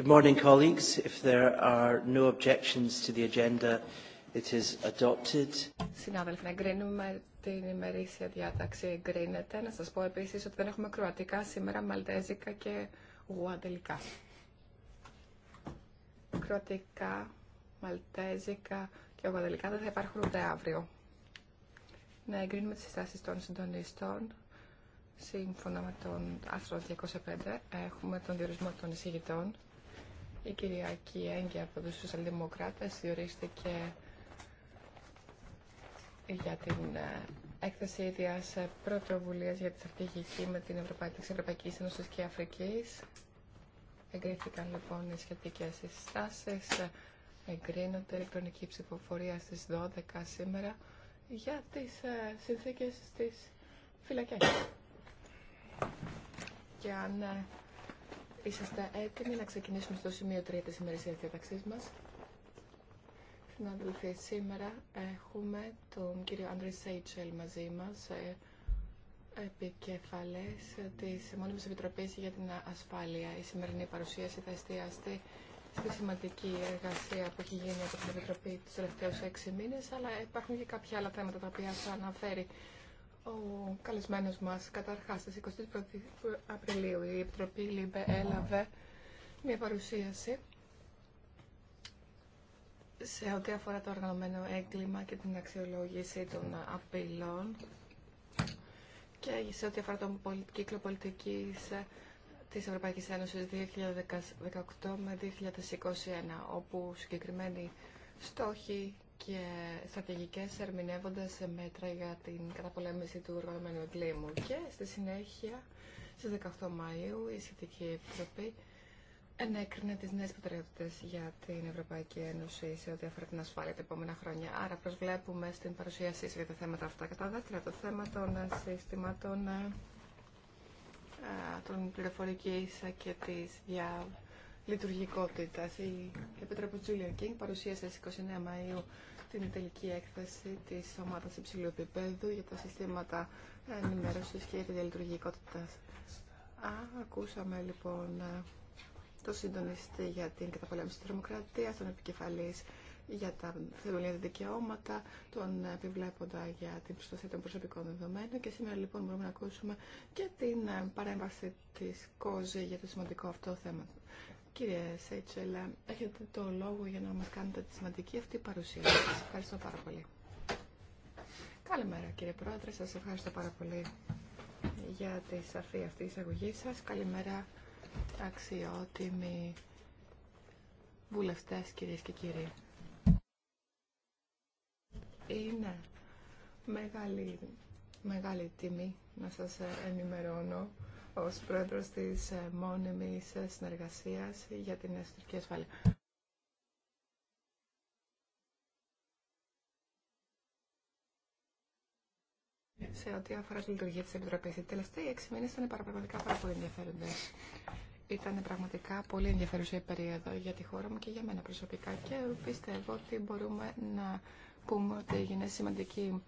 Good morning, colleagues. If there are no objections to the agenda, it is adopted. Συνάδελφοι, να εγκρίνουμε την ημερήσια διάταξη. Εγκρίνεται. Να σας πω επίσης ότι δεν έχουμε κροατικά σήμερα, μαλτέζικα και γουαντελικά. Κροατικά, μαλτέζικα και τελικά δεν θα υπάρχουν ούτε αύριο. Να εγκρίνουμε τις συστάσεις των συντονιστών. Σύμφωνα με τον άρθρο 205 έχουμε τον διορισμό των εισηγητών. Η κυρία και από τους Σοσιαλδημοκράτες διορίστηκε για την ε, έκθεση ίδια ε, πρωτοβουλία για τη στρατηγική με την Ευρωπαϊκή Ευρωπαϊκή Ένωση και Αφρική. Εγκρίθηκαν λοιπόν οι σχετικέ συστάσει. Εγκρίνονται ηλεκτρονική ψηφοφορία στι 12 σήμερα για τι ε, συνθήκε τη φυλακή. Και αν Είσαστε έτοιμοι να ξεκινήσουμε στο σημείο 3 της ημερησίας διαταξής μας. Συνάδελφοι, σήμερα έχουμε τον κύριο Άντρη Σέιτσελ μαζί μας, ε, επικεφαλές της Μόνιμης Επιτροπής για την Ασφάλεια. Η σημερινή παρουσίαση θα εστιαστεί στη σημαντική εργασία που έχει γίνει από την Επιτροπή τους τελευταίους έξι μήνες, αλλά υπάρχουν και κάποια άλλα θέματα τα οποία θα αναφέρει ο καλεσμένος μας. Καταρχάς, στις 21 Απριλίου η Επιτροπή ΛΥΜΠΕ έλαβε μια παρουσίαση σε ό,τι αφορά το οργανωμένο έγκλημα και την αξιολόγηση των απειλών και σε ό,τι αφορά τον κύκλο πολιτικής της Ευρωπαϊκής Ένωσης 2018 με 2021, όπου συγκεκριμένοι στόχοι και στρατηγικές ερμηνεύοντας μέτρα για την καταπολέμηση του οργανωμένου εγκλήμου. Και στη συνέχεια, στις 18 Μαΐου, η Σχετική Επιτροπή ενέκρινε τι νέε προτεραιότητες για την Ευρωπαϊκή Ένωση σε ό,τι αφορά την ασφάλεια τα επόμενα χρόνια. Άρα προσβλέπουμε στην παρουσίασή για τα θέματα αυτά. Κατά δεύτερα, το θέμα των συστημάτων ε, των πληροφορικής και της δια λειτουργικότητα. Η Επιτροπή Τζουλιά Κίνγκ παρουσίασε στι 29 Μαΐου την τελική έκθεση της ομάδας υψηλού επίπεδου για τα συστήματα ενημέρωσης και τη διαλειτουργικότητα. Ακούσαμε λοιπόν το συντονιστή για την καταπολέμηση της τρομοκρατίας, τον επικεφαλής για τα θεμελιώδη δικαιώματα, τον επιβλέποντα για την προστασία των προσωπικών δεδομένων και σήμερα λοιπόν μπορούμε να ακούσουμε και την παρέμβαση της ΚΟΖΗ για το σημαντικό αυτό θέμα. Κύριε Σέιτσελα, έχετε το λόγο για να μας κάνετε τη σημαντική αυτή παρουσία. Σας ευχαριστώ πάρα πολύ. Καλημέρα κύριε Πρόεδρε, σας ευχαριστώ πάρα πολύ για τη σαφή αυτή εισαγωγή σας. Καλημέρα αξιότιμοι βουλευτές κυρίες και κύριοι. Είναι μεγάλη, μεγάλη τιμή να σας ενημερώνω ως πρόεδρος της ε, μόνιμης ε, συνεργασίας για την εσωτερική ασφάλεια. σε ό,τι αφορά τη λειτουργία τη Επιτροπή. Οι τελευταίοι έξι μήνε ήταν πραγματικά πάρα πολύ ενδιαφέροντε. Ήταν πραγματικά πολύ ενδιαφέρουσα η περίοδο για τη χώρα μου και για μένα προσωπικά και πιστεύω ότι μπορούμε να πούμε ότι έγινε σημαντική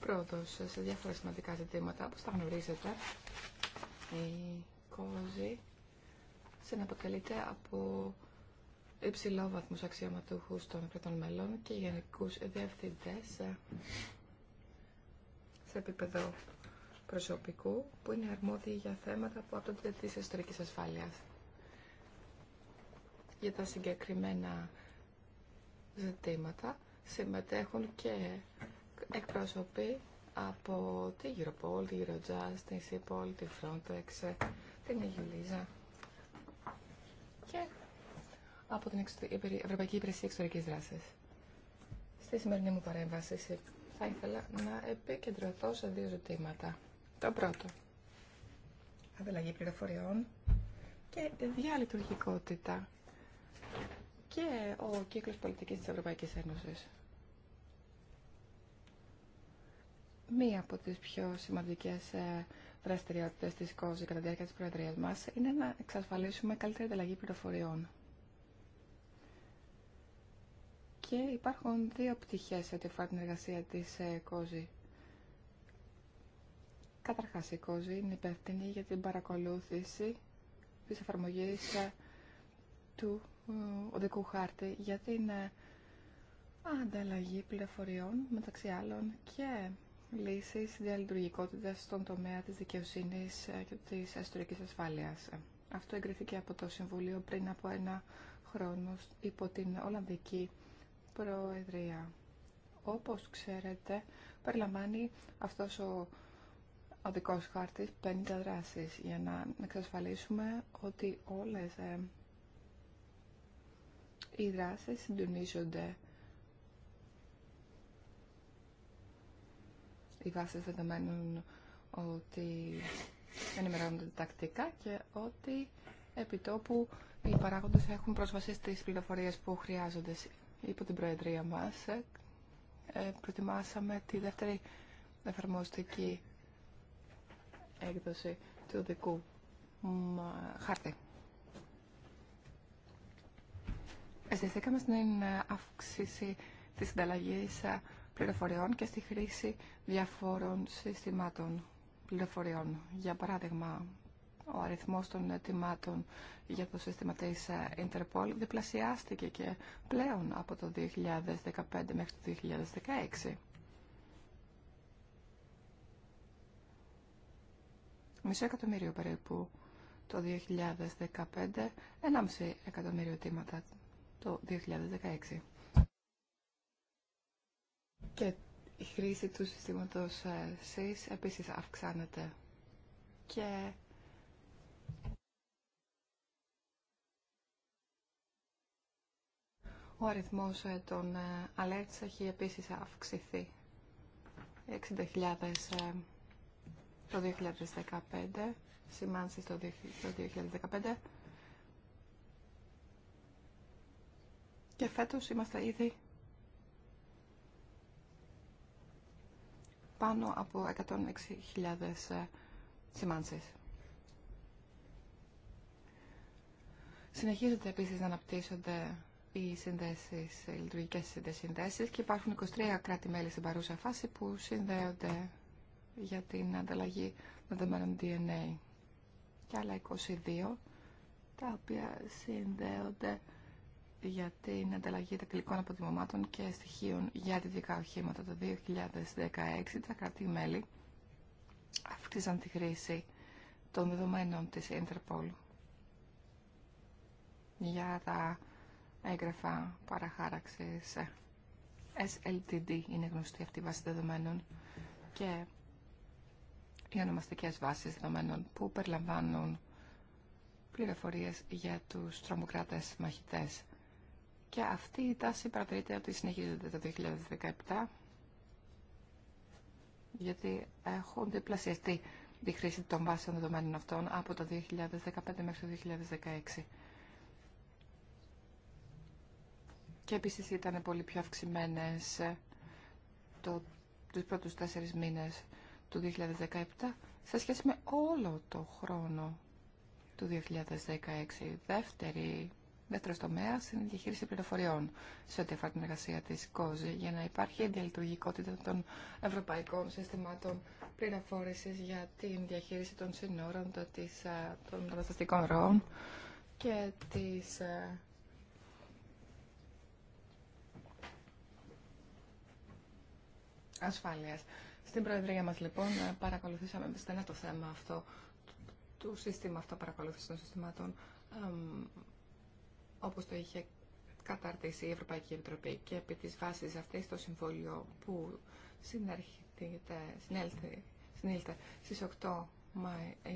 πρόοδο σε διάφορα σημαντικά ζητήματα, όπω τα γνωρίζετε. Η κόζη συναποκαλείται από υψηλόβαθμους αξιωματούχους των κρατών μελών και γενικούς διευθυντές ε, σε επίπεδο προσωπικού που είναι αρμόδιοι για θέματα που άπτονται της ιστορικής ασφάλειας. Για τα συγκεκριμένα ζητήματα συμμετέχουν και εκπρόσωποι από τη Europol, τη Eurojust, τη Cipol, τη Frontex, την Αγιλίζα και από την Ευρωπαϊκή Υπηρεσία Εξωτερικής Δράσης. Στη σημερινή μου παρέμβαση θα ήθελα να επικεντρωθώ σε δύο ζητήματα. Το πρώτο, αδελαγή πληροφοριών και διαλειτουργικότητα και ο κύκλος πολιτικής της Ευρωπαϊκής Ένωσης. Μία από τις πιο σημαντικές ε, δραστηριότητες της ΚΟΖΗ κατά τη διάρκεια της Προεδρίας μας είναι να εξασφαλίσουμε καλύτερη ανταλλαγή πληροφοριών. Και υπάρχουν δύο πτυχές σε ό,τι αφορά την εργασία της ε, ΚΟΖΗ. Καταρχάς, η ΚΟΖΗ είναι υπεύθυνη για την παρακολούθηση της εφαρμογής ε, του οδικού χάρτη για την ανταλλαγή πληροφοριών μεταξύ άλλων και λύσεις διαλειτουργικότητας στον τομέα της δικαιοσύνη ε, και της εσωτερική ασφάλειας. Ε, αυτό εγκριθήκε από το Συμβουλίο πριν από ένα χρόνο υπό την Ολλανδική Προεδρία. Όπως ξέρετε, περιλαμβάνει αυτός ο οδικός χάρτης 50 δράσεις για να εξασφαλίσουμε ότι όλες ε, οι δράσεις συντονίζονται οι βάσεις δεδομένων ότι ενημερώνονται τακτικά και ότι επιτόπου οι παράγοντες έχουν πρόσβαση στις πληροφορίες που χρειάζονται. Υπό την Προεδρία μας ε, ε, προετοιμάσαμε τη δεύτερη εφαρμοστική έκδοση του δικού χάρτη. Εστιαστήκαμε στην αύξηση της συνταλλαγής ε, πληροφοριών και στη χρήση διαφόρων συστημάτων πληροφοριών. Για παράδειγμα, ο αριθμός των ετοιμάτων για το σύστημα της ε, Interpol διπλασιάστηκε και πλέον από το 2015 μέχρι το 2016. Μισό εκατομμύριο περίπου το 2015, 1,5 εκατομμύριο τίματα το 2016. Και η χρήση του συστήματος ε, ΣΥΣ επίσης αυξάνεται. Και ο αριθμός ε, των ε, alerts έχει επίσης αυξηθεί. 60.000 το 2015, σημάνσεις το 2015. Και φέτος είμαστε ήδη πάνω από 106.000 ε, σημάνσεις. Συνεχίζονται επίσης να αναπτύσσονται οι συνδέσεις, οι λειτουργικές συνδέσεις και υπάρχουν 23 κράτη-μέλη στην παρούσα φάση που συνδέονται για την ανταλλαγή δεδομένων DNA και άλλα 22 τα οποία συνδέονται για την ανταλλαγή τακτικών αποτιμωμάτων και στοιχείων για δικά οχήματα. Το 2016 τα κράτη-μέλη αύξησαν τη χρήση των δεδομένων της Interpol για τα έγγραφα σε SLTD είναι γνωστή αυτή η βάση δεδομένων και οι ονομαστικές βάσεις δεδομένων που περιλαμβάνουν πληροφορίες για τους τρομοκράτες μαχητές. Και αυτή η τάση παρατηρείται ότι συνεχίζεται το 2017 γιατί έχουν διπλασιαστεί τη χρήση των βάσεων δεδομένων αυτών από το 2015 μέχρι το 2016. Και επίσης ήταν πολύ πιο αυξημένες ε, το, τους πρώτους τέσσερις μήνες του 2017 σε σχέση με όλο το χρόνο του 2016. Δεύτερη Δεύτερο τομέα είναι η διαχείριση πληροφοριών σε ό,τι αφορά την εργασία τη ΚΟΖΗ για να υπάρχει διαλειτουργικότητα των ευρωπαϊκών συστημάτων πληροφόρηση για την διαχείριση των συνόρων, των μεταναστευτικών ροών και τη ασφάλειας. Στην Προεδρία μας, λοιπόν, παρακολουθήσαμε στενά το θέμα αυτό του σύστημα αυτό των συστημάτων όπως το είχε καταρτήσει η Ευρωπαϊκή Επιτροπή και επί της βάσης αυτής το συμβόλιο που συνέλθε στις 8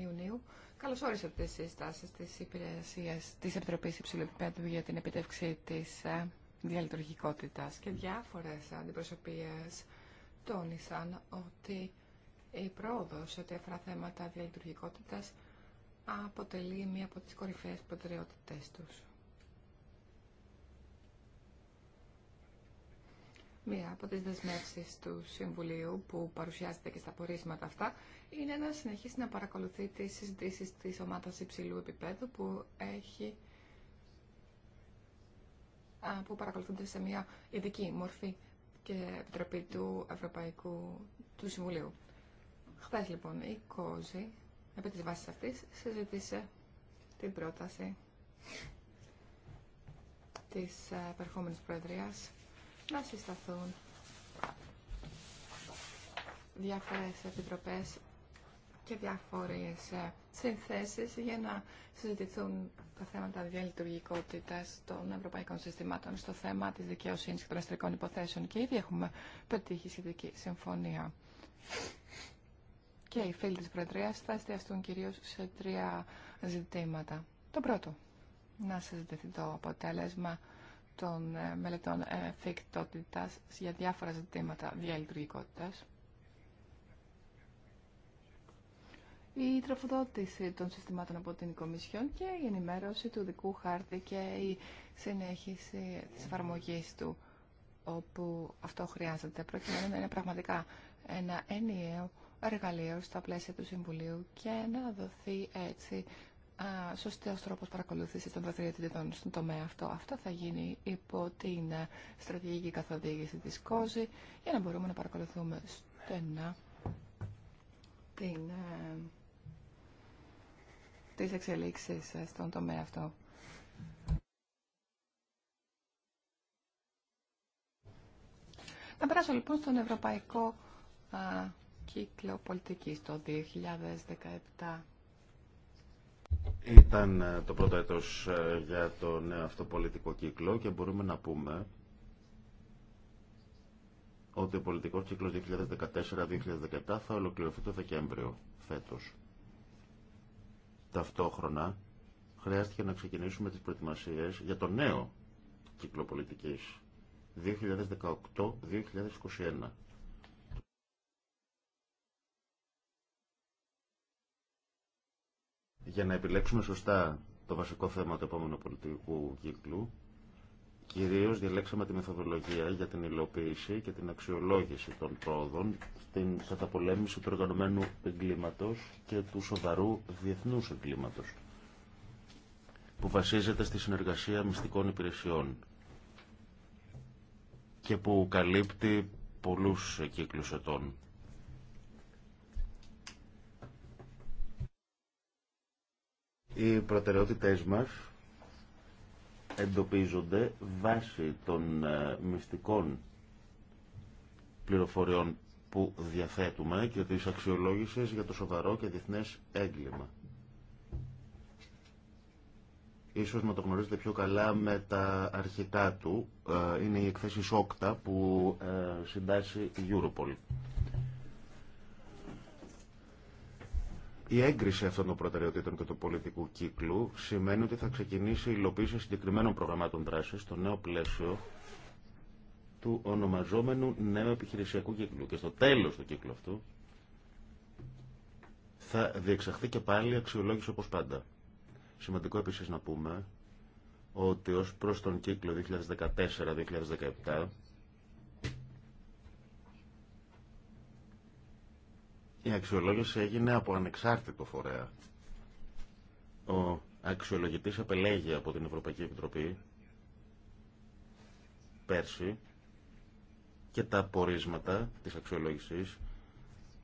Ιουνίου καλωσόρισε τις συστάσεις της υπηρεσίας της Επιτροπής Υψηλού Επιπέδου για την επιτεύξη της ε, διαλειτουργικότητας και διάφορες αντιπροσωπείες τόνισαν ότι η πρόοδος σε αφορά θέματα διαλειτουργικότητας αποτελεί μία από τις κορυφαίες προτεραιότητές τους. Μία από τις δεσμεύσεις του Συμβουλίου που παρουσιάζεται και στα πορίσματα αυτά είναι να συνεχίσει να παρακολουθεί τις συζητήσεις της ομάδας υψηλού επίπεδου που έχει που παρακολουθούνται σε μια ειδική μορφή και επιτροπή του Ευρωπαϊκού του Συμβουλίου. Χθε λοιπόν η Κόζη, επί της βάσης αυτής, συζήτησε την πρόταση της ε, επερχόμενης Προεδρίας να συσταθούν διάφορες επιτροπές και διάφορες ε, συνθέσεις για να συζητηθούν τα θέματα διαλειτουργικότητας των ευρωπαϊκών συστημάτων στο θέμα της δικαιοσύνης και των αστρικών υποθέσεων και ήδη έχουμε πετύχει σχετική συμφωνία. Και οι φίλοι της Προεδρίας θα εστιαστούν κυρίως σε τρία ζητήματα. Το πρώτο, να συζητηθεί το αποτέλεσμα των ε, μελετών εφικτότητας για διάφορα ζητήματα διαλειτουργικότητας. η τροφοδότηση των συστημάτων από την Κομισιόν και η ενημέρωση του δικού χάρτη και η συνέχιση της εφαρμογή του όπου αυτό χρειάζεται προκειμένου να είναι πραγματικά ένα ενιαίο εργαλείο στα πλαίσια του Συμβουλίου και να δοθεί έτσι σωστός τρόπος παρακολούθησης των δραστηριοτήτων στον τομέα αυτό. Αυτό θα γίνει υπό την ε, στρατηγική καθοδήγηση της ΚΟΖΗ για να μπορούμε να παρακολουθούμε στενά την, εξελίξει τις εξελίξεις ε, στον τομέα αυτό. Θα περάσω λοιπόν στον Ευρωπαϊκό Κύκλο Πολιτικής το 2017 ήταν ε, το πρώτο έτος ε, για τον νέο αυτοπολιτικό κύκλο και μπορούμε να πούμε ότι ο πολιτικός κύκλος 2014-2017 θα ολοκληρωθεί το Δεκέμβριο φέτος. Ταυτόχρονα χρειάστηκε να ξεκινήσουμε τις προετοιμασίες για το νέο κύκλο πολιτικής 2018-2021 για να επιλέξουμε σωστά το βασικό θέμα του επόμενου πολιτικού κύκλου, κυρίως διαλέξαμε τη μεθοδολογία για την υλοποίηση και την αξιολόγηση των πρόοδων στην καταπολέμηση του οργανωμένου εγκλήματος και του σοβαρού διεθνούς εγκλήματος, που βασίζεται στη συνεργασία μυστικών υπηρεσιών και που καλύπτει πολλούς κύκλους ετών. Οι προτεραιότητες μας εντοπίζονται βάσει των ε, μυστικών πληροφοριών που διαθέτουμε και της αξιολόγησης για το σοβαρό και διεθνές έγκλημα. Ίσως να το γνωρίζετε πιο καλά με τα αρχικά του. Ε, είναι η εκθέση ΣΟΚΤΑ που ε, συντάσσει η Europol. Η έγκριση αυτών των προτεραιοτήτων και του πολιτικού κύκλου σημαίνει ότι θα ξεκινήσει η υλοποίηση συγκεκριμένων προγραμμάτων δράση στο νέο πλαίσιο του ονομαζόμενου νέου επιχειρησιακού κύκλου. Και στο τέλο του κύκλου αυτού θα διεξαχθεί και πάλι αξιολόγηση όπω πάντα. Σημαντικό επίση να πούμε ότι ω προ τον κύκλο 2014-2017 Η αξιολόγηση έγινε από ανεξάρτητο φορέα. Ο αξιολογητής απελέγει από την Ευρωπαϊκή Επιτροπή πέρσι και τα απορίσματα της αξιολόγησης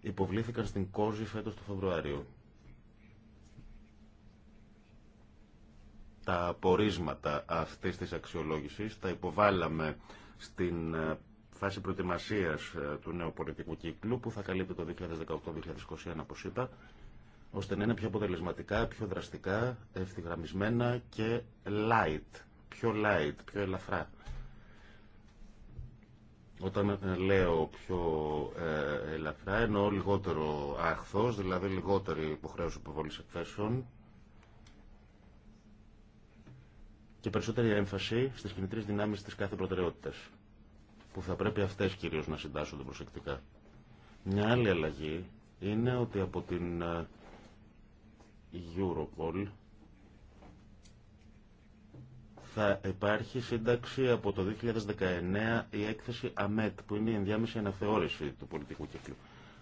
υποβλήθηκαν στην Κόζη φέτος το Φεβρουάριο. Τα απορίσματα αυτής της αξιολόγησης τα υποβάλαμε στην φάση προετοιμασίας ε, του νέου πολιτικού κύκλου που θα καλύπτει το 2018-2021 όπω είπα ώστε να είναι πιο αποτελεσματικά, πιο δραστικά, ευθυγραμμισμένα και light, πιο light, πιο ελαφρά. Όταν λέω πιο ε, ελαφρά εννοώ λιγότερο άχθος, δηλαδή λιγότερη υποχρέωση υποβολής εκθέσεων και περισσότερη έμφαση στις κινητρές δυνάμεις της κάθε προτεραιότητας που θα πρέπει αυτές κυρίως να συντάσσονται προσεκτικά. Μια άλλη αλλαγή είναι ότι από την ε, Europol θα υπάρχει σύνταξη από το 2019 η έκθεση ΑΜΕΤ που είναι η ενδιάμεση αναθεώρηση του πολιτικού κύκλου.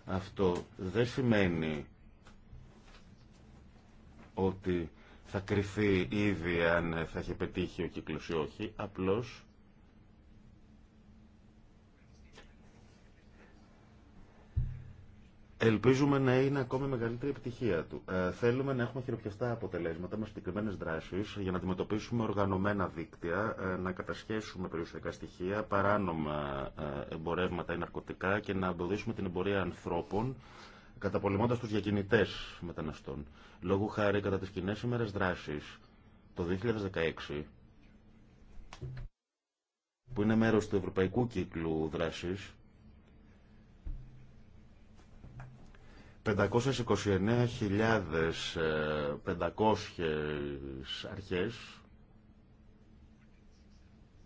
Αυτό δεν σημαίνει ότι θα κρυθεί ήδη αν θα έχει πετύχει ο κύκλος ή όχι, απλώς Ελπίζουμε να είναι ακόμη μεγαλύτερη επιτυχία του. Ε, θέλουμε να έχουμε χειροπιαστά αποτελέσματα με συγκεκριμένε δράσει για να αντιμετωπίσουμε οργανωμένα δίκτυα, ε, να κατασχέσουμε περιουσιακά στοιχεία, παράνομα ε, εμπορεύματα ή ναρκωτικά και να εμποδίσουμε την εμπορία ανθρώπων καταπολεμώντα του διακινητέ μεταναστών. Λόγω χάρη κατά τι κοινέ ημέρε δράση το 2016 που είναι μέρος του Ευρωπαϊκού Κύκλου Δράσης, 529.500 ε, αρχές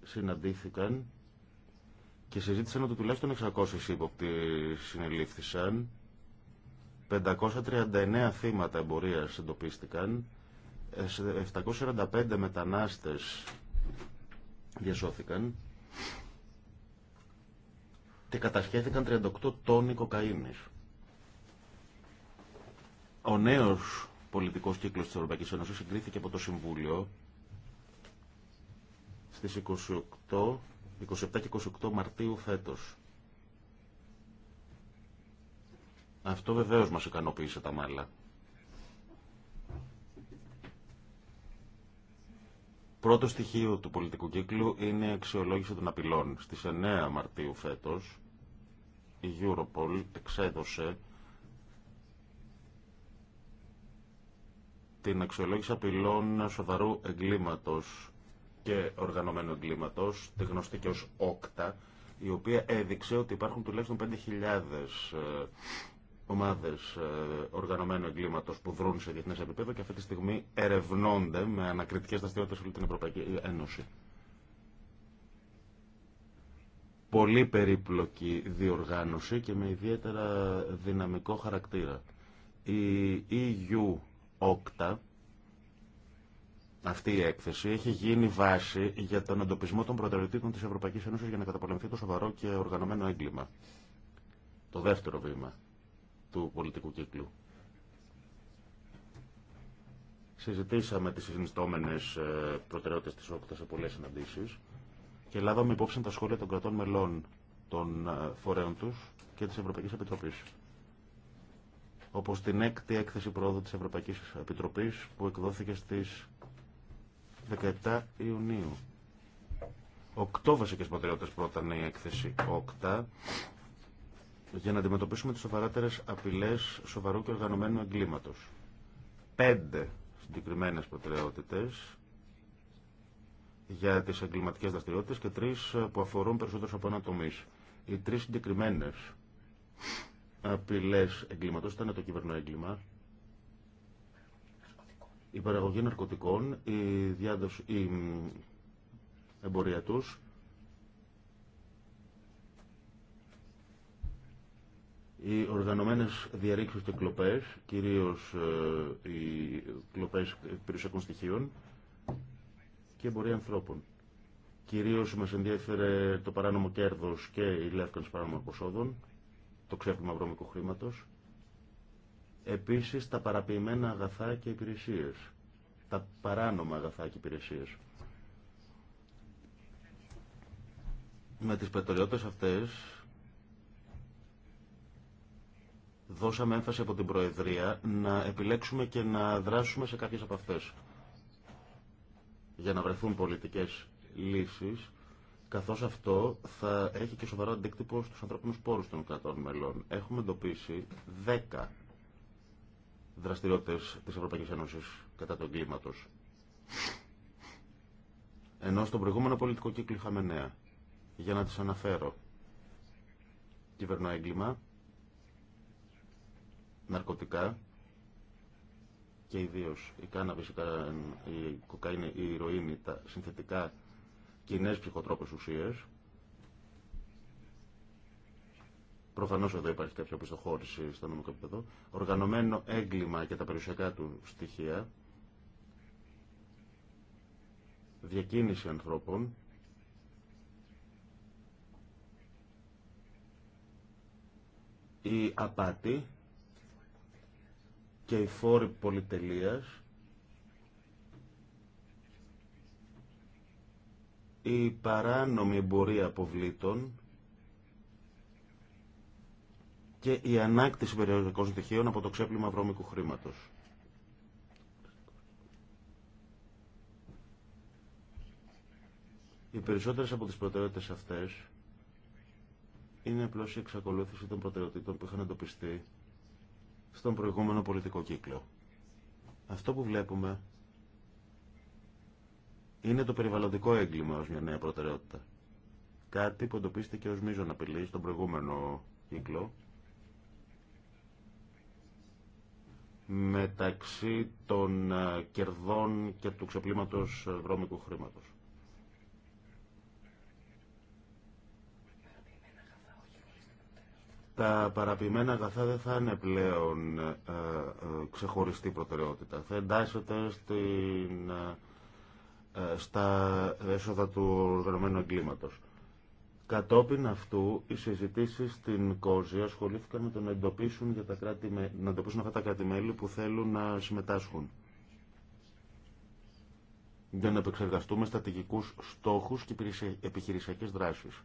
συναντήθηκαν και συζήτησαν ότι τουλάχιστον 600 ύποπτοι συνελήφθησαν, 539 θύματα εμπορίας εντοπίστηκαν, 745 μετανάστες διασώθηκαν και κατασχέθηκαν 38 τόνοι κοκαίνης. Ο νέος πολιτικός κύκλος της Ευρωπαϊκής Ένωσης συγκρίθηκε από το Συμβούλιο στις 28, 27 και 28 Μαρτίου φέτος. Αυτό βεβαίως μας ικανοποίησε τα μάλλα. Πρώτο στοιχείο του πολιτικού κύκλου είναι η αξιολόγηση των απειλών. Στις 9 Μαρτίου φέτος η Europol εξέδωσε την αξιολόγηση απειλών σοβαρού εγκλήματος και οργανωμένου εγκλήματος, τη γνωστή και ως όκτα, η οποία έδειξε ότι υπάρχουν τουλάχιστον 5.000 ε, ομάδες ε, οργανωμένου εγκλήματος που δρούν σε διεθνές επίπεδο και αυτή τη στιγμή ερευνώνται με ανακριτικές δραστηριότητες όλη την Ευρωπαϊκή Ένωση. Πολύ περίπλοκη διοργάνωση και με ιδιαίτερα δυναμικό χαρακτήρα. Η EU Όκτα, αυτή η έκθεση έχει γίνει βάση για τον εντοπισμό των προτεραιοτήτων της Ευρωπαϊκής Ένωσης για να καταπολεμηθεί το σοβαρό και οργανωμένο έγκλημα. Το δεύτερο βήμα του πολιτικού κύκλου. Συζητήσαμε τις συνιστόμενες ε, προτεραιότητες της ΟΚΤΑ σε πολλές συναντήσεις και λάβαμε υπόψη τα σχόλια των κρατών μελών των ε, φορέων τους και της Ευρωπαϊκής Επιτροπής όπως την έκτη έκθεση πρόοδου της Ευρωπαϊκής Επιτροπής που εκδόθηκε στις 17 Ιουνίου. Οκτώ βασικές προτεραιότητες πρότανε η έκθεση 8, για να αντιμετωπίσουμε τις σοβαρότερες απειλές σοβαρού και οργανωμένου εγκλήματος. Πέντε συγκεκριμένες προτεραιότητες για τις εγκληματικέ δραστηριότητες και τρεις που αφορούν περισσότερο από ένα τομείς. Οι τρεις συγκεκριμένες απειλές εγκλήματος, ήταν το κυβερνοέγκλημα, η παραγωγή ναρκωτικών, η, διάδοση, η εμπορία τους, οι οργανωμένες διαρρήξεις και κλοπές, κυρίως ε, οι κλοπές περιουσιακών στοιχείων και εμπορία ανθρώπων. Κυρίως μας ενδιέφερε το παράνομο κέρδος και η λεύκανση παράνομων προσόδων το ξέπλυμα βρώμικου χρήματο. Επίσης τα παραποιημένα αγαθά και υπηρεσίε, Τα παράνομα αγαθά και υπηρεσίε. Με τις πετολιώτες αυτές δώσαμε έμφαση από την Προεδρία να επιλέξουμε και να δράσουμε σε κάποιες από αυτές για να βρεθούν πολιτικές λύσεις καθώς αυτό θα έχει και σοβαρό αντίκτυπο στους ανθρώπινους πόρους των κρατών μελών. Έχουμε εντοπίσει 10 δραστηριότητες της Ευρωπαϊκής Ένωσης κατά του εγκλήματο. Ενώ στον προηγούμενο πολιτικό κύκλο είχαμε νέα. Για να τις αναφέρω. εγκλήμα, ναρκωτικά και ιδίω η κάναβη, η κοκαίνη, η ηρωίνη, τα συνθετικά κοινέ ψυχοτρόπε ουσίε. Προφανώ εδώ υπάρχει κάποια πιστοχώρηση στο νομικό επίπεδο. Οργανωμένο έγκλημα και τα περιουσιακά του στοιχεία. Διακίνηση ανθρώπων. Η απάτη και η φόρη πολυτελείας η παράνομη εμπορία αποβλήτων και η ανάκτηση περιοδικών στοιχείων από το ξέπλυμα βρώμικου χρήματος. Οι περισσότερες από τις προτεραιότητες αυτές είναι απλώ η εξακολούθηση των προτεραιοτήτων που είχαν εντοπιστεί στον προηγούμενο πολιτικό κύκλο. Αυτό που βλέπουμε είναι το περιβαλλοντικό έγκλημα ως μια νέα προτεραιότητα. Κάτι που εντοπίστηκε ως μείζον απειλή στον προηγούμενο κύκλο μεταξύ των ε, κερδών και του ξεπλήματος ε, βρώμικου χρήματος. τα παραποιημένα αγαθά δεν θα είναι πλέον ε, ξεχωριστή προτεραιότητα. Θα εντάσσεται στην ε, στα έσοδα του οργανωμένου εγκλήματο. Κατόπιν αυτού, οι συζητήσει στην ΚΟΖΗ ασχολήθηκαν με το να εντοπίσουν, για τα κράτη, να αυτά τα κράτη-μέλη που θέλουν να συμμετάσχουν. Για να επεξεργαστούμε στατικικούς στόχους και επιχειρησιακές δράσεις.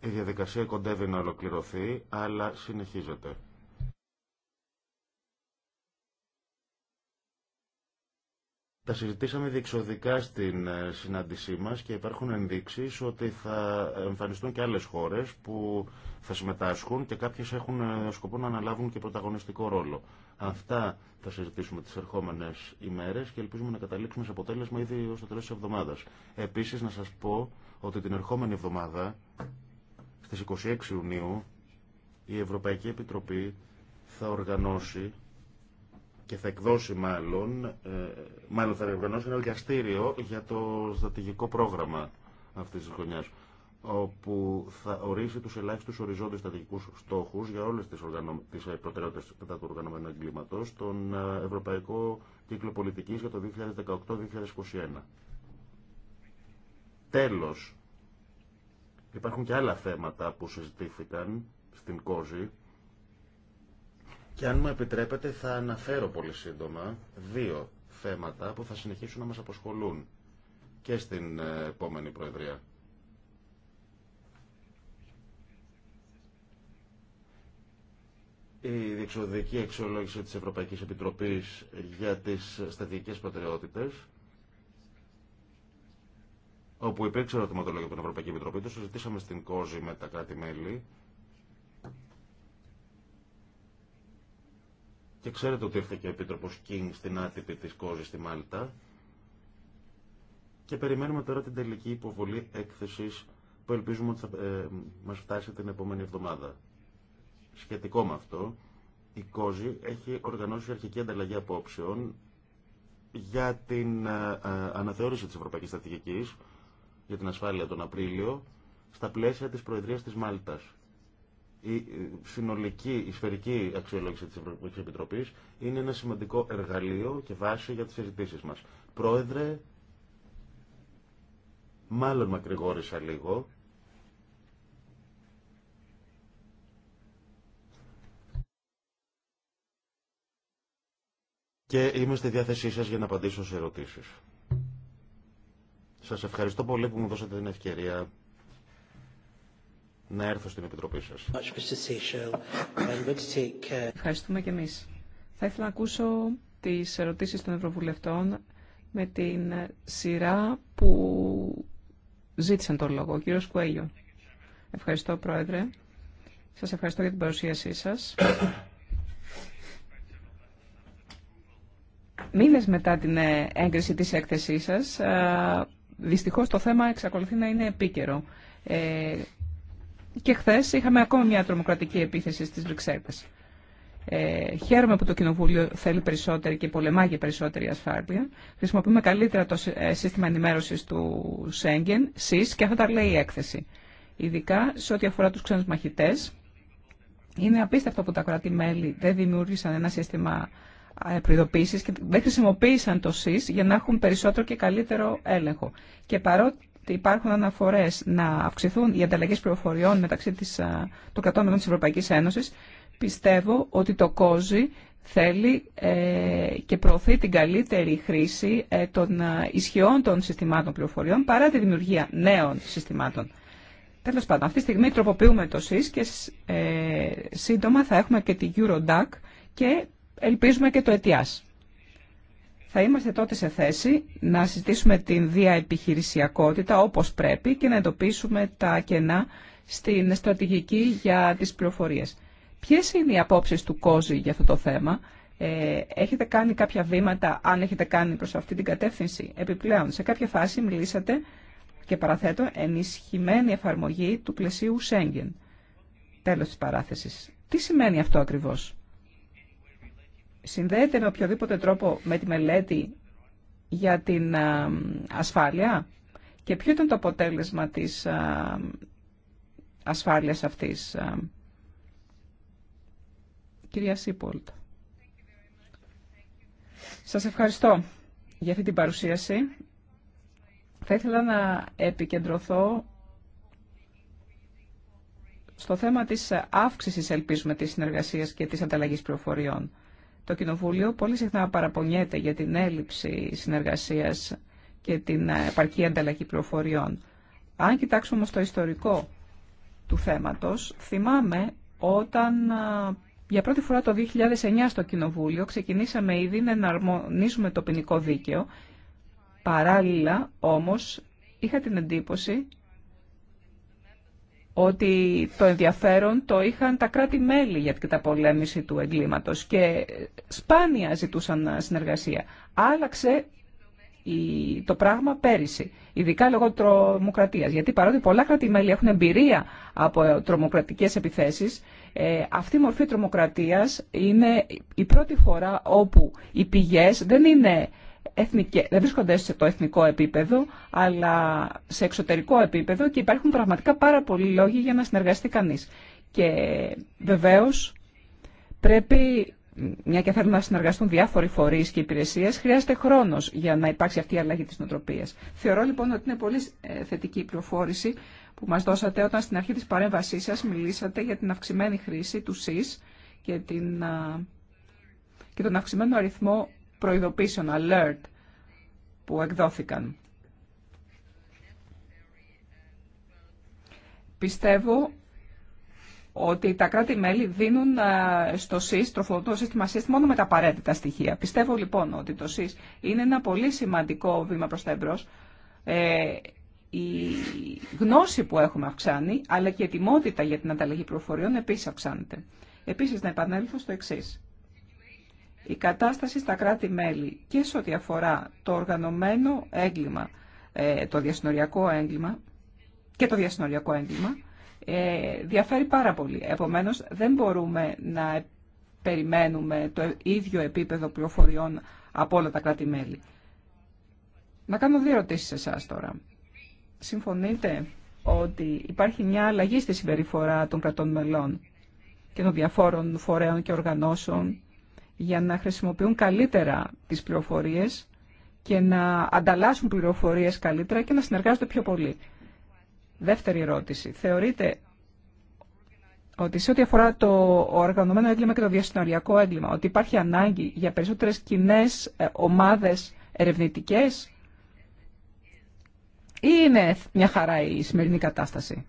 Η διαδικασία κοντεύει να ολοκληρωθεί, αλλά συνεχίζεται. Τα συζητήσαμε διεξοδικά στην ε, συνάντησή μας και υπάρχουν ενδείξεις ότι θα εμφανιστούν και άλλες χώρες που θα συμμετάσχουν και κάποιες έχουν ε, σκοπό να αναλάβουν και πρωταγωνιστικό ρόλο. Αυτά θα συζητήσουμε τις ερχόμενες ημέρες και ελπίζουμε να καταλήξουμε σε αποτέλεσμα ήδη ως το τέλο της εβδομάδας. Επίσης να σας πω ότι την ερχόμενη εβδομάδα στις 26 Ιουνίου η Ευρωπαϊκή Επιτροπή θα οργανώσει και θα εκδώσει μάλλον, ε, μάλλον θα οργανώσει ένα διαστήριο για το στρατηγικό πρόγραμμα αυτής της χρονιάς όπου θα ορίσει τους ελάχιστους οριζόντες στρατηγικούς στόχους για όλες τις, οργανω... τις προτεραιότητες μετά του οργανωμένου εγκλήματος στον ε, Ευρωπαϊκό Κύκλο Πολιτικής για το 2018-2021. Τέλος, υπάρχουν και άλλα θέματα που συζητήθηκαν στην ΚΟΖΗ και αν μου επιτρέπετε θα αναφέρω πολύ σύντομα δύο θέματα που θα συνεχίσουν να μας αποσχολούν και στην ε, επόμενη Προεδρία. Η διεξοδική αξιολόγηση της Ευρωπαϊκής Επιτροπής για τις στατικές προτεραιότητες όπου υπήρξε ερωτηματολόγιο από την Ευρωπαϊκή Επιτροπή, το συζητήσαμε στην Κόζη με τα κράτη-μέλη Και ξέρετε ότι ήρθε και ο Επίτροπος Κίνγκ στην άτυπη της Κόζη στη Μάλτα. Και περιμένουμε τώρα την τελική υποβολή έκθεσης που ελπίζουμε ότι θα ε, μας φτάσει την επόμενη εβδομάδα. Σχετικό με αυτό, η κόζη έχει οργανώσει αρχική ανταλλαγή απόψεων για την ε, ε, αναθεώρηση της Ευρωπαϊκής Στρατηγικής για την ασφάλεια τον Απρίλιο στα πλαίσια της Προεδρίας της Μάλτας η συνολική, η σφαιρική αξιολόγηση της Ευρωπαϊκής Επιτροπής είναι ένα σημαντικό εργαλείο και βάση για τις συζητήσεις μας. Πρόεδρε, μάλλον μακρηγόρησα λίγο. Και είμαι στη διάθεσή σας για να απαντήσω σε ερωτήσεις. Σας ευχαριστώ πολύ που μου δώσατε την ευκαιρία να έρθω στην Επιτροπή σας. Uh, Ευχαριστούμε και εμείς. Θα ήθελα να ακούσω τις ερωτήσεις των Ευρωβουλευτών με την σειρά που ζήτησαν τον λόγο. Ο κύριος Κουέλιο. Ευχαριστώ, Πρόεδρε. Σας ευχαριστώ για την παρουσίασή σας. Μήνες μετά την ε, έγκριση της έκθεσής σας, ε, δυστυχώς το θέμα εξακολουθεί να είναι επίκαιρο. Ε, και χθε είχαμε ακόμα μια τρομοκρατική επίθεση στις Βρυξέλλε. Ε, χαίρομαι που το Κοινοβούλιο θέλει περισσότερη και πολεμά για περισσότερη ασφάλεια. Χρησιμοποιούμε καλύτερα το ε, σύστημα ενημέρωση του Σέγγεν, ΣΥΣ, και αυτά τα λέει η έκθεση. Ειδικά σε ό,τι αφορά του ξένου μαχητέ. Είναι απίστευτο που τα κράτη-μέλη δεν δημιούργησαν ένα σύστημα ε, προειδοποίηση και δεν χρησιμοποίησαν το ΣΥΣ για να έχουν περισσότερο και καλύτερο έλεγχο. Και παρότι ότι υπάρχουν αναφορές να αυξηθούν οι ανταλλαγές πληροφοριών μεταξύ της, των κρατών μελών της Ευρωπαϊκής Ένωσης, πιστεύω ότι το κόζι θέλει ε, και προωθεί την καλύτερη χρήση ε, των ισχυών των συστημάτων πληροφοριών παρά τη δημιουργία νέων συστημάτων. Τέλος πάντων, αυτή τη στιγμή τροποποιούμε το ΣΥΣ και ε, σύντομα θα έχουμε και τη EuroDAC και ελπίζουμε και το ΕΤΙΑΣ θα είμαστε τότε σε θέση να συζητήσουμε την διαεπιχειρησιακότητα όπως πρέπει και να εντοπίσουμε τα κενά στην στρατηγική για τις πληροφορίες. Ποιες είναι οι απόψεις του Κόζη για αυτό το θέμα. Ε, έχετε κάνει κάποια βήματα, αν έχετε κάνει προς αυτή την κατεύθυνση. Επιπλέον, σε κάποια φάση μιλήσατε και παραθέτω ενισχυμένη εφαρμογή του πλαισίου Σέγγεν. Τέλος της παράθεσης. Τι σημαίνει αυτό ακριβώς συνδέεται με οποιοδήποτε τρόπο με τη μελέτη για την ασφάλεια και ποιο ήταν το αποτέλεσμα της ασφάλειας αυτής. Κυρία Σίπολτ. Σας ευχαριστώ για αυτή την παρουσίαση. Θα ήθελα να επικεντρωθώ στο θέμα της αύξησης, ελπίζουμε, της συνεργασίας και της ανταλλαγής πληροφοριών. Το Κοινοβούλιο πολύ συχνά παραπονιέται για την έλλειψη συνεργασίας και την ε, επαρκή ανταλλαγή πληροφοριών. Αν κοιτάξουμε στο ιστορικό του θέματος, θυμάμαι όταν ε, για πρώτη φορά το 2009 στο Κοινοβούλιο ξεκινήσαμε ήδη να εναρμονίσουμε το ποινικό δίκαιο. Παράλληλα όμως είχα την εντύπωση ότι το ενδιαφέρον το είχαν τα κράτη-μέλη για την καταπολέμηση του εγκλήματος και σπάνια ζητούσαν συνεργασία. Άλλαξε το πράγμα πέρυσι, ειδικά λόγω τρομοκρατίας. Γιατί παρότι πολλά κράτη-μέλη έχουν εμπειρία από τρομοκρατικές επιθέσεις, ε, αυτή η μορφή τρομοκρατίας είναι η πρώτη φορά όπου οι πηγές δεν είναι δεν βρίσκονται σε το εθνικό επίπεδο, αλλά σε εξωτερικό επίπεδο και υπάρχουν πραγματικά πάρα πολλοί λόγοι για να συνεργαστεί κανείς. Και βεβαίως πρέπει, μια και θέλουν να συνεργαστούν διάφοροι φορείς και υπηρεσίες, χρειάζεται χρόνος για να υπάρξει αυτή η αλλαγή της νοοτροπίας. Θεωρώ λοιπόν ότι είναι πολύ ε, θετική η πληροφόρηση που μας δώσατε όταν στην αρχή της παρέμβασής σας μιλήσατε για την αυξημένη χρήση του ΣΥΣ και, την, και τον αυξημένο αριθμό προειδοποίησεων, alert, που εκδόθηκαν. Πιστεύω ότι τα κράτη-μέλη δίνουν ε, στο ΣΥΣ, τροφοδοτούν το σύστημα ΣΥΣ, μόνο με τα απαραίτητα στοιχεία. Πιστεύω λοιπόν ότι το ΣΥΣ είναι ένα πολύ σημαντικό βήμα προς τα εμπρός. Ε, η γνώση που έχουμε αυξάνει, αλλά και η ετοιμότητα για την ανταλλαγή προφοριών επίσης αυξάνεται. Επίσης, να επανέλθω στο εξή. Η κατάσταση στα κράτη-μέλη και σε ό,τι αφορά το οργανωμένο έγκλημα, ε, το διασυνοριακό έγκλημα και το διασυνοριακό έγκλημα, ε, διαφέρει πάρα πολύ. Επομένως, δεν μπορούμε να περιμένουμε το ίδιο επίπεδο πληροφοριών από όλα τα κράτη-μέλη. Να κάνω δύο ερωτήσεις σε εσάς τώρα. Συμφωνείτε ότι υπάρχει μια αλλαγή στη συμπεριφορά των κρατών μελών και των διαφόρων φορέων και οργανώσεων για να χρησιμοποιούν καλύτερα τις πληροφορίες και να ανταλλάσσουν πληροφορίες καλύτερα και να συνεργάζονται πιο πολύ. Δεύτερη ερώτηση. Θεωρείτε ότι σε ό,τι αφορά το οργανωμένο έγκλημα και το διασυνοριακό έγκλημα, ότι υπάρχει ανάγκη για περισσότερες κοινέ ε, ομάδες ερευνητικές ή είναι μια χαρά η σημερινή κατάσταση.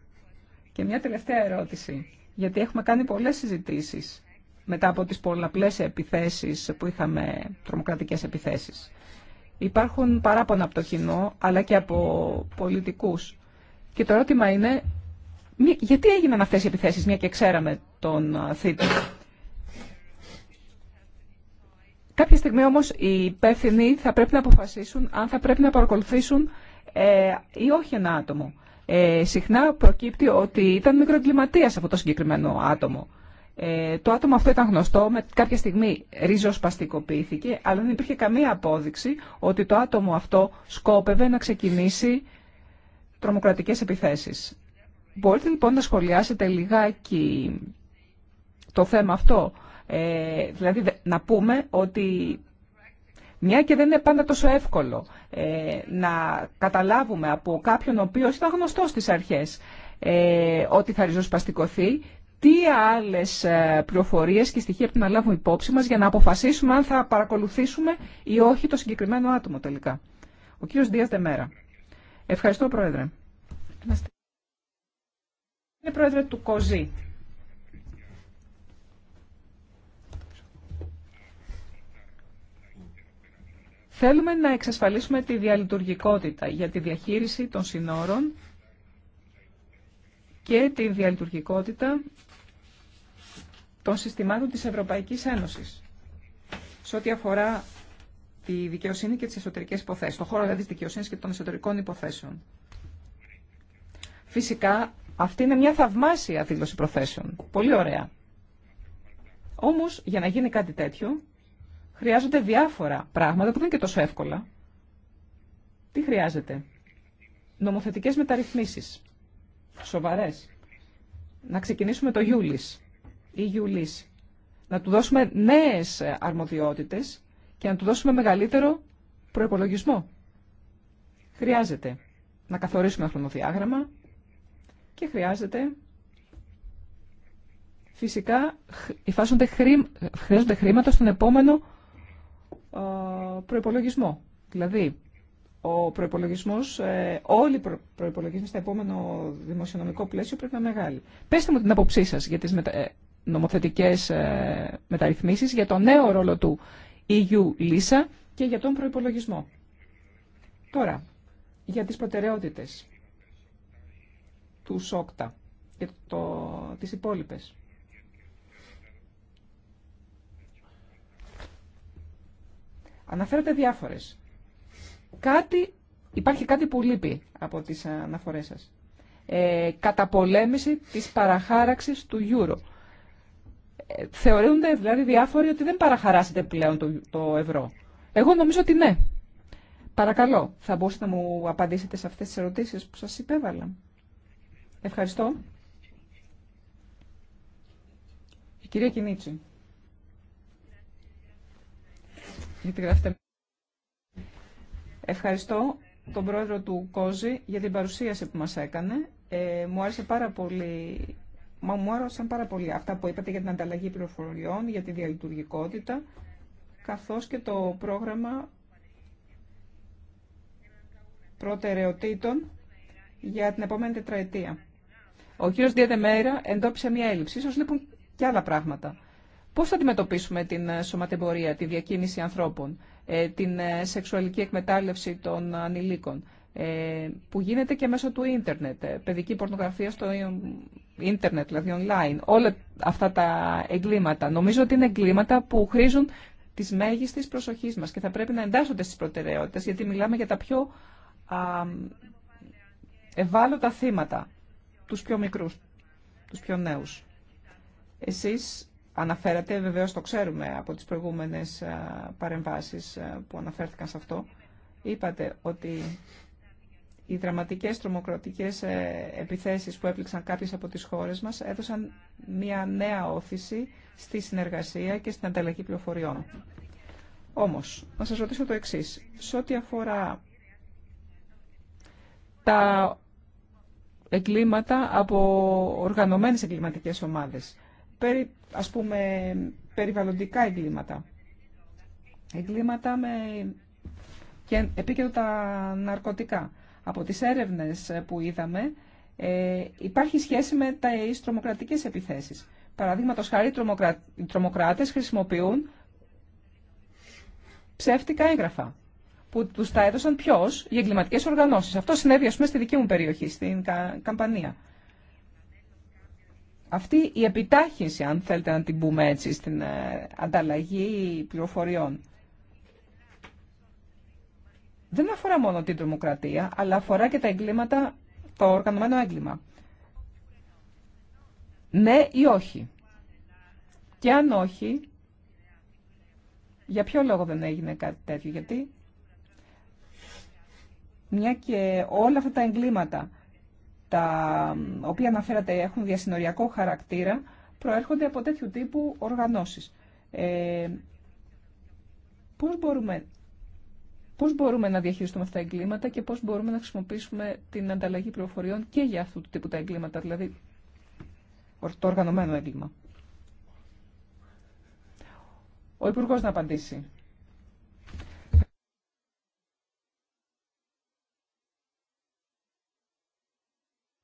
Και μια τελευταία ερώτηση, γιατί έχουμε κάνει πολλές συζητήσεις μετά από τις πολλαπλές επιθέσεις που είχαμε, τρομοκρατικές επιθέσεις. Υπάρχουν παράπονα από το κοινό, αλλά και από πολιτικούς. Και το ερώτημα είναι, γιατί έγιναν αυτές οι επιθέσεις, μια και ξέραμε τον θήτη. Κάποια στιγμή όμως οι υπεύθυνοι θα πρέπει να αποφασίσουν αν θα πρέπει να παρακολουθήσουν ε, ή όχι ένα άτομο. Ε, συχνά προκύπτει ότι ήταν μικροεγκληματίας αυτό το συγκεκριμένο άτομο. Ε, το άτομο αυτό ήταν γνωστό, με κάποια στιγμή ριζοσπαστικοποιήθηκε, αλλά δεν υπήρχε καμία απόδειξη ότι το άτομο αυτό σκόπευε να ξεκινήσει τρομοκρατικές επιθέσεις. Μπορείτε λοιπόν να σχολιάσετε λιγάκι το θέμα αυτό. Ε, δηλαδή να πούμε ότι μια και δεν είναι πάντα τόσο εύκολο ε, να καταλάβουμε από κάποιον ο οποίος ήταν γνωστός στις αρχές ε, ότι θα ριζοσπαστικοθεί τι άλλες ε, πληροφορίε και στοιχεία πρέπει να λάβουμε υπόψη μα για να αποφασίσουμε αν θα παρακολουθήσουμε ή όχι το συγκεκριμένο άτομο τελικά. Ο κύριος Δίας Δεμέρα. Ευχαριστώ, Πρόεδρε. Είναι Πρόεδρε του ΚΟΖΗ. Θέλουμε να εξασφαλίσουμε τη διαλειτουργικότητα για τη διαχείριση των συνόρων και τη διαλειτουργικότητα των συστημάτων της Ευρωπαϊκής Ένωσης σε ό,τι αφορά τη δικαιοσύνη και τις εσωτερικές υποθέσεις, το χώρο δηλαδή της δικαιοσύνης και των εσωτερικών υποθέσεων. Φυσικά, αυτή είναι μια θαυμάσια δήλωση προθέσεων. Πολύ ωραία. Όμως, για να γίνει κάτι τέτοιο, χρειάζονται διάφορα πράγματα που δεν είναι και τόσο εύκολα. Τι χρειάζεται. Νομοθετικές μεταρρυθμίσεις. Σοβαρές. Να ξεκινήσουμε το Ιούλης ή Να του δώσουμε νέες αρμοδιότητες και να του δώσουμε μεγαλύτερο προπολογισμό. Χρειάζεται να καθορίσουμε ένα χρονοδιάγραμμα και χρειάζεται φυσικά χρειάζονται χρήματα στον επόμενο προπολογισμό. Δηλαδή, ο ε, όλοι οι προϋπολογισμοί στο επόμενο δημοσιονομικό πλαίσιο πρέπει να είναι μεγάλοι. Πετε μου την άποψή σα για τι μετα... Ε, νομοθετικές ε, μεταρρυθμίσεις, για τον νέο ρόλο του EU-LISA και για τον προϋπολογισμό. Τώρα, για τις προτεραιότητες του ΣΟΚΤΑ και το, τις υπόλοιπες. Αναφέρατε διάφορες. Κάτι, υπάρχει κάτι που λείπει από τις αναφορές σας. Ε, καταπολέμηση της παραχάραξης του Euro θεωρούνται δηλαδή διάφοροι ότι δεν παραχαράσετε πλέον το, ευρώ. Εγώ νομίζω ότι ναι. Παρακαλώ, θα μπορούσατε να μου απαντήσετε σε αυτές τις ερωτήσεις που σας υπέβαλα. Ευχαριστώ. Η κυρία Κινίτσι. Ευχαριστώ τον πρόεδρο του Κόζη για την παρουσίαση που μας έκανε. Ε, μου άρεσε πάρα πολύ Μα μου άρεσαν πάρα πολύ αυτά που είπατε για την ανταλλαγή πληροφοριών, για τη διαλειτουργικότητα, καθώς και το πρόγραμμα προτεραιοτήτων για την επόμενη τετραετία. Ο κύριος Διαδεμέρα εντόπισε μια έλλειψη, ίσως λείπουν και άλλα πράγματα. Πώς θα αντιμετωπίσουμε την ε, σωματεμπορία, τη διακίνηση ανθρώπων, ε, την ε, σεξουαλική εκμετάλλευση των ανηλίκων, ε, που γίνεται και μέσω του ίντερνετ, ε, παιδική πορνογραφία στο ίντερνετ, δηλαδή online, όλα αυτά τα εγκλήματα. Νομίζω ότι είναι εγκλήματα που χρήζουν τη μέγιστη προσοχή μα και θα πρέπει να εντάσσονται στι προτεραιότητε, γιατί μιλάμε για τα πιο α, ευάλωτα θύματα, του πιο μικρού, του πιο νέου. Εσεί αναφέρατε, βεβαίω το ξέρουμε από τι προηγούμενε παρεμβάσει που αναφέρθηκαν σε αυτό, είπατε ότι οι δραματικές τρομοκρατικές ε, επιθέσεις που έπληξαν κάποιες από τις χώρες μας έδωσαν μια νέα όθηση στη συνεργασία και στην ανταλλαγή πληροφοριών. Όμως, να σας ρωτήσω το εξής. Σε ό,τι αφορά τα εγκλήματα από οργανωμένες εγκληματικές ομάδες, περί, ας πούμε περιβαλλοντικά εγκλήματα, εγκλήματα με και επίκαιρο τα ναρκωτικά από τις έρευνες που είδαμε, ε, υπάρχει σχέση με τα τρομοκρατικές επιθέσεις. Παραδείγματο χάρη, οι, τρομοκρα... τρομοκράτες χρησιμοποιούν ψεύτικα έγγραφα που του τα έδωσαν ποιο, οι εγκληματικέ οργανώσει. Αυτό συνέβη, α πούμε, στη δική μου περιοχή, στην Καμπανία. Αυτή η επιτάχυνση, αν θέλετε να την πούμε έτσι, στην ε, ανταλλαγή πληροφοριών δεν αφορά μόνο την τρομοκρατία, αλλά αφορά και τα εγκλήματα, το οργανωμένο έγκλημα. Ναι ή όχι. Και αν όχι, για ποιο λόγο δεν έγινε κάτι τέτοιο, γιατί μια και όλα αυτά τα εγκλήματα τα οποία αναφέρατε έχουν διασυνοριακό χαρακτήρα, προέρχονται από τέτοιου τύπου οργανώσεις. Ε, πώς μπορούμε Πώς μπορούμε να διαχειριστούμε αυτά τα εγκλήματα και πώς μπορούμε να χρησιμοποιήσουμε την ανταλλαγή πληροφοριών και για αυτού του τύπου τα εγκλήματα, δηλαδή το οργανωμένο έγκλημα. Ο Υπουργό να απαντήσει.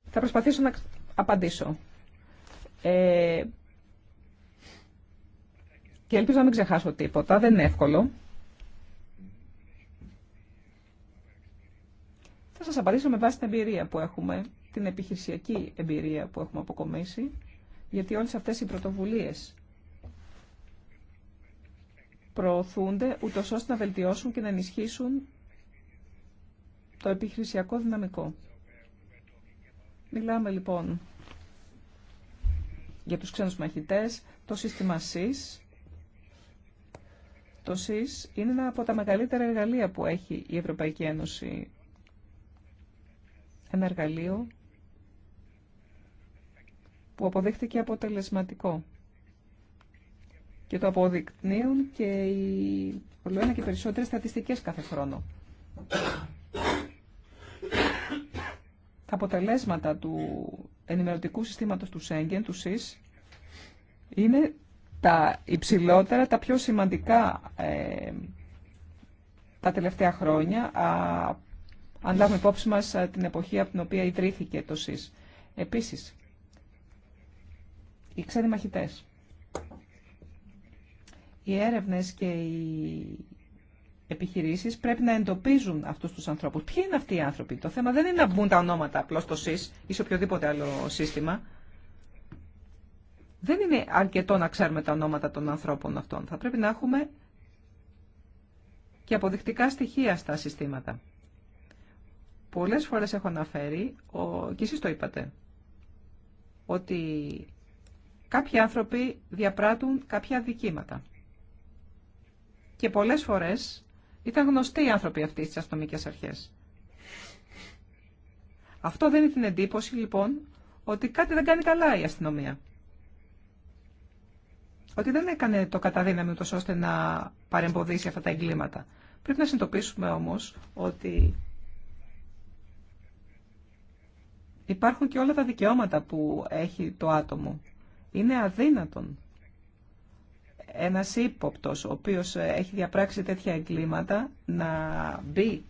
Θα προσπαθήσω να απαντήσω. Ε... Και ελπίζω να μην ξεχάσω τίποτα. Δεν είναι εύκολο. Θα σας απαντήσω με βάση την εμπειρία που έχουμε, την επιχειρησιακή εμπειρία που έχουμε αποκομίσει, γιατί όλες αυτές οι πρωτοβουλίε προωθούνται ούτω ώστε να βελτιώσουν και να ενισχύσουν το επιχειρησιακό δυναμικό. Μιλάμε λοιπόν για τους ξένους μαχητές, το σύστημα ΣΥΣ. Το ΣΥΣ είναι ένα από τα μεγαλύτερα εργαλεία που έχει η Ευρωπαϊκή Ένωση ένα εργαλείο που αποδείχθηκε αποτελεσματικό. Και το αποδεικνύουν και οι ολοένα και περισσότερες στατιστικές κάθε χρόνο. Τα αποτελέσματα του ενημερωτικού συστήματος του Σέγγεν, του ΣΥΣ, είναι τα υψηλότερα, τα πιο σημαντικά ε, τα τελευταία χρόνια αν λάβουμε υπόψη μας την εποχή από την οποία ιδρύθηκε το ΣΥΣ. Επίσης, οι ξένοι μαχητές. Οι έρευνες και οι επιχειρήσεις πρέπει να εντοπίζουν αυτούς τους ανθρώπους. Ποιοι είναι αυτοί οι άνθρωποι. Το θέμα δεν είναι να μπουν τα ονόματα απλώς στο ΣΥΣ ή σε οποιοδήποτε άλλο σύστημα. Δεν είναι αρκετό να ξέρουμε τα ονόματα των ανθρώπων αυτών. Θα πρέπει να έχουμε και αποδεικτικά στοιχεία στα συστήματα. Πολλές φορές έχω αναφέρει, ο, και εσείς το είπατε, ότι κάποιοι άνθρωποι διαπράττουν κάποια δικήματα. Και πολλές φορές ήταν γνωστοί οι άνθρωποι αυτοί στις αστυνομικές αρχές. Αυτό δεν είναι την εντύπωση λοιπόν ότι κάτι δεν κάνει καλά η αστυνομία. Ότι δεν έκανε το καταδύναμη ούτως ώστε να παρεμποδίσει αυτά τα εγκλήματα. Πρέπει να συνειδητοποιήσουμε όμως ότι υπάρχουν και όλα τα δικαιώματα που έχει το άτομο. Είναι αδύνατον ένας ύποπτος ο οποίος ε, έχει διαπράξει τέτοια εγκλήματα να μπει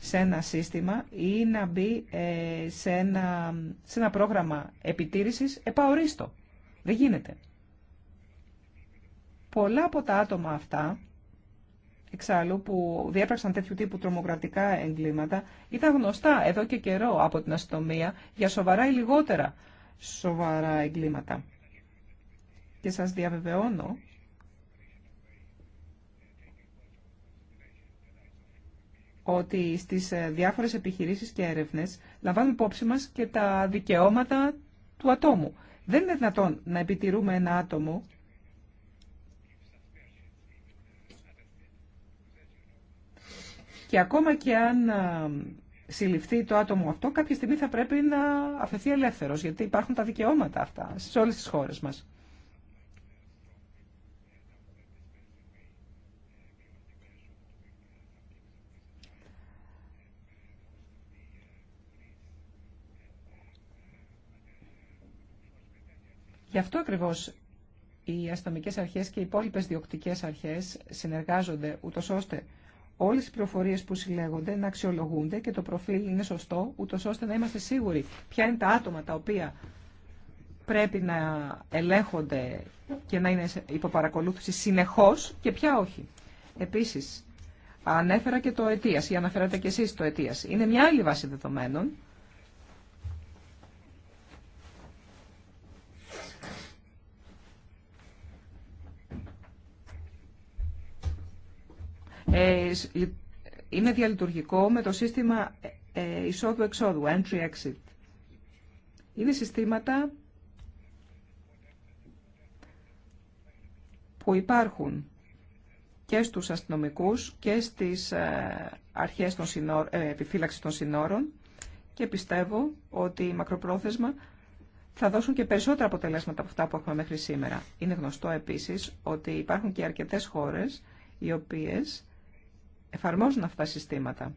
σε ένα σύστημα ή να μπει ε, σε, ένα, πρόγραμμα επιτήρησης επαορίστο. Δεν γίνεται. Πολλά από τα άτομα αυτά εξάλλου που διέπραξαν τέτοιου τύπου τρομοκρατικά εγκλήματα ήταν γνωστά εδώ και καιρό από την αστυνομία για σοβαρά ή λιγότερα σοβαρά εγκλήματα. Και σας διαβεβαιώνω ότι στις ε, διάφορες επιχειρήσεις και έρευνες λαμβάνουμε υπόψη μας και τα δικαιώματα του ατόμου. Δεν είναι δυνατόν να επιτηρούμε ένα άτομο Και ακόμα και αν συλληφθεί το άτομο αυτό, κάποια στιγμή θα πρέπει να αφαιθεί ελεύθερος, γιατί υπάρχουν τα δικαιώματα αυτά σε όλες τις χώρες μας. Γι' αυτό ακριβώς οι αστυνομικές αρχές και οι υπόλοιπε διοκτικέ αρχές συνεργάζονται ούτω ώστε όλες οι πληροφορίες που συλλέγονται να αξιολογούνται και το προφίλ είναι σωστό, ούτω ώστε να είμαστε σίγουροι ποια είναι τα άτομα τα οποία πρέπει να ελέγχονται και να είναι υπό παρακολούθηση συνεχώς και ποια όχι. Επίσης, ανέφερα και το αιτίας ή αναφέρατε και εσείς το αιτίας. Είναι μια άλλη βάση δεδομένων Ε, είναι διαλειτουργικό με το σύστημα ε, εισόδου-εξόδου, entry-exit. Είναι συστήματα που υπάρχουν και στους αστυνομικούς και στις ε, αρχές των επιφύλαξης των συνόρων και πιστεύω ότι η μακροπρόθεσμα θα δώσουν και περισσότερα αποτελέσματα από αυτά που έχουμε μέχρι σήμερα. Είναι γνωστό επίσης ότι υπάρχουν και αρκετές χώρες οι οποίες εφαρμόζουν αυτά τα συστήματα.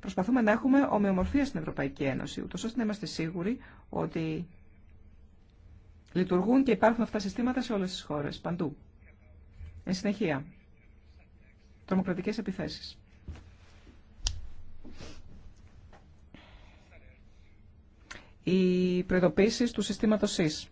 Προσπαθούμε να έχουμε ομοιομορφία στην Ευρωπαϊκή Ένωση, ούτως ώστε να είμαστε σίγουροι ότι λειτουργούν και υπάρχουν αυτά τα συστήματα σε όλες τις χώρες, παντού. Εν συνεχεία, τρομοκρατικές επιθέσεις. Οι προειδοποίησεις του συστήματος ΣΥΣ.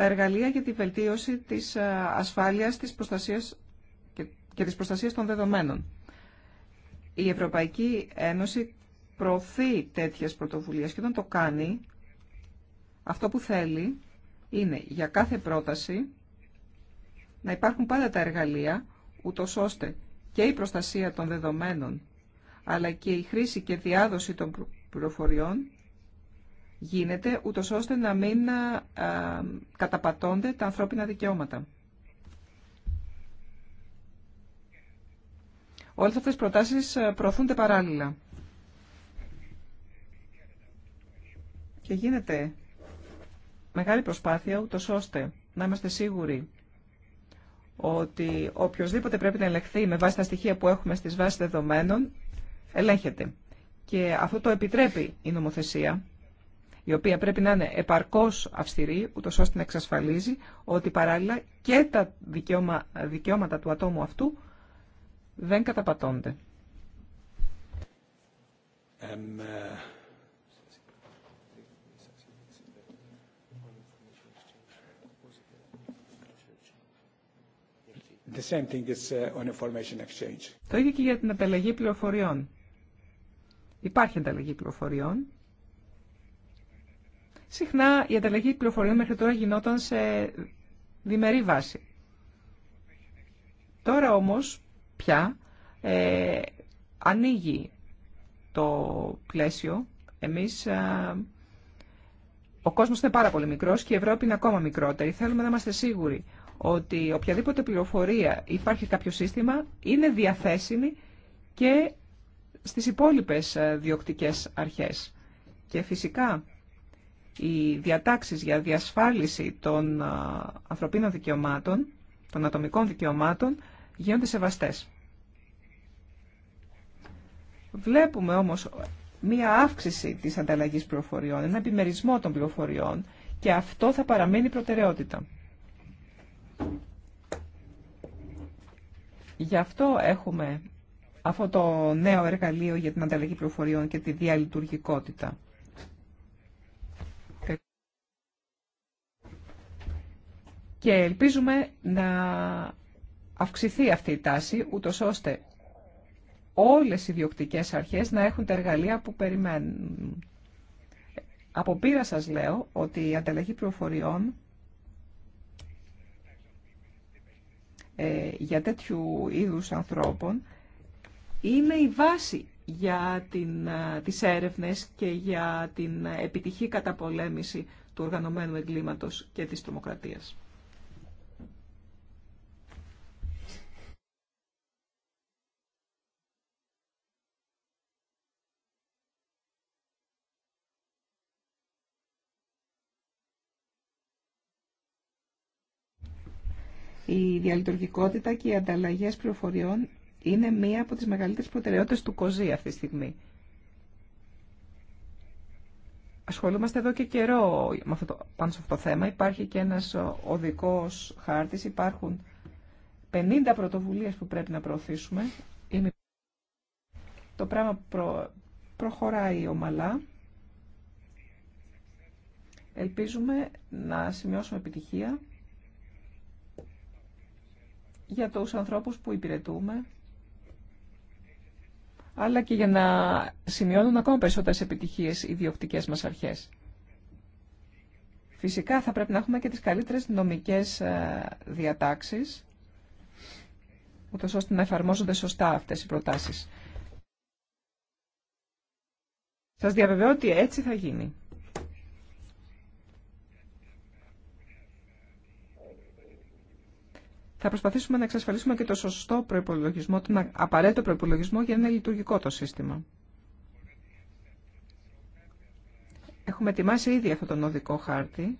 τα εργαλεία για τη βελτίωση της ε, ασφάλειας της προστασίας και της προστασίας των δεδομένων. Η Ευρωπαϊκή Ένωση προωθεί τέτοιες πρωτοβουλίες και όταν το κάνει, αυτό που θέλει είναι για κάθε πρόταση να υπάρχουν πάντα τα εργαλεία, ούτω ώστε και η προστασία των δεδομένων, αλλά και η χρήση και διάδοση των πληροφοριών γίνεται, ούτως ώστε να μην ε, καταπατώνται τα ανθρώπινα δικαιώματα. Όλες αυτές οι προτάσεις ε, προωθούνται παράλληλα. Και γίνεται μεγάλη προσπάθεια, ούτως ώστε να είμαστε σίγουροι ότι οποιοδήποτε πρέπει να ελεγχθεί με βάση τα στοιχεία που έχουμε στις βάσεις δεδομένων, ελέγχεται. Και αυτό το επιτρέπει η νομοθεσία η οποία πρέπει να είναι επαρκώς αυστηρή, ούτως ώστε να εξασφαλίζει ότι παράλληλα και τα δικαιώμα, δικαιώματα του ατόμου αυτού δεν καταπατώνται. Ε, The same thing is uh, on information exchange. Το ίδιο και για την ανταλλαγή πληροφοριών. Υπάρχει ανταλλαγή πληροφοριών Συχνά η ανταλλαγή πληροφοριών μέχρι τώρα γινόταν σε διμερή βάση. Τώρα όμως πια ε, ανοίγει το πλαίσιο. Εμείς, ε, ο κόσμος είναι πάρα πολύ μικρός και η Ευρώπη είναι ακόμα μικρότερη. Θέλουμε να είμαστε σίγουροι ότι οποιαδήποτε πληροφορία υπάρχει κάποιο σύστημα είναι διαθέσιμη και στις υπόλοιπες ε, διοκτικές αρχές. Και φυσικά οι διατάξεις για διασφάλιση των ε, ανθρωπίνων δικαιωμάτων, των ατομικών δικαιωμάτων, γίνονται σεβαστές. Βλέπουμε όμως μία αύξηση της ανταλλαγής πληροφοριών, ένα επιμερισμό των πληροφοριών και αυτό θα παραμείνει προτεραιότητα. Γι' αυτό έχουμε αυτό το νέο εργαλείο για την ανταλλαγή πληροφοριών και τη διαλειτουργικότητα. Και ελπίζουμε να αυξηθεί αυτή η τάση, ούτως ώστε όλες οι διοκτικές αρχές να έχουν τα εργαλεία που περιμένουν. Από πείρα σας λέω ότι η ανταλλαγή πληροφοριών ε, για τέτοιου είδους ανθρώπων είναι η βάση για την, ε, τις έρευνες και για την επιτυχή καταπολέμηση του οργανωμένου εγκλήματος και της τρομοκρατίας. Η διαλειτουργικότητα και οι ανταλλαγέ πληροφοριών είναι μία από τις μεγαλύτερες προτεραιότητες του ΚΟΖΗ αυτή τη στιγμή. Ασχολούμαστε εδώ και καιρό με αυτό το, πάνω σε αυτό το θέμα. Υπάρχει και ένας οδικός χάρτης, υπάρχουν 50 πρωτοβουλίες που πρέπει να προωθήσουμε. Το πράγμα προχωράει ομαλά. Ελπίζουμε να σημειώσουμε επιτυχία για τους ανθρώπους που υπηρετούμε, αλλά και για να σημειώνουν ακόμα περισσότερες επιτυχίες οι διοκτικές μας αρχές. Φυσικά θα πρέπει να έχουμε και τις καλύτερες νομικές ε, διατάξεις, ούτως ώστε να εφαρμόζονται σωστά αυτές οι προτάσεις. Σας διαβεβαιώ ότι έτσι θα γίνει. θα προσπαθήσουμε να εξασφαλίσουμε και το σωστό προπολογισμό, τον απαραίτητο προπολογισμό για να είναι λειτουργικό το σύστημα. Έχουμε ετοιμάσει ήδη αυτόν τον οδικό χάρτη.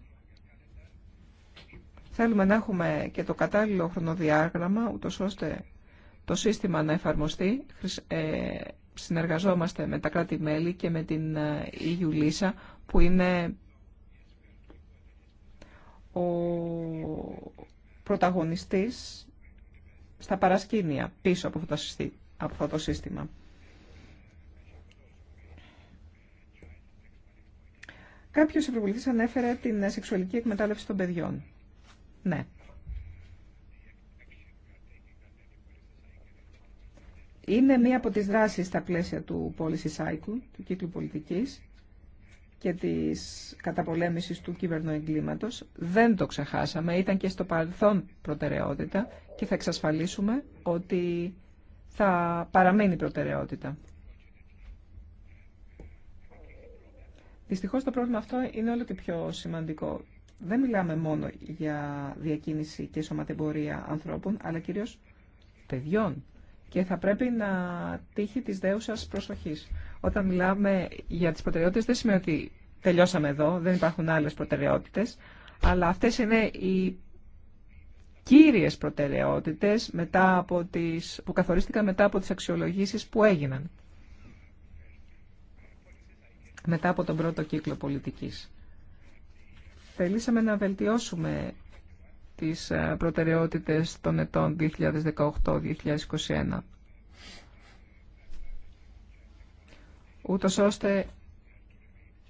Θέλουμε να έχουμε και το κατάλληλο χρονοδιάγραμμα, ούτω ώστε το σύστημα να εφαρμοστεί. Ε, συνεργαζόμαστε με τα κράτη-μέλη και με την eu ε, που είναι ο πρωταγωνιστής στα παρασκήνια πίσω από αυτό το σύστημα. Κάποιος ευρωβουλευτής ανέφερε την σεξουαλική εκμετάλλευση των παιδιών. Ναι. Είναι μία από τις δράσεις στα πλαίσια του policy cycle, του κύκλου πολιτικής και της καταπολέμησης του κυβερνοεγκλήματος. Δεν το ξεχάσαμε, ήταν και στο παρελθόν προτεραιότητα και θα εξασφαλίσουμε ότι θα παραμείνει προτεραιότητα. Δυστυχώς το πρόβλημα αυτό είναι όλο και πιο σημαντικό. Δεν μιλάμε μόνο για διακίνηση και σωματεμπορία ανθρώπων, αλλά κυρίως παιδιών και θα πρέπει να τύχει της δέουσας προσοχής. Όταν μιλάμε για τις προτεραιότητες δεν σημαίνει ότι τελειώσαμε εδώ, δεν υπάρχουν άλλες προτεραιότητες, αλλά αυτές είναι οι κύριες προτεραιότητες μετά από τις, που καθορίστηκαν μετά από τις αξιολογήσεις που έγιναν μετά από τον πρώτο κύκλο πολιτικής. Θελήσαμε να βελτιώσουμε τις ε, προτεραιότητες των ετών 2018-2021 ούτως ώστε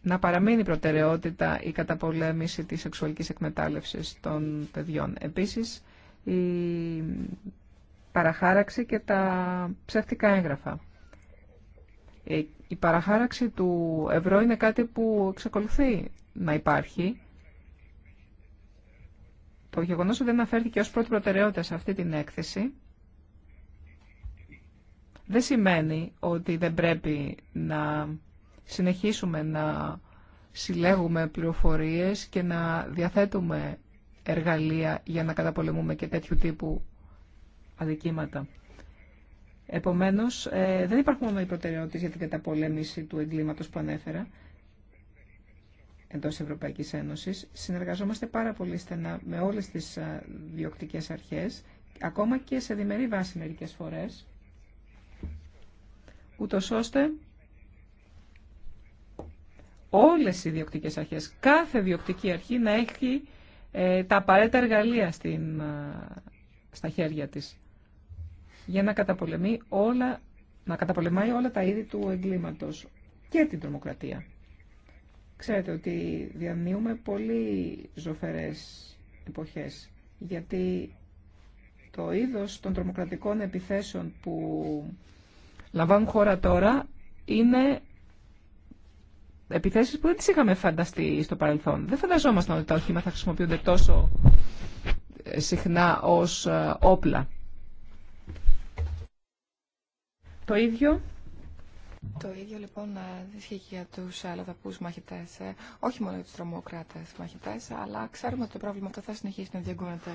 να παραμείνει προτεραιότητα η καταπολέμηση της σεξουαλικής εκμετάλλευσης των παιδιών. Επίσης, η παραχάραξη και τα ψεύτικα έγγραφα. Ε, η παραχάραξη του ευρώ είναι κάτι που εξακολουθεί να υπάρχει. Το γεγονός ότι δεν αναφέρθηκε ως πρώτη προτεραιότητα σε αυτή την έκθεση δεν σημαίνει ότι δεν πρέπει να συνεχίσουμε να συλλέγουμε πληροφορίες και να διαθέτουμε εργαλεία για να καταπολεμούμε και τέτοιου τύπου αδικήματα. Επομένως, ε, δεν υπάρχουν μόνο οι προτεραιότητες για την καταπολέμηση του εγκλήματος που ανέφερα εντός Ευρωπαϊκής Ένωσης. Συνεργαζόμαστε πάρα πολύ στενά με όλες τις ε, διοκτικές αρχές, ακόμα και σε διμερή βάση μερικές φορές, ούτως ώστε όλες οι διοκτικές αρχές, κάθε διοκτική αρχή να έχει ε, τα απαραίτητα εργαλεία στην, ε, στα χέρια της για να, καταπολεμεί όλα, να καταπολεμάει όλα τα είδη του εγκλήματος και την τρομοκρατία. Ξέρετε ότι διανύουμε πολύ ζωφερές εποχές, γιατί το είδος των τρομοκρατικών επιθέσεων που λαμβάνουν χώρα τώρα είναι επιθέσεις που δεν τις είχαμε φανταστεί στο παρελθόν. Δεν φανταζόμασταν ότι τα οχήματα θα χρησιμοποιούνται τόσο ε, συχνά ως ε, όπλα. Το ίδιο. Το ίδιο λοιπόν ε, ισχύει και για του αλλοδαπού μαχητέ. Όχι μόνο για του τρομοκράτε μαχητέ, αλλά ξέρουμε ότι το πρόβλημα αυτό θα συνεχίσει να διαγκώνεται.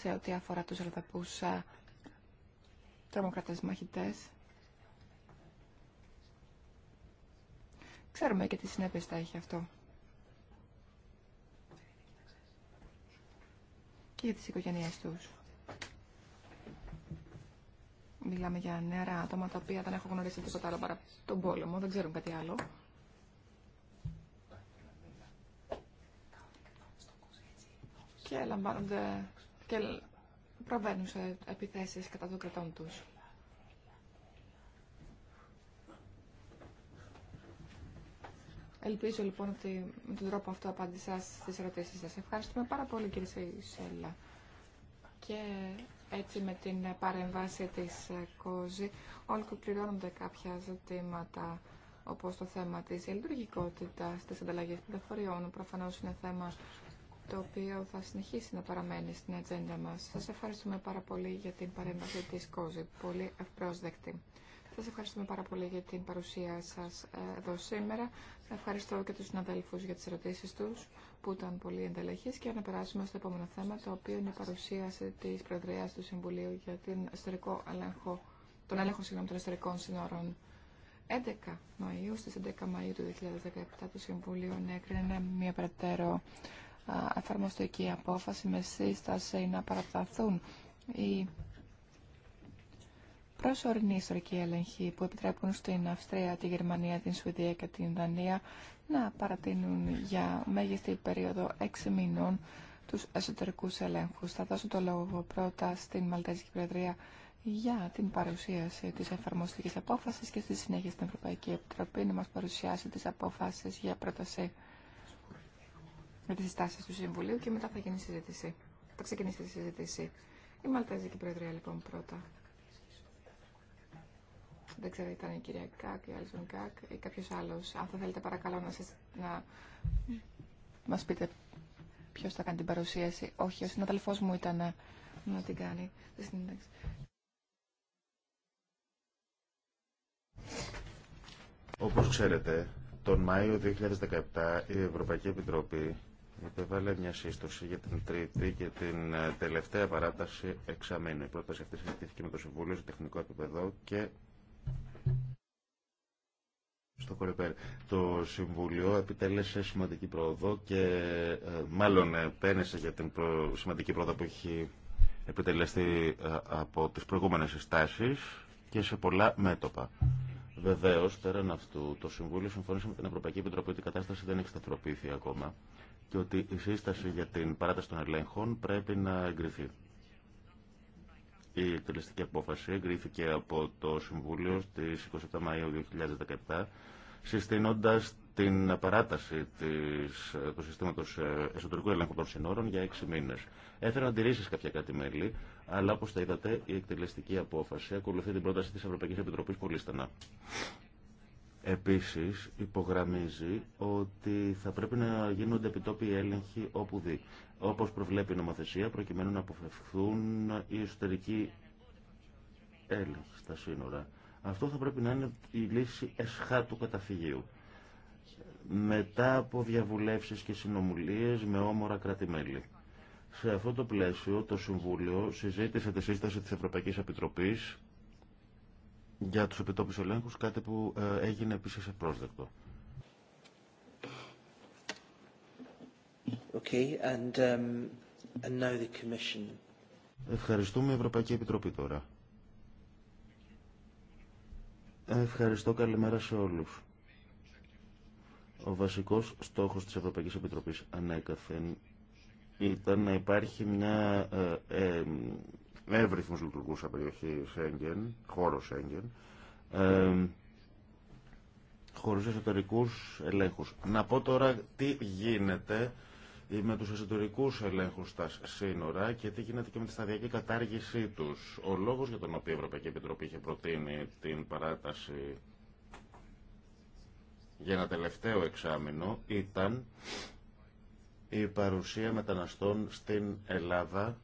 σε ό,τι αφορά τους ροδαπούς τρομοκρατές μαχητές. Ξέρουμε και τι συνέπειες θα έχει αυτό. Και για τις οικογένειές τους. Μιλάμε για νεαρά άτομα τα οποία δεν έχουν γνωρίσει τίποτα άλλο παρά τον πόλεμο, δεν ξέρουν κάτι άλλο. Και λαμβάνονται και προβαίνουν σε επιθέσεις κατά των κρατών τους. Ελπίζω λοιπόν ότι με τον τρόπο αυτό απάντησα στις ερωτήσεις σας. Ευχαριστούμε πάρα πολύ κύριε Σέλλα. Και έτσι με την παρεμβάση της ε, ΚΟΖΗ ολοκληρώνονται κάποια ζητήματα όπως το θέμα της λειτουργικότητας, της ανταλλαγής πληροφοριών. Προφανώς είναι θέμα το οποίο θα συνεχίσει να παραμένει στην ατζέντα μας. Σας ευχαριστούμε πάρα πολύ για την παρέμβαση της ΚΟζη, πολύ ευπρόσδεκτη. Σας ευχαριστούμε πάρα πολύ για την παρουσία σας ε, εδώ σήμερα. Ευχαριστώ και τους συναδέλφους για τις ερωτήσεις τους που ήταν πολύ εντελεχείς και να περάσουμε στο επόμενο θέμα το οποίο είναι η παρουσίαση της Προεδρίας του Συμβουλίου για την ιστορικό ελέγχο, τον έλεγχο συγγνώμη, των ιστορικών συνόρων. 11 Μαΐου, στις 11 Μαΐου του 2017 το Συμβούλιο έκρινε μια περαιτέρω εφαρμοστική απόφαση με σύσταση να παραταθούν οι προσωρινοί ιστορικοί έλεγχοι που επιτρέπουν στην Αυστρία, τη Γερμανία, την Σουηδία και την Δανία να παρατείνουν για μέγιστη περίοδο 6 μηνών τους εσωτερικούς ελέγχους. Θα δώσω το λόγο πρώτα στην Μαλτέζικη Προεδρία για την παρουσίαση της εφαρμοστικής απόφασης και στη συνέχεια στην Ευρωπαϊκή Επιτροπή να μας παρουσιάσει τις απόφασεις για πρόταση με τι συστάσει του Συμβουλίου και μετά θα γίνει συζήτηση. Θα ξεκινήσει η συζήτηση. Η Μαλτέζικη Προεδρία λοιπόν πρώτα. Δεν ξέρω, ήταν η κυρία Κάκ, η Άλσον Κάκ ή κάποιος άλλος. Αν θα θέλετε παρακαλώ να, σας, να μας πείτε ποιο θα κάνει την παρουσίαση. Όχι, ο συναδελφό μου ήταν να, να την κάνει. Όπως ξέρετε, τον Μάιο 2017 η Ευρωπαϊκή Επιτροπή υπέβαλε μια σύστοση για την τρίτη και την ε, τελευταία παράταση εξαμήνου. Η πρόταση αυτή συζητήθηκε με το Συμβούλιο σε τεχνικό επίπεδο και στο Κορυπέρ. Το Συμβούλιο επιτέλεσε σημαντική πρόοδο και ε, μάλλον επένεσε για την προ... σημαντική πρόοδο που έχει επιτελεστεί ε, από τις προηγούμενες συστάσεις και σε πολλά μέτωπα. Βεβαίω, πέραν αυτού, το Συμβούλιο συμφώνησε με την Ευρωπαϊκή Επιτροπή ότι η κατάσταση δεν έχει σταθεροποιηθεί ακόμα και ότι η σύσταση για την παράταση των ελέγχων πρέπει να εγκριθεί. Η εκτελεστική απόφαση εγκρίθηκε από το Συμβούλιο στις 27 Μαΐου 2017, συστήνοντας την παράταση του συστήματος ε, εσωτερικού ελέγχου των συνόρων για έξι μήνες. Έφεραν αντιρρήσεις κάποια κάτι μέλη, αλλά όπως τα είδατε η εκτελεστική απόφαση ακολουθεί την πρόταση της Ευρωπαϊκής Επιτροπής πολύ στενά. Επίσης υπογραμμίζει ότι θα πρέπει να γίνονται επιτόπιοι έλεγχοι όπου δει, όπως προβλέπει η νομοθεσία, προκειμένου να αποφευχθούν οι εσωτερικοί έλεγχοι στα σύνορα. Αυτό θα πρέπει να είναι η λύση εσχάτου καταφυγίου. Μετά από διαβουλεύσεις και συνομιλίες με όμορα κράτη-μέλη. Σε αυτό το πλαίσιο το Συμβούλιο συζήτησε τη σύσταση της Ευρωπαϊκής Επιτροπής για τους επιτόπιους ελέγχους, κάτι που ε, έγινε επίσης ευπρόσδεκτο. Okay, and, um, and now the Commission. Ευχαριστούμε Ευρωπαϊκή Επιτροπή τώρα. Ευχαριστώ. Καλημέρα σε όλους. Ο βασικός στόχος της Ευρωπαϊκής Επιτροπής ανέκαθεν ήταν να υπάρχει μια ε, ε, εύρυθμο λειτουργούσα περιοχή Σέγγεν, χώρο Σέγγεν, ε, χωρίς εσωτερικούς ελέγχους. Να πω τώρα τι γίνεται με τους εσωτερικού ελέγχους στα σύνορα και τι γίνεται και με τη σταδιακή κατάργησή τους. Ο λόγος για τον οποίο η Ευρωπαϊκή Επιτροπή είχε προτείνει την παράταση για ένα τελευταίο εξάμεινο ήταν η παρουσία μεταναστών στην Ελλάδα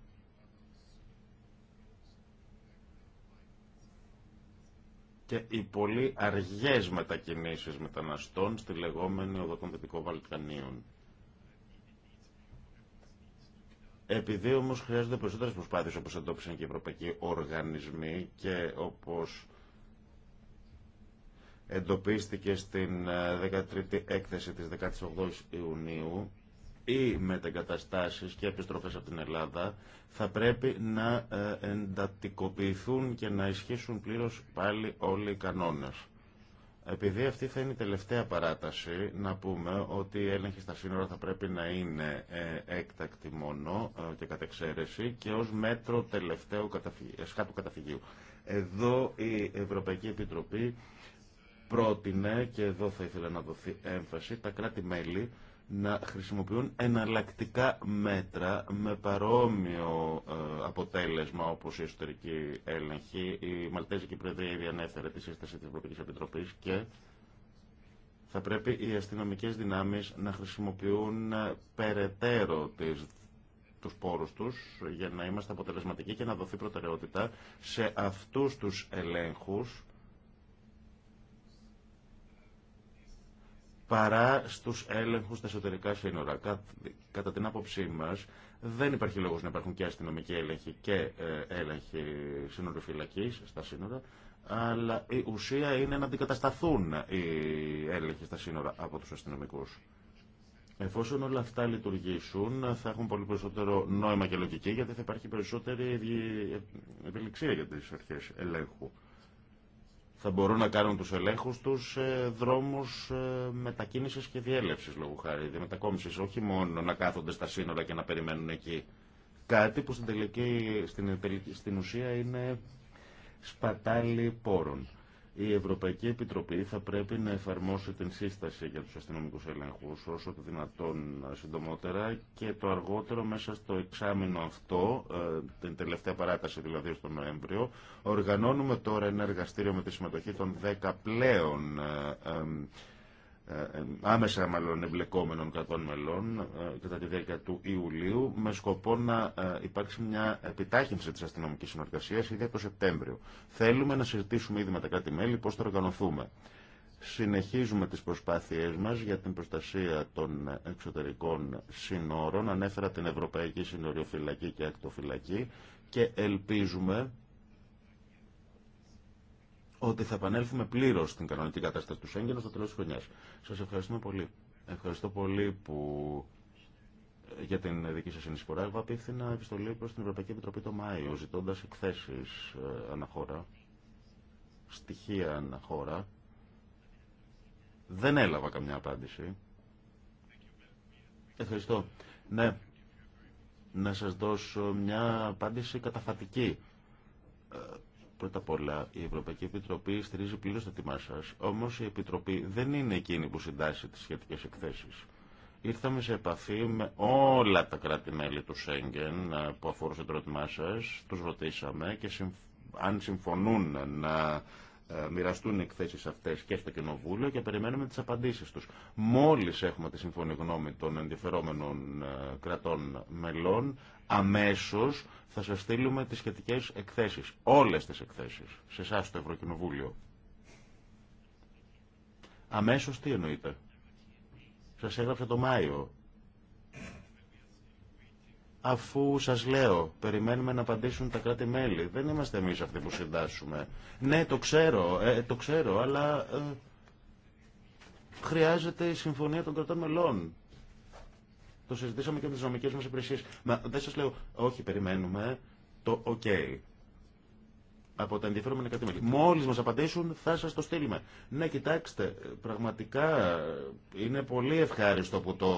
και οι πολύ αργές μετακινήσεις μεταναστών στη λεγόμενη οδό Βαλκανίων. Επειδή όμω χρειάζονται περισσότερε προσπάθειε όπω εντόπισαν και οι ευρωπαϊκοί οργανισμοί και όπω εντοπίστηκε στην 13η ε, έκθεση της 18ης Ιουνίου ή μετεγκαταστάσεις και επιστροφές από την Ελλάδα θα πρέπει να ε, εντατικοποιηθούν και να ισχύσουν πλήρως πάλι όλοι οι κανόνες. Επειδή αυτή θα είναι η τελευταία παράταση, να πούμε ότι η έλεγχη στα σύνορα θα πρέπει να είναι ε, έκτακτη μόνο ε, και κατεξαίρεση και ως μέτρο τελευταίου σκάτου καταφυγίου. Εδώ η Ευρωπαϊκή Επιτροπή πρότεινε, και εδώ θα ήθελα να δοθεί έμφαση, τα κράτη-μέλη να χρησιμοποιούν εναλλακτικά μέτρα με παρόμοιο ε, αποτέλεσμα όπως η εσωτερική έλεγχη. Η Μαλτέζικη Πρεδρία ήδη ανέφερε τη σύσταση της Ευρωπαϊκής Επιτροπής και θα πρέπει οι αστυνομικές δυνάμεις να χρησιμοποιούν ε, περαιτέρω τις τους πόρους τους για να είμαστε αποτελεσματικοί και να δοθεί προτεραιότητα σε αυτούς τους ελέγχους παρά στους έλεγχους στα εσωτερικά σύνορα. Κατά την άποψή μας δεν υπάρχει λόγος να υπάρχουν και αστυνομικοί έλεγχοι και ε, έλεγχοι σύνορου στα σύνορα, αλλά η ουσία είναι να αντικατασταθούν οι έλεγχοι στα σύνορα από τους αστυνομικούς. Εφόσον όλα αυτά λειτουργήσουν, θα έχουν πολύ περισσότερο νόημα και λογική, γιατί θα υπάρχει περισσότερη ευελιξία για τις αρχές ελέγχου θα μπορούν να κάνουν τους ελέγχους τους δρόμους ε, μετακίνησης και διέλευσης λόγω χάρη, μετακόμισης, όχι μόνο να κάθονται στα σύνορα και να περιμένουν εκεί. Κάτι που στην, τελική, στην, στην ουσία είναι σπατάλη πόρων. Η Ευρωπαϊκή Επιτροπή θα πρέπει να εφαρμόσει την σύσταση για τους αστυνομικούς ελέγχους όσο το δυνατόν συντομότερα και το αργότερο μέσα στο εξάμεινο αυτό, ε, την τελευταία παράταση δηλαδή στο Νοέμβριο, οργανώνουμε τώρα ένα εργαστήριο με τη συμμετοχή των 10 πλέον ε, ε, ε, ε, άμεσα μάλλον εμπλεκόμενων κρατών μελών ε, κατά τη διάρκεια του Ιουλίου με σκοπό να υπάρξει μια επιτάχυνση της αστυνομικής συνεργασίας ήδη από το Σεπτέμβριο. Θέλουμε να συζητήσουμε ήδη με τα κράτη-μέλη πώς θα οργανωθούμε. Συνεχίζουμε τις προσπάθειές μας για την προστασία των εξωτερικών συνόρων. Ανέφερα την Ευρωπαϊκή Συνοριοφυλακή και Ακτοφυλακή και ελπίζουμε ότι θα επανέλθουμε πλήρω στην κανονική κατάσταση του Σέγγεν στο τέλο τη χρονιά. Σα ευχαριστούμε πολύ. Ευχαριστώ πολύ που για την δική σα συνεισφορά. Εγώ να επιστολή προ την Ευρωπαϊκή Επιτροπή το Μάιο, ζητώντα εκθέσει ε, αναχώρα, στοιχεία αναχώρα. Δεν έλαβα καμιά απάντηση. Ευχαριστώ. Ναι, να σας δώσω μια απάντηση καταφατική ε, Πρώτα απ' όλα, η Ευρωπαϊκή Επιτροπή στηρίζει πλήρω το τιμά σα, όμω η Επιτροπή δεν είναι εκείνη που συντάσσει τι σχετικέ εκθέσει. Ήρθαμε σε επαφή με όλα τα κράτη-μέλη του Σέγγεν ε, που αφορούσε το ερώτημά σα, του ρωτήσαμε και αν συμφωνούν να ε, μοιραστούν οι εκθέσεις αυτές και στο Κοινοβούλιο και περιμένουμε τις απαντήσεις τους. Μόλις έχουμε τη σύμφωνη γνώμη των ενδιαφερόμενων ε, κρατών μελών, αμέσως θα σας στείλουμε τις σχετικές εκθέσεις, όλες τις εκθέσεις, σε εσά το Ευρωκοινοβούλιο. Αμέσως τι εννοείται. Σας έγραψε το Μάιο αφού σας λέω, περιμένουμε να απαντήσουν τα κράτη-μέλη. Δεν είμαστε εμεί αυτοί που συντάσσουμε. Ναι, το ξέρω, ε, το ξέρω, αλλά ε, χρειάζεται η συμφωνία των κρατών μελών. Το συζητήσαμε και με τι νομικέ μας υπηρεσίε. Μα δεν σας λέω, όχι, περιμένουμε, το ok από τα ενδιαφέρομενα κατήμελη. Ναι. Μόλι μα απαντήσουν, θα σα το στείλουμε. Ναι, κοιτάξτε, πραγματικά είναι πολύ ευχάριστο που το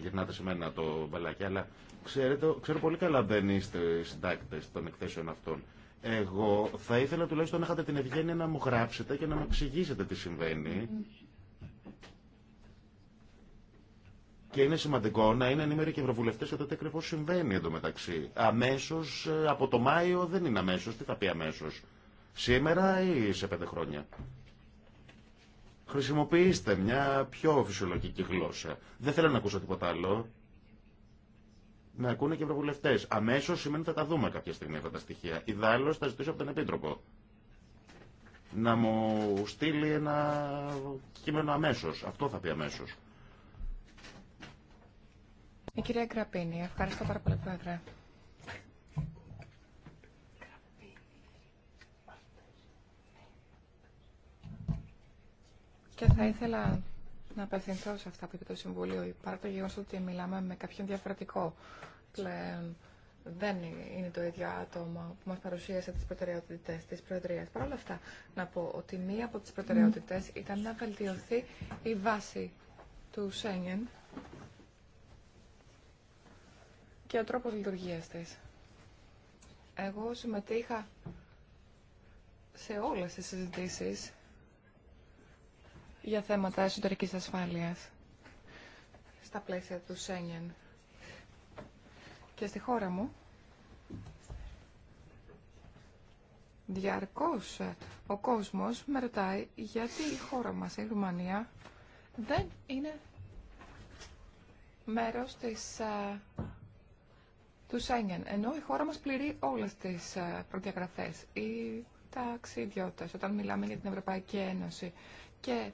γυρνάτε σε μένα το μπαλάκι, αλλά ξέρετε, ξέρω πολύ καλά δεν είστε συντάκτε των εκθέσεων αυτών. Εγώ θα ήθελα τουλάχιστον να είχατε την ευγένεια να μου γράψετε και να μου εξηγήσετε τι συμβαίνει mm. Και είναι σημαντικό να είναι ενήμεροι και ευρωβουλευτέ για το τι ακριβώ συμβαίνει εντωμεταξύ. Αμέσω, ε, από το Μάιο δεν είναι αμέσω. Τι θα πει αμέσω. Σήμερα ή σε πέντε χρόνια. Χρησιμοποιήστε μια πιο φυσιολογική γλώσσα. Δεν θέλω να ακούσω τίποτα άλλο. Να ακούνε και ευρωβουλευτέ. Αμέσω σημαίνει ότι θα τα δούμε κάποια στιγμή αυτά τα στοιχεία. Ιδάλω θα ζητήσω από τον Επίτροπο να μου στείλει ένα κείμενο αμέσω. Αυτό θα πει αμέσω. Η κυρία Γκραπίνη, ευχαριστώ πάρα πολύ, Πρόεδρε. Και θα ήθελα να απευθυνθώ σε αυτά που είπε το Συμβούλιο, παρά το γεγονό ότι μιλάμε με κάποιον διαφορετικό πλέον. Δεν είναι το ίδιο άτομο που μας παρουσίασε τις προτεραιότητες της Προεδρίας. Παρ' όλα αυτά, να πω ότι μία από τις προτεραιότητες ήταν να βελτιωθεί η βάση του ΣΕΝΙΕΝ και ο τρόπος λειτουργίας της. Εγώ συμμετείχα σε όλες τις συζητήσεις για θέματα εσωτερικής ασφάλειας στα πλαίσια του Σένιεν. Και στη χώρα μου διαρκώς ο κόσμος με ρωτάει γιατί η χώρα μας, η Ρουμανία, δεν είναι μέρος της ε, του Σέγγεν, ενώ η χώρα μας πληρεί όλες τις ε, προδιαγραφές. ή ταξιδιώτες, όταν μιλάμε για την Ευρωπαϊκή Ένωση και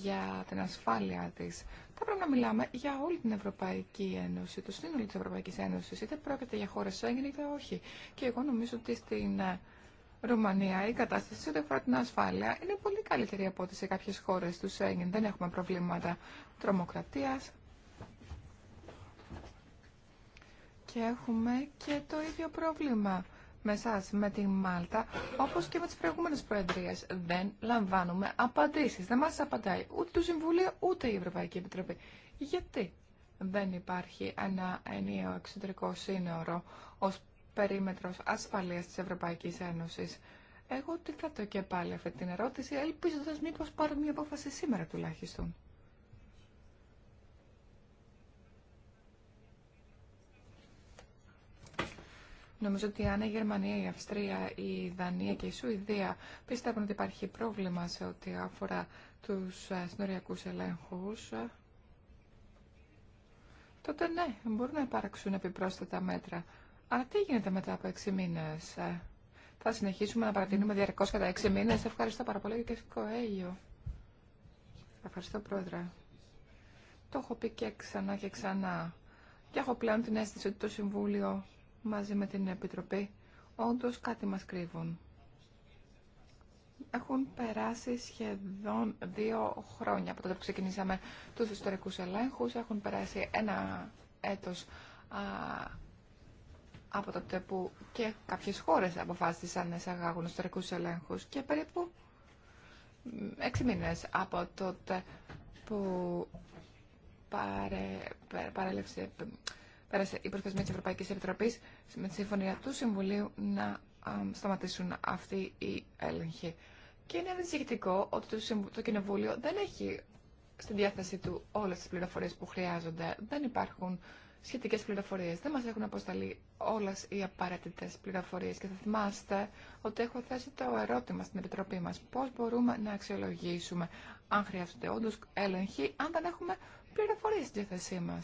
για την ασφάλεια της, θα πρέπει να μιλάμε για όλη την Ευρωπαϊκή Ένωση, το σύνολο της Ευρωπαϊκής Ένωσης, είτε πρόκειται για χώρες Σέγγεν είτε όχι. Και εγώ νομίζω ότι στην ε, Ρουμανία η κατάσταση ό,τι αφορά την ασφάλεια είναι πολύ καλύτερη από ό,τι σε κάποιες χώρες του Σέγγεν. Δεν έχουμε προβλήματα τρομοκρατίας, Και έχουμε και το ίδιο πρόβλημα με εσά, με τη Μάλτα, όπω και με τι προηγούμενε προεδρίε. Δεν λαμβάνουμε απαντήσει. Δεν μα απαντάει ούτε το Συμβούλιο ούτε η Ευρωπαϊκή Επιτροπή. Γιατί δεν υπάρχει ένα ενίο εξωτερικό σύνορο ω περίμετρο ασφαλεία τη Ευρωπαϊκή Ένωση. Εγώ τι θα το και πάλι αυτή την ερώτηση, ελπίζοντα μήπω πάρω μια απόφαση σήμερα τουλάχιστον. Νομίζω ότι αν η Γερμανία, η Αυστρία, η Δανία και η Σουηδία πιστεύουν ότι υπάρχει πρόβλημα σε ό,τι αφορά τους ε, συνοριακούς ελέγχους, ε, τότε ναι, μπορούν να υπάρξουν επιπρόσθετα μέτρα. Αλλά τι γίνεται μετά από έξι μήνες. Ε? Θα συνεχίσουμε να παρατηρούμε διαρκώς κατά έξι μήνες. Ευχαριστώ πάρα πολύ και Έλιο. Ευχαριστώ πρόεδρε. Το έχω πει και ξανά και ξανά. Και έχω πλέον την αίσθηση ότι το Συμβούλιο μαζί με την Επιτροπή όντως κάτι μας κρύβουν. Έχουν περάσει σχεδόν δύο χρόνια από τότε που ξεκινήσαμε τους ιστορικούς ελέγχους. Έχουν περάσει ένα έτος α, από τότε που και κάποιες χώρες αποφάσισαν να εισαγάγουν ιστορικούς ελέγχους και περίπου έξι μήνες από τότε που παρε, πέρασε η προθεσμία τη Ευρωπαϊκή Επιτροπή με τη συμφωνία του Συμβουλίου να σταματήσουν αυτοί οι έλεγχοι. Και είναι ανησυχητικό ότι το Κοινοβούλιο δεν έχει στη διάθεσή του όλε τι πληροφορίε που χρειάζονται. Δεν υπάρχουν σχετικέ πληροφορίε, Δεν μα έχουν αποσταλεί όλε οι απαραίτητε πληροφορίε. Και θα θυμάστε ότι έχω θέσει το ερώτημα στην Επιτροπή μα. Πώ μπορούμε να αξιολογήσουμε αν χρειάζονται όντω έλεγχοι, αν δεν έχουμε πληροφορίε στη διάθεσή μα.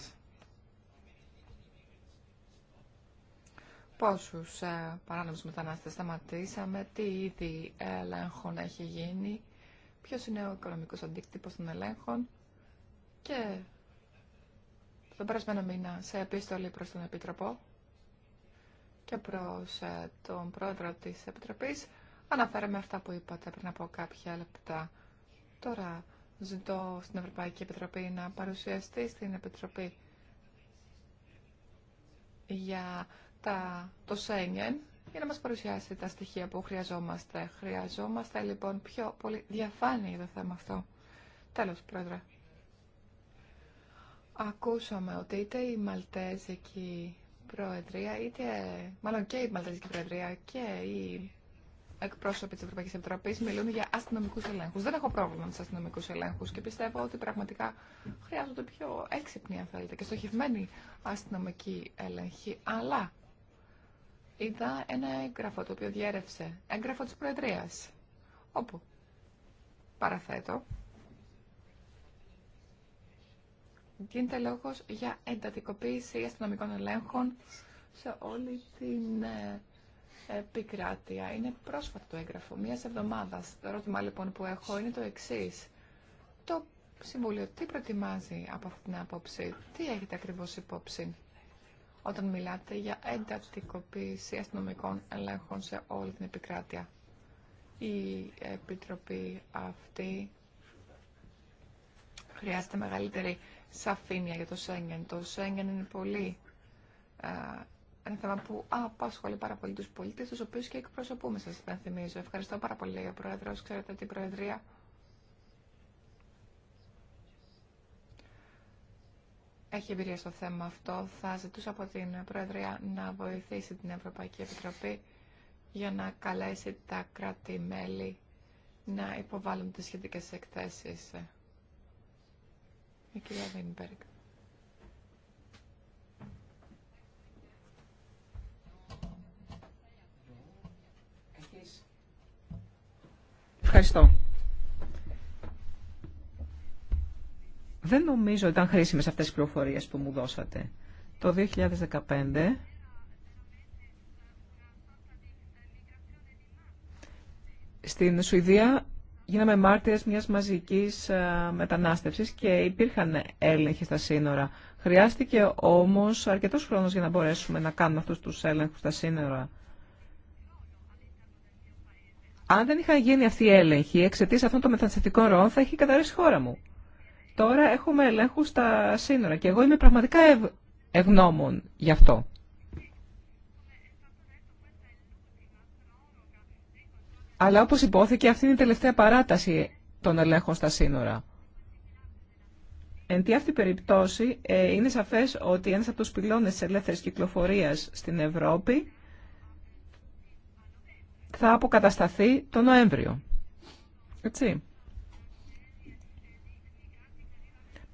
πόσους ε, παράνομους μετανάστες σταματήσαμε, τι είδη ελέγχων έχει γίνει, ποιος είναι ο οικονομικός αντίκτυπος των ελέγχων και τον περασμένο μήνα σε επίστολη προς τον Επίτροπο και προς ε, τον πρόεδρο της Επιτροπής αναφέραμε αυτά που είπατε πριν από κάποια λεπτά. Τώρα ζητώ στην Ευρωπαϊκή Επιτροπή να παρουσιαστεί στην Επιτροπή για τα, το Σένιεν για να μας παρουσιάσει τα στοιχεία που χρειαζόμαστε. Χρειαζόμαστε λοιπόν πιο πολύ διαφάνεια το θέμα αυτό. Τέλος, Πρόεδρε. Ακούσαμε ότι είτε η Μαλτέζικη Προεδρία, είτε μάλλον και η Μαλτέζικη Προεδρία και οι εκπρόσωποι της Ευρωπαϊκής Επιτροπής μιλούν για αστυνομικούς ελέγχους. Δεν έχω πρόβλημα με τους αστυνομικούς ελέγχους και πιστεύω ότι πραγματικά χρειάζονται πιο έξυπνοι, αν θέλετε, και στοχευμένοι αστυνομικοί έλεγχοι. Αλλά είδα ένα έγγραφο το οποίο διέρευσε, έγγραφο της Προεδρίας, όπου παραθέτω γίνεται λόγος για εντατικοποίηση αστυνομικών ελέγχων σε όλη την ε, επικράτεια. Είναι πρόσφατο το έγγραφο, μια εβδομάδα. Το ερώτημα λοιπόν που έχω είναι το εξή. Το Συμβούλιο τι προετοιμάζει από αυτή την άποψη, τι έχετε ακριβώς υπόψη όταν μιλάτε για εντατικοποίηση αστυνομικών ελέγχων σε όλη την επικράτεια. Η Επιτροπή αυτή χρειάζεται μεγαλύτερη σαφήνεια για το Σέγγεν. Το Σέγγεν είναι πολύ α, ε, ένα θέμα που απασχολεί πάρα πολύ τους πολίτες, τους οποίους και εκπροσωπούμε σας, θυμίζω. Ευχαριστώ πάρα πολύ, ο Πρόεδρος. Ξέρετε ότι Προεδρία έχει εμπειρία στο θέμα αυτό. Θα ζητούσα από την Προεδρία να βοηθήσει την Ευρωπαϊκή Επιτροπή για να καλέσει τα κράτη-μέλη να υποβάλουν τις σχετικές εκθέσεις. Η κυρία Ευχαριστώ. Δεν νομίζω ότι ήταν χρήσιμες αυτές οι πληροφορίες που μου δώσατε. Το 2015 στην Σουηδία γίναμε μάρτυρες μιας μαζικής ε, μετανάστευσης και υπήρχαν έλεγχοι στα σύνορα. Χρειάστηκε όμως αρκετός χρόνος για να μπορέσουμε να κάνουμε αυτούς τους έλεγχους στα σύνορα. Αν δεν είχαν γίνει αυτοί οι έλεγχοι εξαιτία αυτών των μεταναστευτικών ροών θα είχε καταρρεύσει η χώρα μου. Τώρα έχουμε ελέγχου στα σύνορα και εγώ είμαι πραγματικά ευγνώμων γι' αυτό. Αλλά όπως υπόθηκε αυτή είναι η τελευταία παράταση των ελέγχων στα σύνορα. Εν τί αυτή περιπτώσει ε, είναι σαφές ότι ένας από τους πυλώνες της ελεύθερης κυκλοφορίας στην Ευρώπη θα αποκατασταθεί το Νοέμβριο. Έτσι.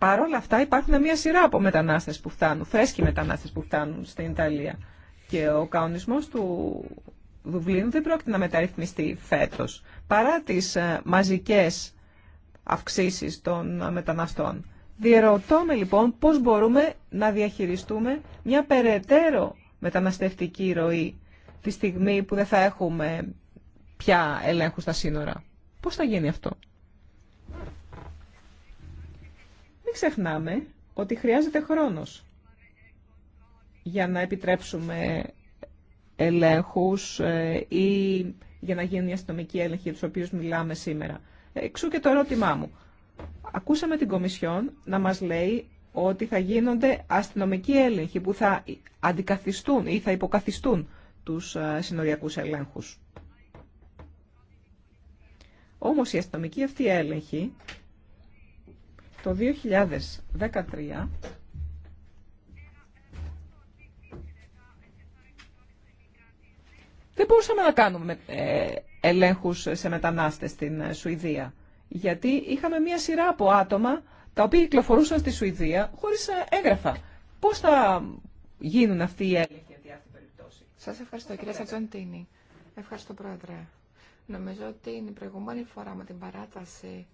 Παρ' όλα αυτά υπάρχουν μια σειρά από μετανάστες που φτάνουν, φρέσκοι μετανάστες που φτάνουν στην Ιταλία. Και ο κανονισμός του Δουβλίνου δεν πρόκειται να μεταρρυθμιστεί φέτος, παρά τις ε, μαζικές αυξήσεις των ε, μεταναστών. Διερωτώμε λοιπόν πώς μπορούμε να διαχειριστούμε μια περαιτέρω μεταναστευτική ροή τη στιγμή που δεν θα έχουμε πια ελέγχου στα σύνορα. Πώς θα γίνει αυτό. ξεχνάμε ότι χρειάζεται χρόνος για να επιτρέψουμε ελέγχους ε, ή για να γίνουν οι αστυνομικοί έλεγχοι για τους οποίους μιλάμε σήμερα. Εξού και το ερώτημά μου. Ακούσαμε την Κομισιόν να μας λέει ότι θα γίνονται αστυνομικοί έλεγχοι που θα αντικαθιστούν ή θα υποκαθιστούν τους ε, συνοριακούς ελέγχους. Όμως η έλεγχη το 2013 δεν μπορούσαμε να κάνουμε ε, ελέγχους σε μετανάστες στην ε, Σουηδία, γιατί είχαμε μία σειρά από άτομα τα οποία κυκλοφορούσαν στη Σουηδία χωρίς ε, έγγραφα. Πώς θα γίνουν αυτοί οι έλεγχοι για αυτή την περιπτώση. Σας ευχαριστώ κυρία Σατζοντίνη. Ευχαριστώ πρόεδρε. Νομίζω ότι είναι η προηγούμενη φορά με την παράταση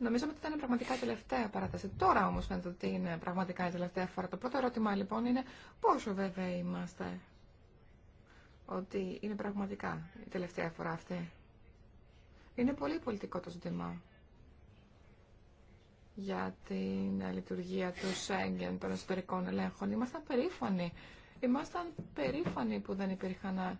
Νομίζαμε ότι ήταν πραγματικά η τελευταία παράταση. Τώρα όμω φαίνεται ότι είναι πραγματικά η τελευταία φορά. Το πρώτο ερώτημα λοιπόν είναι πόσο βέβαιοι είμαστε ότι είναι πραγματικά η τελευταία φορά αυτή. Είναι πολύ πολιτικό το ζήτημα για την λειτουργία του Σέγγεν, των εσωτερικών ελέγχων. Είμασταν περήφανοι. περήφανοι που δεν υπήρχαν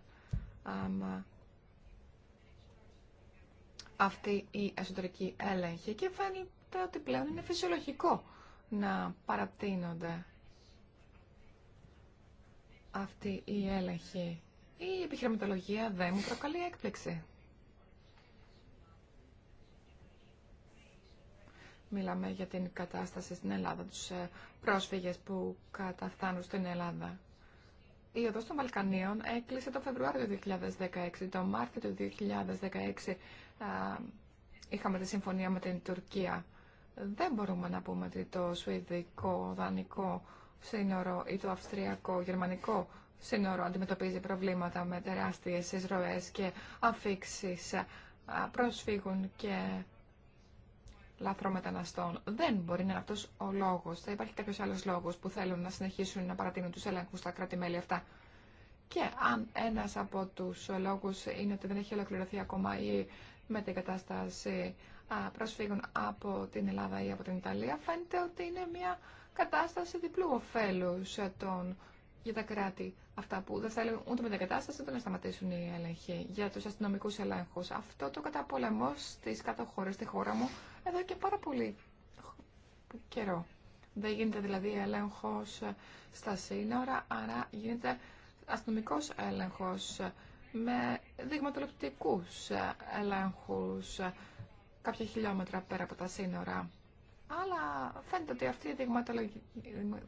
αυτή η εσωτερική έλεγχη και φαίνεται ότι πλέον είναι φυσιολογικό να παρατείνονται αυτή η έλεγχη. Η επιχειρηματολογία δεν μου προκαλεί έκπληξη. Μιλάμε για την κατάσταση στην Ελλάδα, τους ε, πρόσφυγες που καταφθάνουν στην Ελλάδα. Η οδός των Βαλκανίων έκλεισε το Φεβρουάριο του 2016. Το Μάρτιο του 2016 είχαμε τη συμφωνία με την Τουρκία. Δεν μπορούμε να πούμε ότι το σουηδικό, δανικό σύνορο ή το αυστριακό, γερμανικό σύνορο αντιμετωπίζει προβλήματα με τεράστιες εισρωές και αφήξεις προσφύγων και λαθρομεταναστών. Δεν μπορεί να είναι αυτός ο λόγος. Θα υπάρχει κάποιος άλλος λόγος που θέλουν να συνεχίσουν να παρατείνουν τους έλεγχους στα κράτη-μέλη αυτά. Και αν ένας από τους λόγους είναι ότι δεν έχει ολοκληρωθεί ακόμα η με την κατάσταση προσφύγων από την Ελλάδα ή από την Ιταλία, φαίνεται ότι είναι μια κατάσταση διπλού ωφέλου για τα κράτη. Αυτά που δεν θέλουν ούτε με την κατάσταση, ούτε να σταματήσουν οι έλεγχοι για του αστυνομικού ελέγχου. Αυτό το καταπολεμώ στι κάτω χώρε, στη χώρα μου, εδώ και πάρα πολύ καιρό. Δεν γίνεται δηλαδή έλεγχο στα σύνορα, άρα γίνεται αστυνομικό έλεγχος με δειγματοληπτικούς ελέγχους κάποια χιλιόμετρα πέρα από τα σύνορα. Αλλά φαίνεται ότι αυτή η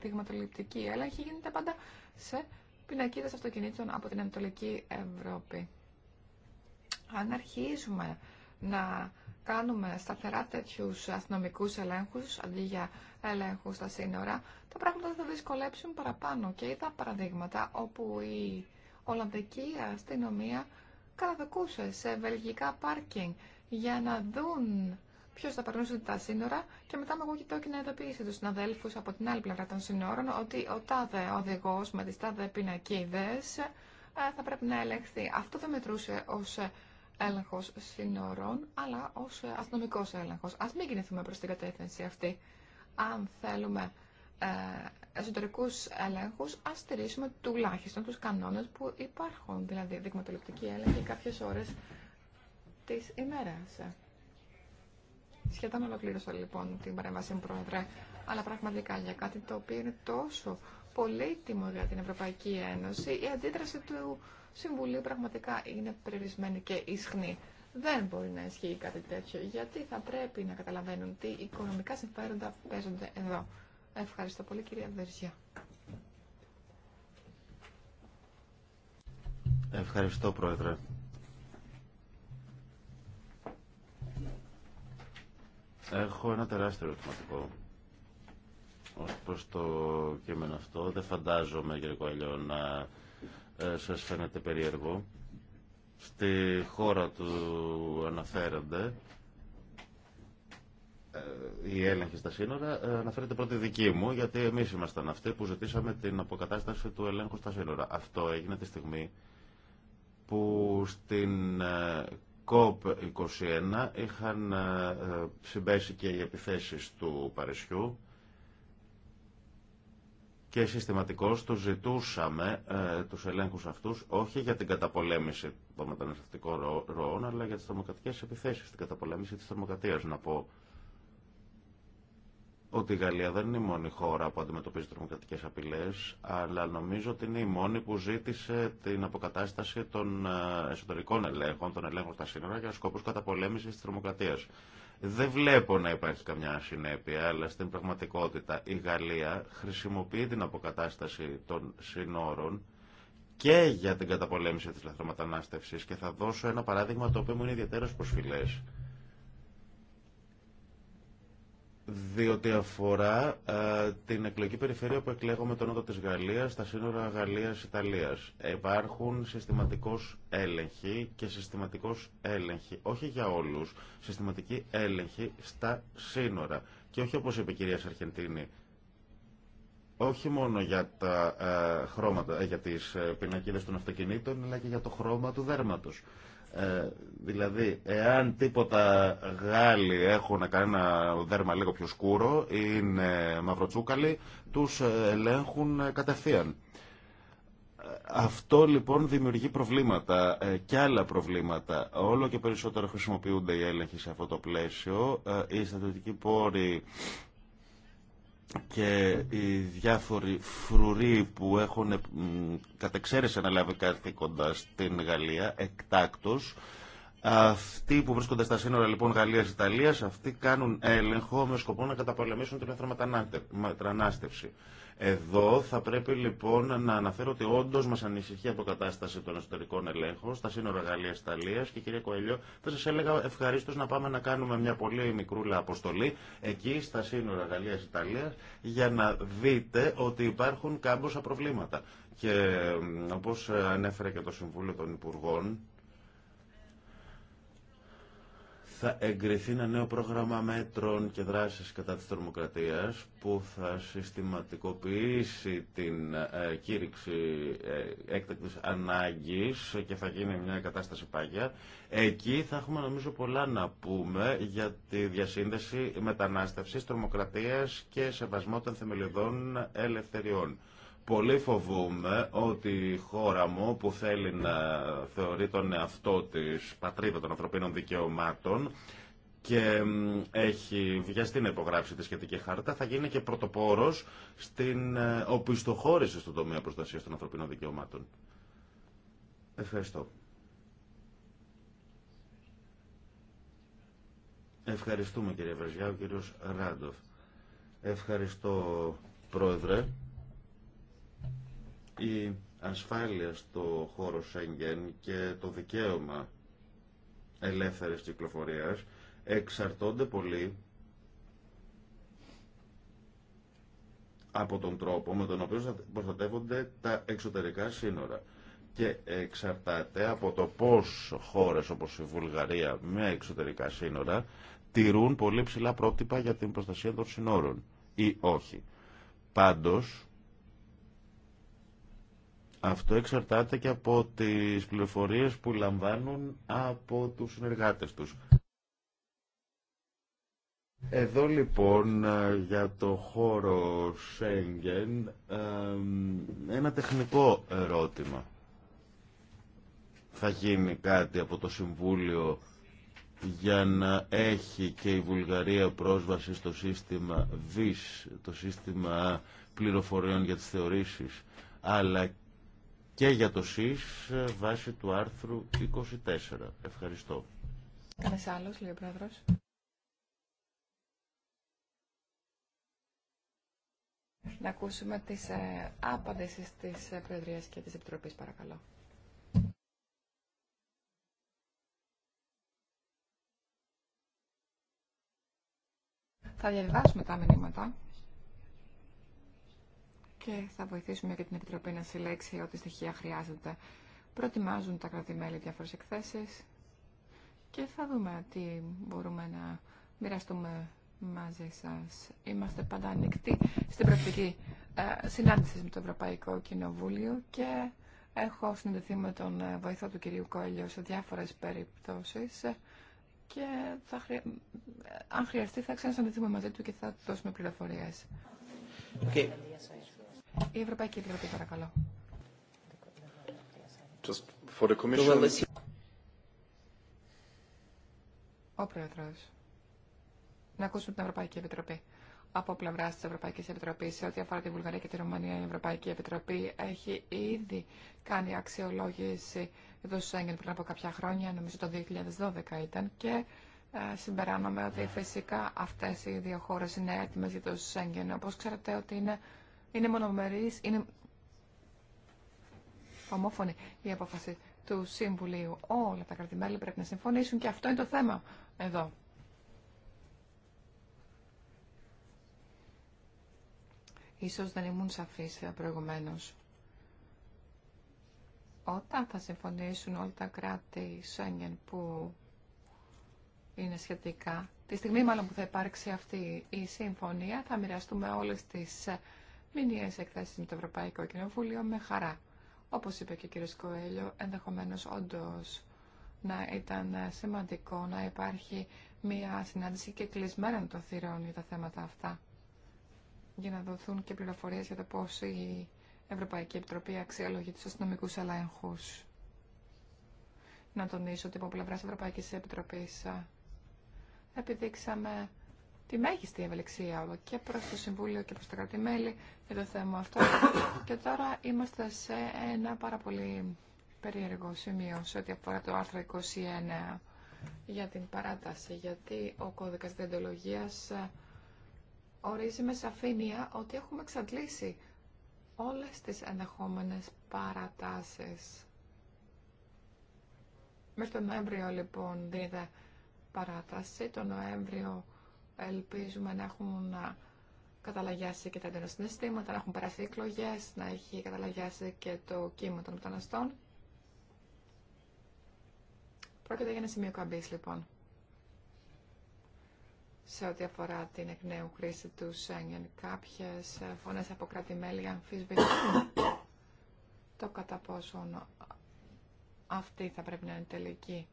δειγματοληπτική έλεγχη γίνεται πάντα σε πινακίδες αυτοκινήτων από την Ανατολική Ευρώπη. Αν αρχίζουμε να κάνουμε σταθερά τέτοιου αστυνομικού ελέγχου αντί για ελέγχου στα σύνορα, τα πράγματα θα δυσκολέψουν παραπάνω. Και είδα παραδείγματα όπου οι Ολλανδική αστυνομία καταδοκούσε σε βελγικά πάρκινγκ για να δουν ποιο θα περνούσε τα σύνορα και μετά με εγώ και να ειδοποιήσει του συναδέλφου από την άλλη πλευρά των σύνορων ότι ο τάδε οδηγό με τι τάδε πινακίδε ε, θα πρέπει να ελεγχθεί. Αυτό δεν μετρούσε ω ε, έλεγχο σύνορων, αλλά ω ε, αστυνομικό έλεγχο. Α μην κινηθούμε προ την κατεύθυνση αυτή. Αν θέλουμε ε, Εσωτερικού ελέγχου α στηρίσουμε τουλάχιστον του κανόνε που υπάρχουν, δηλαδή δειγματοληπτική έλεγχη κάποιε ώρε τη ημέρα. Σχεδόν ολοκλήρωσα λοιπόν την παρέμβαση μου, Πρόεδρε, αλλά πραγματικά για κάτι το οποίο είναι τόσο πολύτιμο για την Ευρωπαϊκή Ένωση, η αντίδραση του Συμβουλίου πραγματικά είναι περιορισμένη και ισχνή. Δεν μπορεί να ισχύει κάτι τέτοιο, γιατί θα πρέπει να καταλαβαίνουν τι οικονομικά συμφέροντα παίζονται εδώ. Ευχαριστώ πολύ κυρία Βερζιά. Ευχαριστώ πρόεδρε. Έχω ένα τεράστιο ερωτηματικό ως προς το κείμενο αυτό. Δεν φαντάζομαι, κύριε Κουαλιό, να ε, σας φαίνεται περίεργο. Στη χώρα του αναφέρονται ε, η έλεγχη στα σύνορα ε, αναφέρεται πρώτη δική μου, γιατί εμεί ήμασταν αυτοί που ζητήσαμε την αποκατάσταση του ελέγχου στα σύνορα. Αυτό έγινε τη στιγμή που στην COP21 ε, είχαν συμπέσει και οι επιθέσεις του Παρισιού και συστηματικώς τους ζητούσαμε του τους ελέγχους αυτούς όχι για την καταπολέμηση των μεταναστευτικών ροών αλλά για τις θερμοκρατικές επιθέσεις, την καταπολέμηση της θερμοκρατίας να πω ότι η Γαλλία δεν είναι η μόνη χώρα που αντιμετωπίζει τρομοκρατικέ απειλέ, αλλά νομίζω ότι είναι η μόνη που ζήτησε την αποκατάσταση των ε, εσωτερικών ελέγχων, των ελέγχων στα σύνορα για σκοπούς καταπολέμηση τη τρομοκρατία. Δεν βλέπω να υπάρχει καμιά συνέπεια, αλλά στην πραγματικότητα η Γαλλία χρησιμοποιεί την αποκατάσταση των σύνορων και για την καταπολέμηση τη λαθρομετανάστευση. και θα δώσω ένα παράδειγμα το οποίο μου είναι ιδιαίτερα προσφυλέ. διότι αφορά ε, την εκλογική περιφέρεια που εκλέγουμε τον νότο της Γαλλίας, τα σύνορα Γαλλίας-Ιταλίας. Υπάρχουν συστηματικός έλεγχοι και συστηματικός έλεγχοι, όχι για όλους, συστηματική έλεγχη στα σύνορα. Και όχι όπως είπε η κυρία Σαρχεντίνη, όχι μόνο για τα ε, χρώματα, ε, για τις πινακίδες των αυτοκινήτων, αλλά και για το χρώμα του δέρματος. Ε, δηλαδή, εάν τίποτα Γάλλοι έχουν κανένα δέρμα λίγο πιο σκούρο, ή είναι μαυροτσούκαλοι, τους ελέγχουν κατευθείαν. Αυτό λοιπόν δημιουργεί προβλήματα ε, και άλλα προβλήματα. Όλο και περισσότερο χρησιμοποιούνται οι έλεγχοι σε αυτό το πλαίσιο. Ε, οι πόροι και οι διάφοροι φρουροί που έχουν κατ' εξαίρεση αναλάβει καθήκοντα στην Γαλλία εκτάκτως αυτοί που βρίσκονται στα σύνορα λοιπόν Γαλλίας-Ιταλίας αυτοί κάνουν έλεγχο με σκοπό να καταπολεμήσουν την μετανάστευση εδώ θα πρέπει λοιπόν να αναφέρω ότι όντω μα ανησυχεί η αποκατάσταση των εσωτερικών ελέγχων στα σύνορα Γαλλία-Ιταλία και κύριε Κοελιό, θα σα έλεγα ευχαρίστω να πάμε να κάνουμε μια πολύ μικρούλα αποστολή εκεί στα σύνορα Γαλλία-Ιταλία για να δείτε ότι υπάρχουν κάμποσα προβλήματα. Και όπω ανέφερε και το Συμβούλιο των Υπουργών, θα εγκριθεί ένα νέο πρόγραμμα μέτρων και δράσης κατά της τρομοκρατίας που θα συστηματικοποιήσει την ε, κήρυξη ε, έκτακτης ανάγκης και θα γίνει μια κατάσταση πάγια. Εκεί θα έχουμε νομίζω πολλά να πούμε για τη διασύνδεση μετανάστευσης, τρομοκρατίας και σεβασμό των θεμελιωδών ελευθεριών. Πολύ φοβούμαι ότι η χώρα μου που θέλει να θεωρεί τον εαυτό της πατρίδα των ανθρωπίνων δικαιωμάτων και έχει βιαστεί να υπογράψει τη σχετική χάρτα, θα γίνει και πρωτοπόρος στην ε, οπισθοχώρηση στον τομέα προστασίας των ανθρωπίνων δικαιωμάτων. Ευχαριστώ. Ευχαριστούμε κύριε Βεζιά, ο κύριος Ράντοφ. Ευχαριστώ πρόεδρε η ασφάλεια στο χώρο Σέγγεν και το δικαίωμα ελεύθερης κυκλοφορίας εξαρτώνται πολύ από τον τρόπο με τον οποίο προστατεύονται τα εξωτερικά σύνορα και εξαρτάται από το πώς χώρες όπως η Βουλγαρία με εξωτερικά σύνορα τηρούν πολύ ψηλά πρότυπα για την προστασία των σύνορων ή όχι. Πάντως, αυτό εξαρτάται και από τις πληροφορίες που λαμβάνουν από τους συνεργάτες τους. Εδώ λοιπόν ε, για το χώρο Σέγγεν ε, ένα τεχνικό ερώτημα. Θα γίνει κάτι από το Συμβούλιο για να έχει και η Βουλγαρία πρόσβαση στο σύστημα VIS, το σύστημα πληροφοριών για τις θεωρήσεις, αλλά και για το ΣΥΣ ε, βάσει του άρθρου 24. Ευχαριστώ. Κανένα άλλο, λέει ο Να ακούσουμε τι ε, τη της ε, και τη Επιτροπή. παρακαλώ. Θα διαβάσουμε τα μηνύματα και θα βοηθήσουμε και την Επιτροπή να συλλέξει ό,τι στοιχεία χρειάζεται. Προετοιμάζουν τα κρατημέλη διάφορες εκθέσει και θα δούμε τι μπορούμε να μοιραστούμε μαζί σα. Είμαστε πάντα ανοιχτοί στην πρακτική ε, συνάντηση με το Ευρωπαϊκό Κοινοβούλιο και έχω συνδεθεί με τον ε, βοηθό του κυρίου Κόελιο σε διάφορε περιπτώσει και θα ε, αν χρειαστεί θα ξανασυνδεθούμε μαζί του και θα δώσουμε πληροφορίες. Okay. Η Ευρωπαϊκή Επιτροπή, παρακαλώ. Ο Πρόεδρος. Να ακούσουμε την Ευρωπαϊκή Επιτροπή. Από πλευρά τη Ευρωπαϊκή Επιτροπή, σε ό,τι αφορά τη Βουλγαρία και τη Ρουμανία, η Ευρωπαϊκή Επιτροπή έχει ήδη κάνει αξιολόγηση για το Σέγγεν πριν από κάποια χρόνια, νομίζω το 2012 ήταν, και ε, συμπεράνομαι ότι φυσικά αυτέ οι δύο χώρε είναι έτοιμε για το Σέγγεν. Όπω ξέρετε, ότι είναι είναι μονομερής, είναι ομόφωνη η απόφαση του Συμβουλίου. Όλα τα κρατημέλη πρέπει να συμφωνήσουν και αυτό είναι το θέμα εδώ. Ίσως δεν ήμουν σαφής ε, προηγουμένως. Όταν θα συμφωνήσουν όλα τα κράτη Σέγγεν που είναι σχετικά, τη στιγμή μάλλον που θα υπάρξει αυτή η συμφωνία, θα μοιραστούμε όλες τις ε, μηνιαίες εκθέσει με το Ευρωπαϊκό Κοινοβούλιο με χαρά. Όπως είπε και ο κ. Κοέλιο, ενδεχομένως όντω, να ήταν σημαντικό να υπάρχει μια συνάντηση και κλεισμένων των θυρών για τα θέματα αυτά. Για να δοθούν και πληροφορίες για το πώς η Ευρωπαϊκή Επιτροπή αξιολογεί τους αστυνομικού ελέγχου. Να τονίσω ότι από πλευρά Ευρωπαϊκή Επιτροπή ε, επιδείξαμε τη μέγιστη ευελιξία και προ το Συμβούλιο και προ τα κρατη για το θέμα αυτό. και τώρα είμαστε σε ένα πάρα πολύ περίεργο σημείο σε ό,τι αφορά το άρθρο 29 για την παράταση, γιατί ο κώδικα διεντολογία ε, ορίζει με σαφήνεια ότι έχουμε εξαντλήσει όλες τις ενδεχόμενε παρατάσεις. Μέχρι τον Νοέμβριο λοιπόν δίνεται παράταση, Το Νοέμβριο Ελπίζουμε να έχουν καταλαγιάσει και τα έντονα να έχουν περάσει εκλογέ, να έχει καταλαγιάσει και το κύμα των μεταναστών. Πρόκειται για ένα σημείο καμπή, λοιπόν, σε ό,τι αφορά την εκ νέου χρήση του Σέγγεν. Κάποιε φωνέ από κράτη-μέλη το κατά πόσον αυτή θα πρέπει να είναι τελική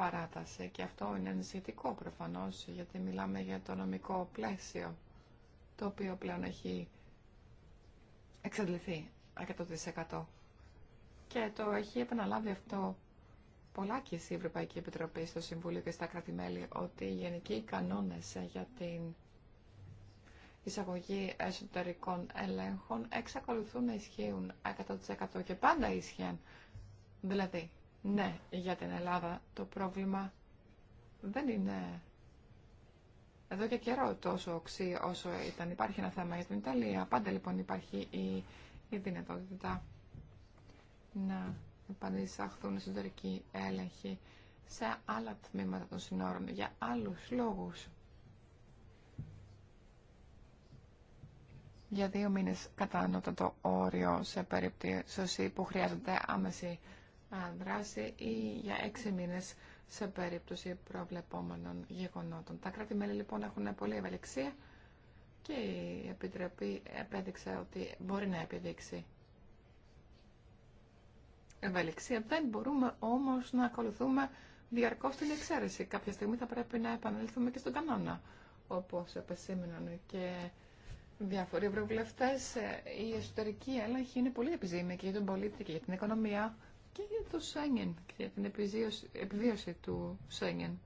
παράταση και αυτό είναι ανησυχητικό προφανώς γιατί μιλάμε για το νομικό πλαίσιο το οποίο πλέον έχει εξαντληθεί 100% και το έχει επαναλάβει αυτό πολλά και η Ευρωπαϊκή Επιτροπή στο Συμβούλιο και στα κράτη-μέλη ότι οι γενικοί κανόνες για την εισαγωγή εσωτερικών ελέγχων εξακολουθούν να ισχύουν 100% και πάντα ισχύουν. Δηλαδή, ναι, για την Ελλάδα το πρόβλημα δεν είναι εδώ και καιρό τόσο οξύ όσο ήταν. Υπάρχει ένα θέμα για την Ιταλία. Πάντα λοιπόν υπάρχει η, η δυνατότητα να επανεισαχθούν εσωτερικοί έλεγχοι σε άλλα τμήματα των συνόρων για άλλους λόγους. Για δύο μήνες το όριο σε περίπτωση που χρειάζεται άμεση δράση ή για έξι μήνες σε περίπτωση προβλεπόμενων γεγονότων. Τα κράτη-μέλη λοιπόν έχουν πολύ ευελιξία και η Επιτροπή επέδειξε ότι μπορεί να επιδείξει ευελιξία. Δεν μπορούμε όμω να ακολουθούμε διαρκώς την εξαίρεση. Κάποια στιγμή θα πρέπει να επανέλθουμε και στον κανόνα, όπως επεσήμεναν και διάφοροι ευρωβουλευτές. Ε, η εσωτερική έλεγχη είναι πολύ επιζήμια και για τον πολίτη και για την οικονομία και για το Σέγγεν και την επιβίωση του Σέγγεν.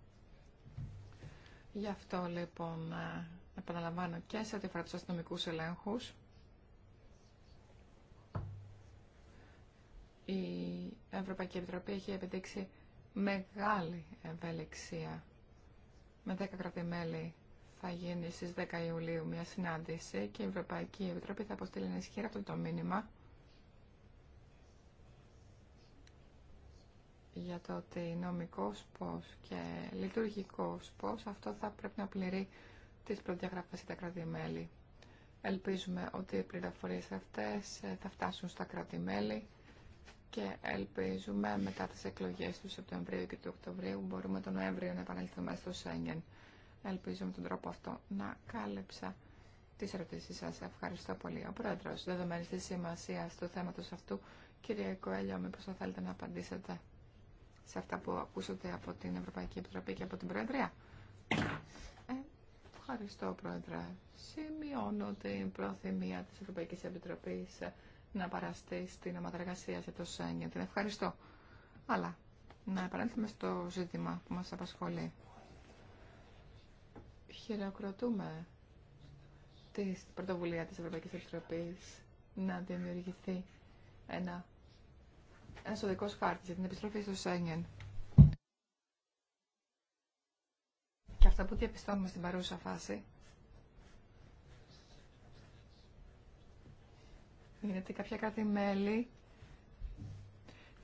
Γι' αυτό λοιπόν ε, επαναλαμβάνω και σε ό,τι αφορά τους ελέγχους η Ευρωπαϊκή Επιτροπή έχει επιδείξει μεγάλη ευελιξία. Με 10 κρατημέλη θα γίνει στις 10 Ιουλίου μια συνάντηση και η Ευρωπαϊκή Επιτροπή θα αποστείλει ένα ισχυρά αυτό το μήνυμα για το ότι νομικός πώς και λειτουργικός πώς αυτό θα πρέπει να πληρεί τις προδιαγραφές για τα κράτη-μέλη. Ελπίζουμε ότι οι πληροφορίες αυτές ε, θα φτάσουν στα κρατη και ελπίζουμε μετά τις εκλογές του Σεπτεμβρίου και του Οκτωβρίου μπορούμε τον Νοέμβριο να επανέλθουμε στο Σέγγεν. Ελπίζω με τον τρόπο αυτό να κάλεψα τις ερωτήσεις σας. Ευχαριστώ πολύ. Ο Πρόεδρος, δεδομένης της σημασίας του θέματος αυτού, κύριε Κοέλιο, μήπως θα θέλετε να απαντήσετε σε αυτά που ακούσατε από την Ευρωπαϊκή Επιτροπή και από την Προεδρία. Ε, ευχαριστώ, Πρόεδρε. Σημειώνω την προθυμία της Ευρωπαϊκής Επιτροπής να παραστεί στην ομαδεργασία σε για το ΣΕΝΙΑ. Την ευχαριστώ. Αλλά να επανέλθουμε στο ζήτημα που μας απασχολεί. Χειροκροτούμε την πρωτοβουλία της Ευρωπαϊκής Επιτροπής να δημιουργηθεί ένα οδικός χάρτης για την επιστροφή στο Σέγγεν. Και αυτά που διαπιστώνουμε στην παρούσα φάση είναι ότι κάτι κράτη-μέλη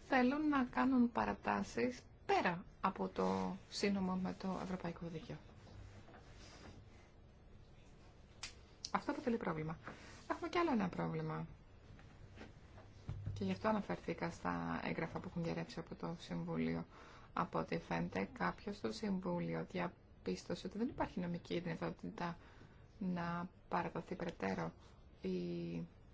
θέλουν να κάνουν παρατάσεις πέρα από το σύνομο με το Ευρωπαϊκό Δίκαιο. Αυτό αποτελεί πρόβλημα. Έχουμε κι άλλο ένα πρόβλημα και γι' αυτό αναφερθήκα στα έγγραφα που έχουν διαρρεύσει από το Συμβούλιο. Από ό,τι φαίνεται, κάποιο στο Συμβούλιο διαπίστωσε ότι δεν υπάρχει νομική δυνατότητα να παραδοθεί περαιτέρω η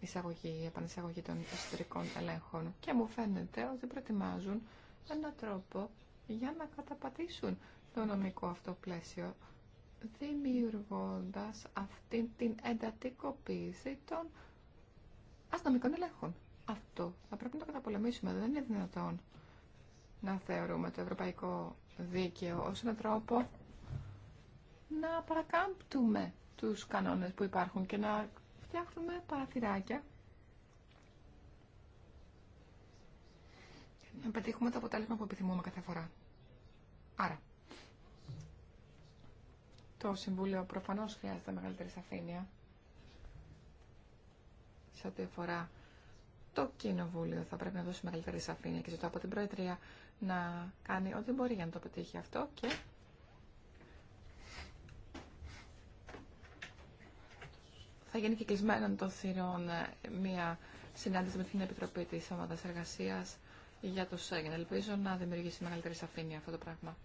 εισαγωγή, η επανεισαγωγή των εσωτερικών ελέγχων. Και μου φαίνεται ότι προετοιμάζουν έναν τρόπο για να καταπατήσουν το νομικό αυτό πλαίσιο, δημιουργώντας αυτή την εντατικοποίηση των αστυνομικών ελέγχων. Αυτό θα πρέπει να το καταπολεμήσουμε. Δεν είναι δυνατόν να θεωρούμε το ευρωπαϊκό δίκαιο ως έναν τρόπο να παρακάμπτουμε τους κανόνες που υπάρχουν και να φτιάχνουμε παραθυράκια να πετύχουμε το αποτέλεσμα που επιθυμούμε κάθε φορά. Άρα, το Συμβούλιο προφανώς χρειάζεται μεγαλύτερη σαφήνεια σε ό,τι αφορά το Κοινοβούλιο θα πρέπει να δώσει μεγαλύτερη σαφήνεια και ζητώ από την Προεδρία να κάνει ό,τι μπορεί για να το πετύχει αυτό και θα γίνει κλεισμένον των θυρών ε, μια συνάντηση με την Επιτροπή της Ομάδας Εργασίας για το ΣΕΓΕΝ. Ελπίζω να δημιουργήσει μεγαλύτερη σαφήνεια αυτό το πράγμα.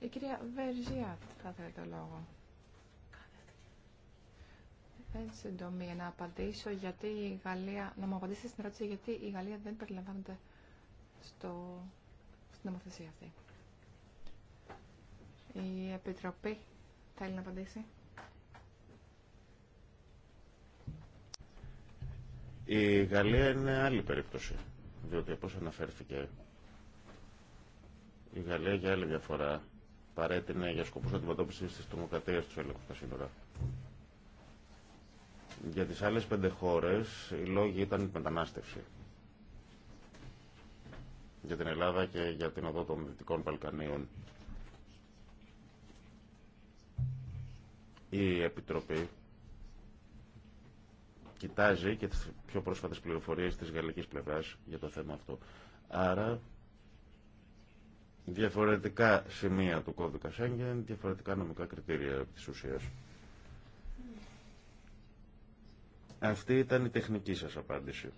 Η κυρία Βερζιά θα θέλει το λόγο συντομία να απαντήσω γιατί η Γαλλία, να μου απαντήσετε στην ερώτηση γιατί η Γαλλία δεν περιλαμβάνεται στο, στην νομοθεσία αυτή. Η Επιτροπή θέλει να απαντήσει. Η Γαλλία είναι άλλη περίπτωση, διότι όπως αναφέρθηκε η Γαλλία για άλλη διαφορά παρέτεινε για σκοπούς αντιμετώπισης της τρομοκρατίας του έλεγχου στα σύνορα. Για τις άλλες πέντε χώρες οι λόγοι ήταν η μετανάστευση. Για την Ελλάδα και για την οδό των Δυτικών Βαλκανίων. Η Επιτροπή κοιτάζει και τις πιο πρόσφατες πληροφορίες της γαλλικής πλευράς για το θέμα αυτό. Άρα διαφορετικά σημεία του κώδικα Σέγγεν, διαφορετικά νομικά κριτήρια της ουσίας. Αυτή ήταν η τεχνική σας απάντηση.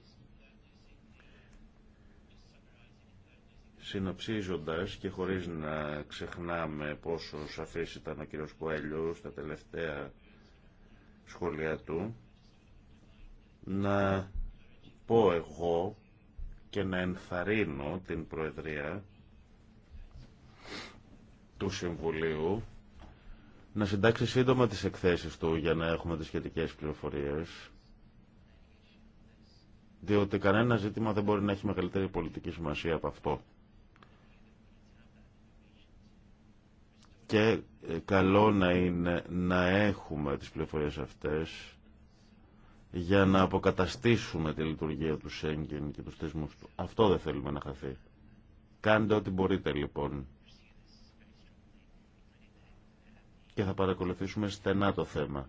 Συνοψίζοντας και χωρίς να ξεχνάμε πόσο σαφής ήταν ο κ. Κοέλιο στα τελευταία σχολεία του, να πω εγώ και να ενθαρρύνω την Προεδρία του Συμβουλίου να συντάξει σύντομα τις εκθέσεις του για να έχουμε τις σχετικές πληροφορίες διότι κανένα ζήτημα δεν μπορεί να έχει μεγαλύτερη πολιτική σημασία από αυτό. Και ε, καλό να είναι να έχουμε τις πληροφορίες αυτές για να αποκαταστήσουμε τη λειτουργία του Σέγγεν και του θεσμού του. Αυτό δεν θέλουμε να χαθεί. Κάντε ό,τι μπορείτε λοιπόν. Και θα παρακολουθήσουμε στενά το θέμα.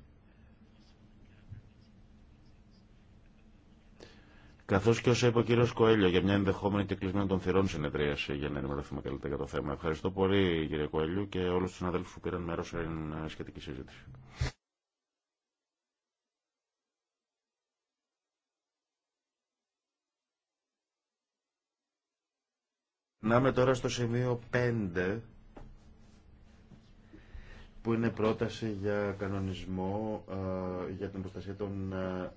Καθώ και όσα είπε ο κύριο Κοέλιο για μια ενδεχόμενη και κλεισμένη των θυρών συνεδρίαση για να ενημερωθούμε καλύτερα για το θέμα. Ευχαριστώ πολύ κύριε Κοέλιο και όλου του συναδέλφου που πήραν μέρο στην σχετική συζήτηση. Να είμαι τώρα στο σημείο 5 που είναι πρόταση για κανονισμό ε, για την προστασία των ε,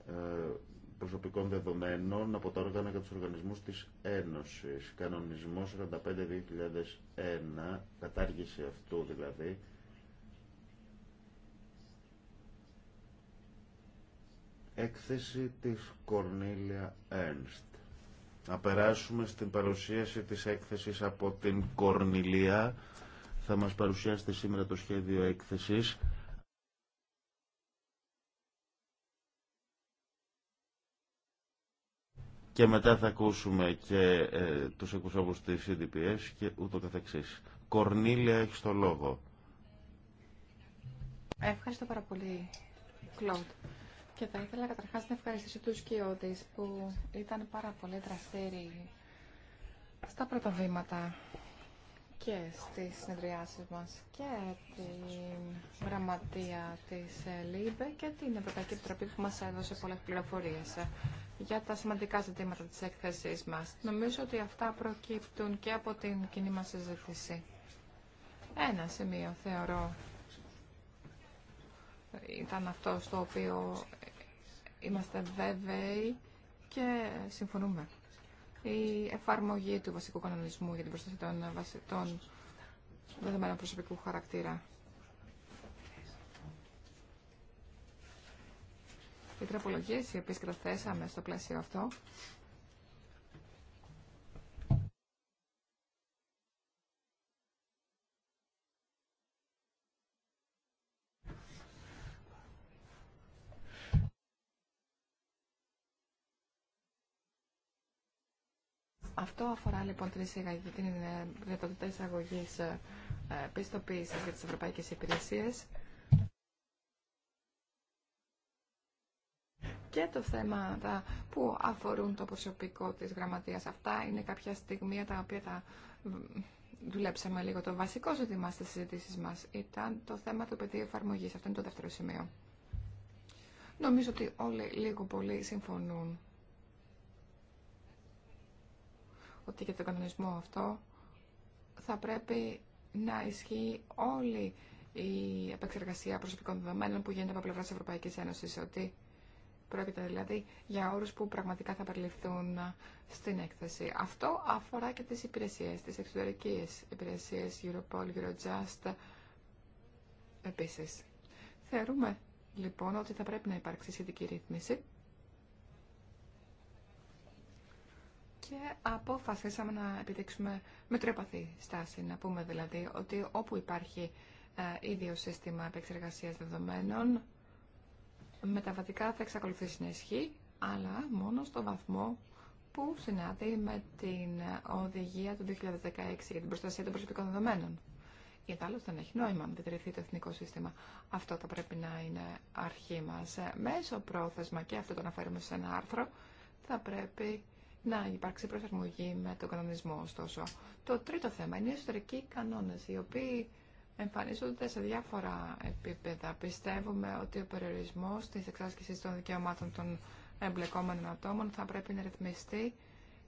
προσωπικών δεδομένων από τα όργανα και τους οργανισμούς της ενωσης Κανονισμό Κανονισμός 45-2001, κατάργηση αυτού δηλαδή, έκθεση της Κορνίλια Ένστ. Να περάσουμε στην παρουσίαση της έκθεσης από την Κορνιλία. Θα μας παρουσιάσετε σήμερα το σχέδιο έκθεσης. και μετά θα ακούσουμε και ε, τους εκπροσώπους της CDPS και ούτω καθεξής. Κορνίλια, έχει το λόγο. Ευχαριστώ πάρα πολύ, Κλόντ. Και θα ήθελα καταρχάς να ευχαριστήσω του σκιώτες που ήταν πάρα πολύ δραστήριοι στα πρώτα βήματα και στις συνεδριάσεις μας και την γραμματεία της ΛΥΜΠΕ και την Ευρωπαϊκή Επιτροπή που μας έδωσε πολλές πληροφορίες για τα σημαντικά ζητήματα της έκθεσής μας. Νομίζω ότι αυτά προκύπτουν και από την κοινή μας συζήτηση. Ένα σημείο θεωρώ ήταν αυτό στο οποίο είμαστε βέβαιοι και συμφωνούμε. Η εφαρμογή του βασικού κανονισμού για την προστασία των, των δεδομένων προσωπικού χαρακτήρα. Οι τροπολογίε οι οποίε στο πλαίσιο αυτό Αυτό αφορά λοιπόν την εισαγωγή, την ε, δυνατότητα εισαγωγή ε, ε, πιστοποίηση για τι ευρωπαϊκέ υπηρεσίε και το θέμα που αφορούν το προσωπικό της γραμματείας. Αυτά είναι κάποια στιγμή τα οποία τα δουλέψαμε λίγο. Το βασικό ζήτημα στις συζητήσεις μας ήταν το θέμα του πεδίου εφαρμογή. Αυτό είναι το δεύτερο σημείο. Νομίζω ότι όλοι λίγο πολύ συμφωνούν ότι για τον κανονισμό αυτό θα πρέπει να ισχύει όλη η επεξεργασία προσωπικών δεδομένων που γίνεται από πλευρά τη Ευρωπαϊκή Ένωση. Ότι Πρόκειται δηλαδή για όρους που πραγματικά θα περιληφθούν στην έκθεση. Αυτό αφορά και τις υπηρεσίες, τις εξωτερικές υπηρεσίες Europol, Eurojust επίσης. Θεωρούμε λοιπόν ότι θα πρέπει να υπάρξει σχετική ρύθμιση και αποφασίσαμε να με τρέπαθη στάση, να πούμε δηλαδή ότι όπου υπάρχει ε, ίδιο σύστημα επεξεργασίας δεδομένων μεταβατικά θα εξακολουθήσει να ισχύει, αλλά μόνο στο βαθμό που συνάδει με την οδηγία του 2016 για την προστασία των προσωπικών δεδομένων. τα άλλα δεν έχει νόημα να διατηρηθεί το εθνικό σύστημα. Αυτό θα πρέπει να είναι αρχή μα. Ε, μέσω πρόθεσμα, και αυτό το αναφέρουμε σε ένα άρθρο, θα πρέπει να υπάρξει προσαρμογή με τον κανονισμό. Ωστόσο, το τρίτο θέμα είναι οι εσωτερικοί κανόνε, οι οποίοι εμφανίζονται σε διάφορα επίπεδα. Πιστεύουμε ότι ο περιορισμός της εξάσκησης των δικαιωμάτων των εμπλεκόμενων ατόμων θα πρέπει να ρυθμιστεί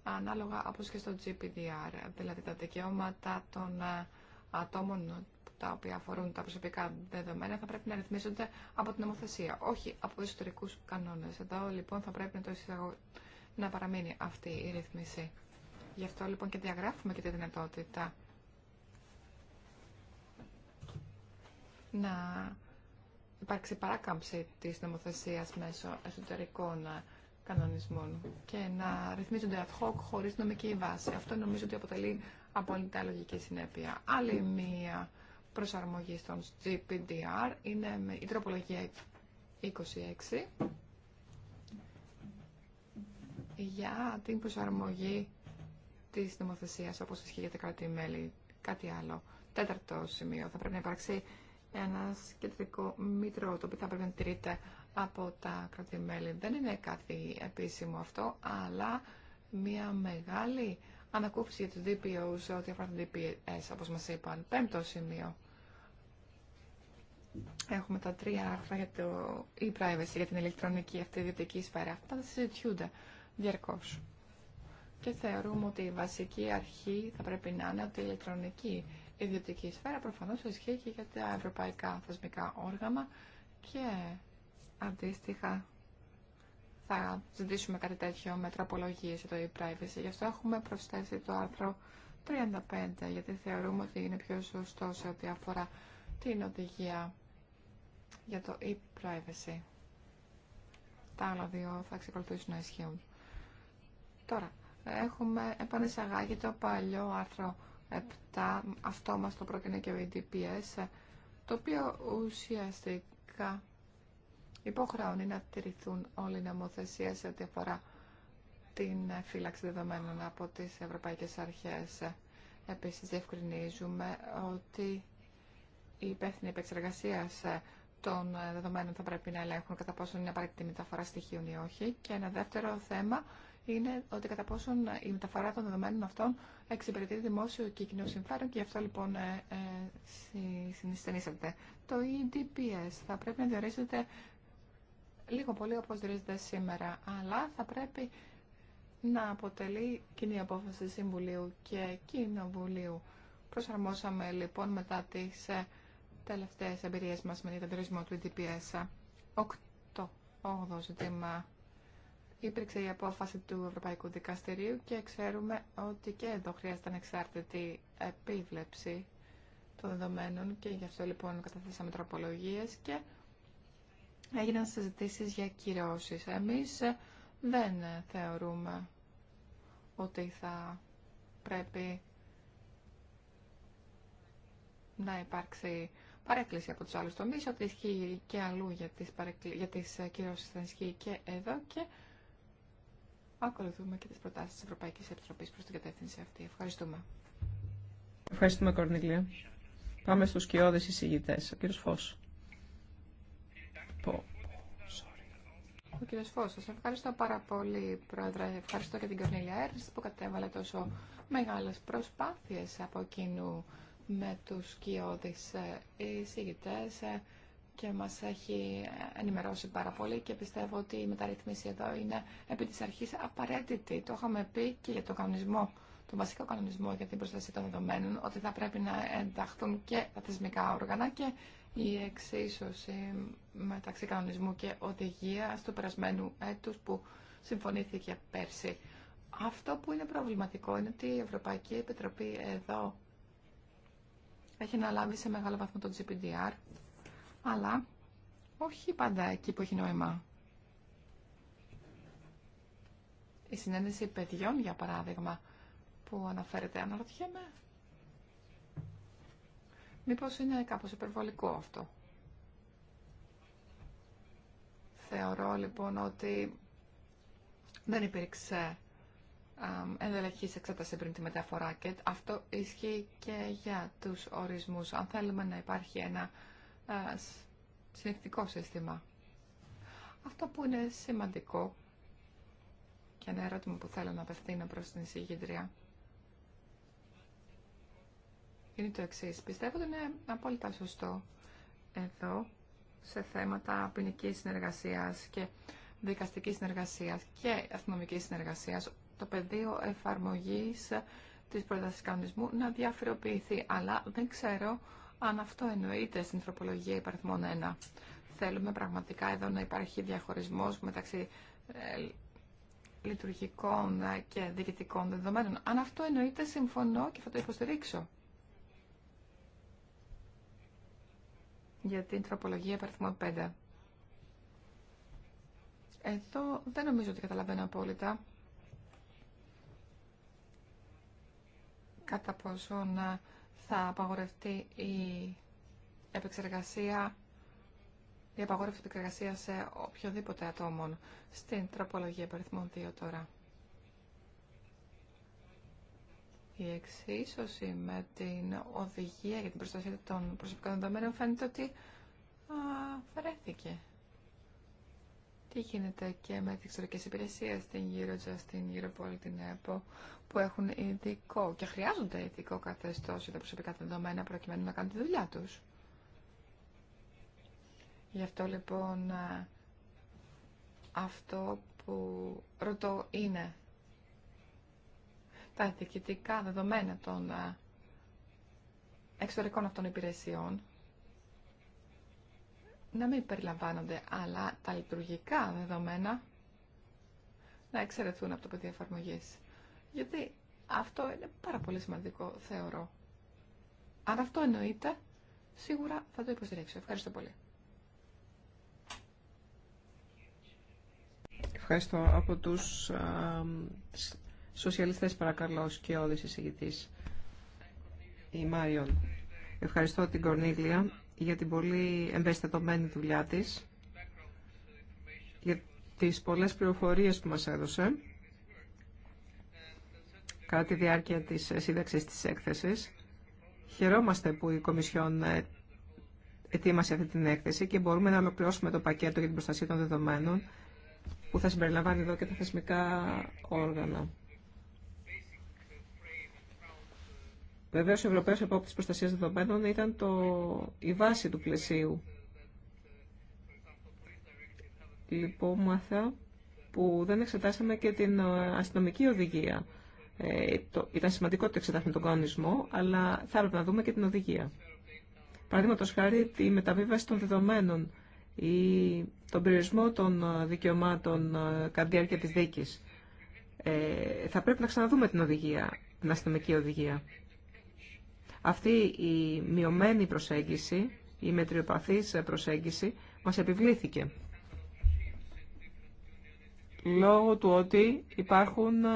ανάλογα όπως και στο GPDR, δηλαδή τα δικαιώματα των ε, ατόμων τα οποία αφορούν τα προσωπικά δεδομένα θα πρέπει να ρυθμίζονται από την νομοθεσία, όχι από εσωτερικού κανόνε. Εδώ λοιπόν θα πρέπει να, το εισαγω... να παραμείνει αυτή η ρύθμιση. Γι' αυτό λοιπόν και διαγράφουμε και τη δυνατότητα να υπάρξει παράκαμψη της νομοθεσίας μέσω εσωτερικών κανονισμών και να ρυθμίζονται ad hoc χωρίς νομική βάση. Αυτό νομίζω ότι αποτελεί απόλυτα λογική συνέπεια. Άλλη μία προσαρμογή στον GPDR είναι η τροπολογία 26 για την προσαρμογή της νομοθεσίας όπως ισχύει για τα κράτη-μέλη. Κάτι άλλο. Τέταρτο σημείο. Θα πρέπει να υπάρξει ένα κεντρικό μήτρο το οποίο θα πρέπει να τηρείται από τα κρατημέλη. Δεν είναι κάτι επίσημο αυτό, αλλά μια μεγάλη ανακούφιση για DPO σε ό,τι αφορά τα DPS, όπω μα είπαν. Πέμπτο σημείο. Έχουμε τα τρία άρθρα για το e-privacy, για την ηλεκτρονική αυτή ιδιωτική σφαίρα. Αυτά τα συζητιούνται διαρκώ. Και θεωρούμε ότι η βασική αρχή θα πρέπει να είναι ότι η ηλεκτρονική ιδιωτική σφαίρα προφανώς ισχύει και για τα ευρωπαϊκά θεσμικά όργανα και αντίστοιχα θα ζητήσουμε κάτι τέτοιο με τροπολογίε για το e-privacy. Γι' αυτό έχουμε προσθέσει το άρθρο 35, γιατί θεωρούμε ότι είναι πιο σωστό σε ό,τι αφορά την οδηγία για το e-privacy. Τα άλλα δύο θα εξακολουθήσουν να ισχύουν. Τώρα, έχουμε επανεισαγάγει το παλιό άρθρο 7. Αυτό μας το πρότεινε και ο EDPS, το οποίο ουσιαστικά υποχρεώνει να τηρηθούν όλοι οι νομοθεσίες σε ό,τι αφορά την φύλαξη δεδομένων από τις Ευρωπαϊκές Αρχές. Επίσης, διευκρινίζουμε ότι η υπεύθυνη επεξεργασία των δεδομένων θα πρέπει να ελέγχουν κατά πόσο είναι απαραίτητη μεταφορά στοιχείων ή όχι. Και ένα δεύτερο θέμα είναι ότι κατά πόσον η μεταφορά των δεδομένων αυτών εξυπηρετεί δημόσιο και κοινό συμφέρον και γι' αυτό λοιπόν ε, ε Το EDPS θα πρέπει να διορίζεται λίγο πολύ όπως διορίζεται σήμερα, αλλά θα πρέπει να αποτελεί κοινή απόφαση Συμβουλίου και Κοινοβουλίου. Προσαρμόσαμε λοιπόν μετά τις ε, τελευταίες εμπειρίες μας με τον διορισμό του EDPS. 8. 8 ζήτημα Υπήρξε η απόφαση του Ευρωπαϊκού Δικαστηρίου και ξέρουμε ότι και εδώ χρειάζεται ανεξάρτητη επίβλεψη των δεδομένων και γι' αυτό λοιπόν καταθέσαμε τροπολογίες και έγιναν συζητήσεις για κυρώσεις. Εμείς δεν θεωρούμε ότι θα πρέπει να υπάρξει παρέκκληση από τους άλλους τομείς, ότι ισχύει και αλλού για τις, παρεκλη... Ε, κυρώσεις θα ισχύει και εδώ και ακολουθούμε και τις προτάσεις της Ευρωπαϊκής Επιτροπής προς την κατεύθυνση αυτή. Ευχαριστούμε. Ευχαριστούμε, Κορνίλια. Πάμε στους κοιόδες εισηγητές. Ο κύριος Φως. Ο κύριος Φως, σας ευχαριστώ πάρα πολύ, Πρόεδρε. Ευχαριστώ και την Κορνίλια Έρνης που κατέβαλε τόσο μεγάλες προσπάθειες από κοινού με τους κοιόδες εισηγητές και μας έχει ενημερώσει πάρα πολύ και πιστεύω ότι η μεταρρύθμιση εδώ είναι επί της αρχής απαραίτητη. Το είχαμε πει και για τον κανονισμό, βασικό κανονισμό για την προστασία των δεδομένων, ότι θα πρέπει να ενταχθούν και τα θεσμικά όργανα και η εξίσωση μεταξύ κανονισμού και οδηγία του περασμένου έτους που συμφωνήθηκε πέρσι. Αυτό που είναι προβληματικό είναι ότι η Ευρωπαϊκή Επιτροπή εδώ έχει αναλάβει σε μεγάλο βαθμό το GPDR αλλά όχι πάντα εκεί που έχει νόημα. Η συνέντευξη παιδιών, για παράδειγμα, που αναφέρεται, αναρωτιέμαι. Μήπως είναι κάπως υπερβολικό αυτό. Θεωρώ λοιπόν ότι δεν υπήρξε ενδελεχής εξέταση πριν τη μεταφορά και αυτό ισχύει και για τους ορισμούς. Αν θέλουμε να υπάρχει ένα ε, συνεκτικό σύστημα. Αυτό που είναι σημαντικό και ένα ερώτημα που θέλω να απευθύνω προς την εισηγήτρια είναι το εξή. Πιστεύω ότι είναι απόλυτα σωστό εδώ σε θέματα ποινική συνεργασία και δικαστική συνεργασία και αστυνομική συνεργασία το πεδίο εφαρμογή τη πρόταση να διαφοροποιηθεί. Αλλά δεν ξέρω αν αυτό εννοείται στην τροπολογία υπαριθμών 1, θέλουμε πραγματικά εδώ να υπάρχει διαχωρισμός μεταξύ ε, λειτουργικών ε, και διοικητικών δεδομένων. Αν αυτό εννοείται, συμφωνώ και θα το υποστηρίξω. Για την τροπολογία υπαριθμών 5. Εδώ δεν νομίζω ότι καταλαβαίνω απόλυτα κατά πόσο να ε, θα απαγορευτεί η επεξεργασία η απαγόρευση επεξεργασία σε οποιοδήποτε ατόμων στην τροπολογία περιθμών 2 τώρα. Η εξίσωση με την οδηγία για την προστασία των προσωπικών δεδομένων φαίνεται ότι αφαιρέθηκε τι γίνεται και με τις εξωτερικές υπηρεσίε την Eurojust, την Europol, την ΕΠΟ, που έχουν ειδικό και χρειάζονται ειδικό καθεστώ για τα προσωπικά δεδομένα προκειμένου να κάνουν τη δουλειά του. Γι' αυτό λοιπόν αυτό που ρωτώ είναι τα διοικητικά δεδομένα των ε, εξωτερικών αυτών υπηρεσιών να μην περιλαμβάνονται, αλλά τα λειτουργικά δεδομένα να εξαιρεθούν από το πεδίο εφαρμογή. Γιατί αυτό είναι πάρα πολύ σημαντικό, θεωρώ. Αν αυτό εννοείται, σίγουρα θα το υποστηρίξω. Ευχαριστώ πολύ. Ευχαριστώ. Από τους σοσιαλιστέ, σοσιαλιστές παρακαλώ και όλες οι Η Μάριον. Ευχαριστώ την Κορνίγλια για την πολύ εμπεριστατωμένη δουλειά της, για τις πολλές πληροφορίες που μας έδωσε κατά τη διάρκεια της σύνταξης της έκθεσης. Χαιρόμαστε που η Κομισιόν ε, ετοίμασε αυτή την έκθεση και μπορούμε να ολοκληρώσουμε το πακέτο για την προστασία των δεδομένων που θα συμπεριλαμβάνει εδώ και τα θεσμικά όργανα. Βεβαίω, ο Ευρωπαίο Επόπτη Προστασία Δεδομένων ήταν το, η βάση του πλαισίου. μάθα που δεν εξετάσαμε και την ε, αστυνομική οδηγία. Ε, το, ήταν σημαντικό ότι εξετάσαμε τον κανονισμό, αλλά θα έπρεπε να δούμε και την οδηγία. Παραδείγματο χάρη τη μεταβίβαση των δεδομένων ή τον περιορισμό των ε, δικαιωμάτων ε, κατά τη διάρκεια τη δίκη. Ε, θα πρέπει να ξαναδούμε την οδηγία, την αστυνομική οδηγία. Αυτή η μειωμένη προσέγγιση, η μετριοπαθής προσέγγιση, μας επιβλήθηκε. Λόγω του ότι υπάρχουν ε,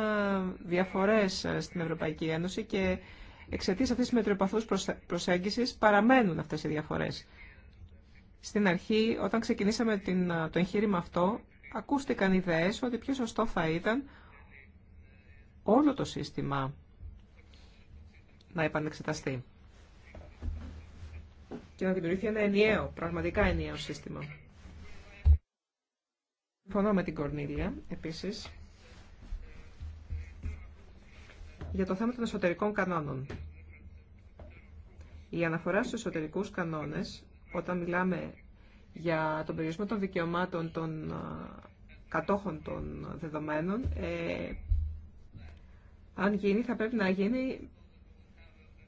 διαφορές ε, στην Ευρωπαϊκή Ένωση και εξαιτίας αυτής της μετριοπαθούς προσέγγισης παραμένουν αυτές οι διαφορές. Στην αρχή, όταν ξεκινήσαμε την, ε, το εγχείρημα αυτό, ακούστηκαν ιδέες ότι πιο σωστό θα ήταν όλο το σύστημα να επανεξεταστεί. Και να δημιουργηθεί ένα ενιαίο, πραγματικά ενιαίο σύστημα. Συμφωνώ με την Κορνίλια, επίσης, για το θέμα των εσωτερικών κανόνων. Η αναφορά στους εσωτερικούς κανόνες, όταν μιλάμε για τον περιορισμό των δικαιωμάτων των κατόχων των δεδομένων, ε, αν γίνει θα πρέπει να γίνει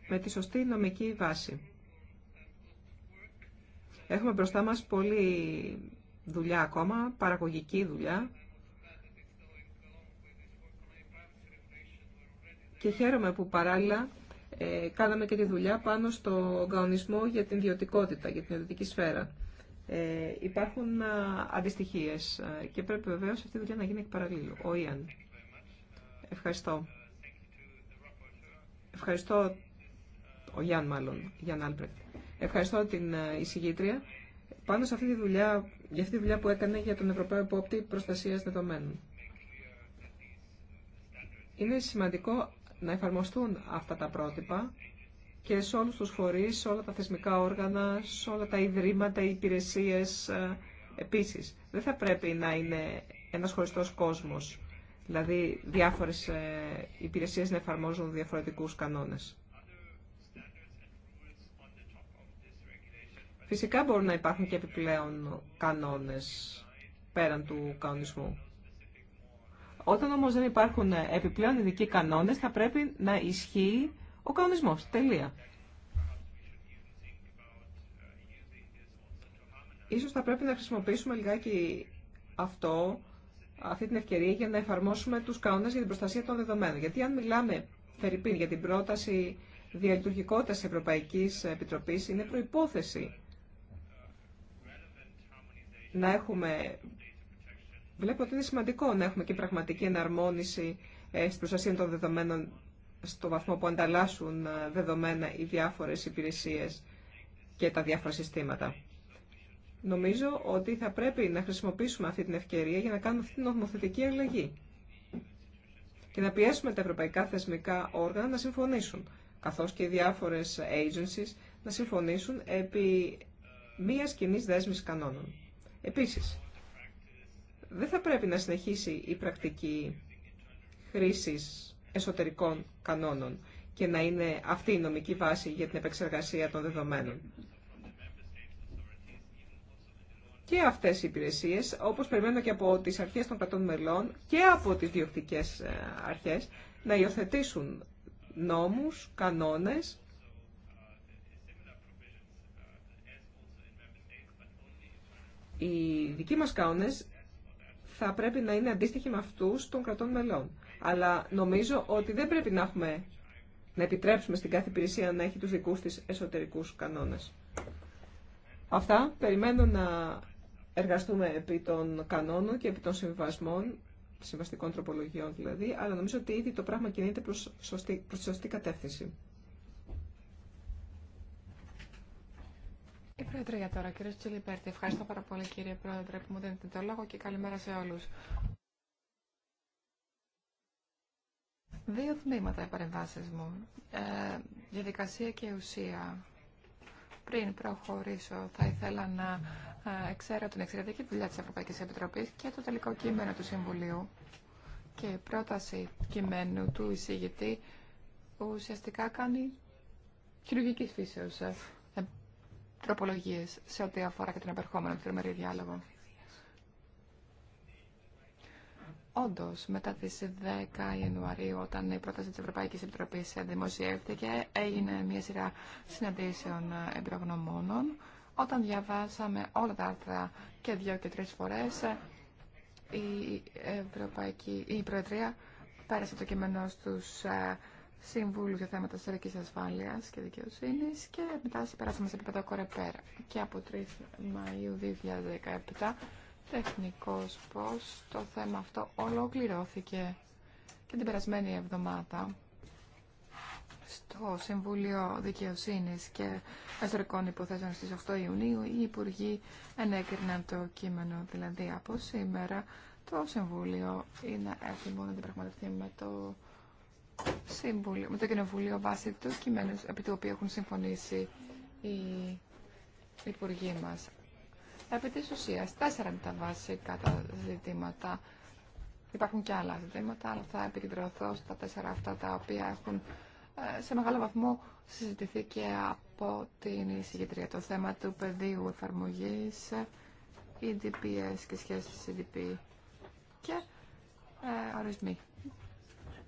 με τη σωστή νομική βάση. Έχουμε μπροστά μας πολλή δουλειά ακόμα, παραγωγική δουλειά. Και χαίρομαι που παράλληλα ε, κάναμε και τη δουλειά πάνω στο καονισμό για την ιδιωτικότητα, για την ιδιωτική σφαίρα. Ε, υπάρχουν αντιστοιχίες ε, και πρέπει βεβαίως αυτή η δουλειά να γίνει εκ παραλλήλου. Ο Ιαν. Ευχαριστώ. Ευχαριστώ ο Ευχαριστώ την ε, εισηγήτρια. Πάνω σε αυτή τη δουλειά, για αυτή τη δουλειά που έκανε για τον Ευρωπαίο Επόπτη Προστασίας Δεδομένων. Είναι σημαντικό να εφαρμοστούν αυτά τα πρότυπα και σε όλους τους φορείς, σε όλα τα θεσμικά όργανα, σε όλα τα ιδρύματα, οι υπηρεσίες ε, επίσης. Δεν θα πρέπει να είναι ένας χωριστός κόσμος, δηλαδή διάφορες ε, υπηρεσίες να εφαρμόζουν διαφορετικούς κανόνες. Φυσικά μπορούν να υπάρχουν και επιπλέον κανόνες πέραν του κανονισμού. Όταν όμως δεν υπάρχουν επιπλέον ειδικοί κανόνες, θα πρέπει να ισχύει ο κανονισμός. Τελεία. Ίσως θα πρέπει να χρησιμοποιήσουμε λιγάκι αυτό, αυτή την ευκαιρία για να εφαρμόσουμε τους κανόνες για την προστασία των δεδομένων. Γιατί αν μιλάμε, Φερρυπίν, για την πρόταση διαλειτουργικότητας της Ευρωπαϊκής Επιτροπής, είναι προϋπόθεση να έχουμε... Βλέπω ότι είναι σημαντικό να έχουμε και πραγματική εναρμόνιση ε, στην προστασία των δεδομένων στο βαθμό που ανταλλάσσουν ε, δεδομένα οι διάφορες υπηρεσίες και τα διάφορα συστήματα. Νομίζω ότι θα πρέπει να χρησιμοποιήσουμε αυτή την ευκαιρία για να κάνουμε αυτή την νομοθετική αλλαγή και να πιέσουμε τα ευρωπαϊκά θεσμικά όργανα να συμφωνήσουν, καθώς και οι διάφορες agencies να συμφωνήσουν επί μίας κοινής δέσμης κανόνων. Επίσης, δεν θα πρέπει να συνεχίσει η πρακτική χρήσης εσωτερικών κανόνων και να είναι αυτή η νομική βάση για την επεξεργασία των δεδομένων. Και αυτές οι υπηρεσίες, όπως περιμένω και από τις αρχές των κρατών μελών και από τις διοκτικές ε, αρχές, να υιοθετήσουν νόμους, κανόνες οι δικοί μας κανόνες θα πρέπει να είναι αντίστοιχοι με αυτούς των κρατών μελών. Αλλά νομίζω ότι δεν πρέπει να, έχουμε, να επιτρέψουμε στην κάθε υπηρεσία να έχει τους δικούς της εσωτερικούς κανόνες. Αυτά περιμένω να εργαστούμε επί των κανόνων και επί των συμβασμών, συμβαστικών τροπολογιών δηλαδή, αλλά νομίζω ότι ήδη το πράγμα κινείται προς, προς τη σωστή κατεύθυνση. Η Πρόεδρε τώρα, κύριε Τσιλιπέρτη. Ευχαριστώ πάρα πολύ κύριε Πρόεδρε που μου δίνετε το λόγο και καλημέρα σε όλους. Δύο τμήματα οι μου. Ε, διαδικασία και ουσία. Πριν προχωρήσω, θα ήθελα να ε, εξέρω την εξαιρετική δουλειά της Ευρωπαϊκής Επιτροπής και το τελικό κείμενο του Συμβουλίου και η πρόταση κειμένου του εισηγητή ουσιαστικά κάνει χειρουργική φύσεως τροπολογίες σε ό,τι αφορά και τον επερχόμενη τριμερή διάλογο. Όντω, μετά τι 10 Ιανουαρίου, όταν η πρόταση τη Ευρωπαϊκή Επιτροπή δημοσιεύτηκε, έγινε μια σειρά συναντήσεων εμπειρογνωμόνων. Όταν διαβάσαμε όλα τα άρθρα και δύο και τρει φορέ, η, η Προεδρία πέρασε το κείμενο στου ε, Συμβούλου για θέματα ιστορικής ασφάλεια και δικαιοσύνη. και μετά περάσαμε σε επίπεδο Κορεπέρ και από 3 Μαου 2017 τεχνικός πω το θέμα αυτό ολοκληρώθηκε και την περασμένη εβδομάδα στο Συμβούλιο Δικαιοσύνη και Εσωτερικών Υποθέσεων στι 8 Ιουνίου οι Υπουργοί ενέκριναν το κείμενο. Δηλαδή από σήμερα το Συμβούλιο είναι έτοιμο να αντιπραγματευτεί με το Συμβούλιο, με το Κοινοβούλιο βάσει του κειμένου επί του οποίου έχουν συμφωνήσει οι υπουργοί μα. Επί τη ουσία, τέσσερα είναι τα βασικά τα ζητήματα. Υπάρχουν και άλλα ζητήματα, αλλά θα επικεντρωθώ στα τέσσερα αυτά τα οποία έχουν ε, σε μεγάλο βαθμό συζητηθεί και από την εισηγητρία. Το θέμα του πεδίου εφαρμογή, EDPS και σχέσει EDP και ε, ορισμοί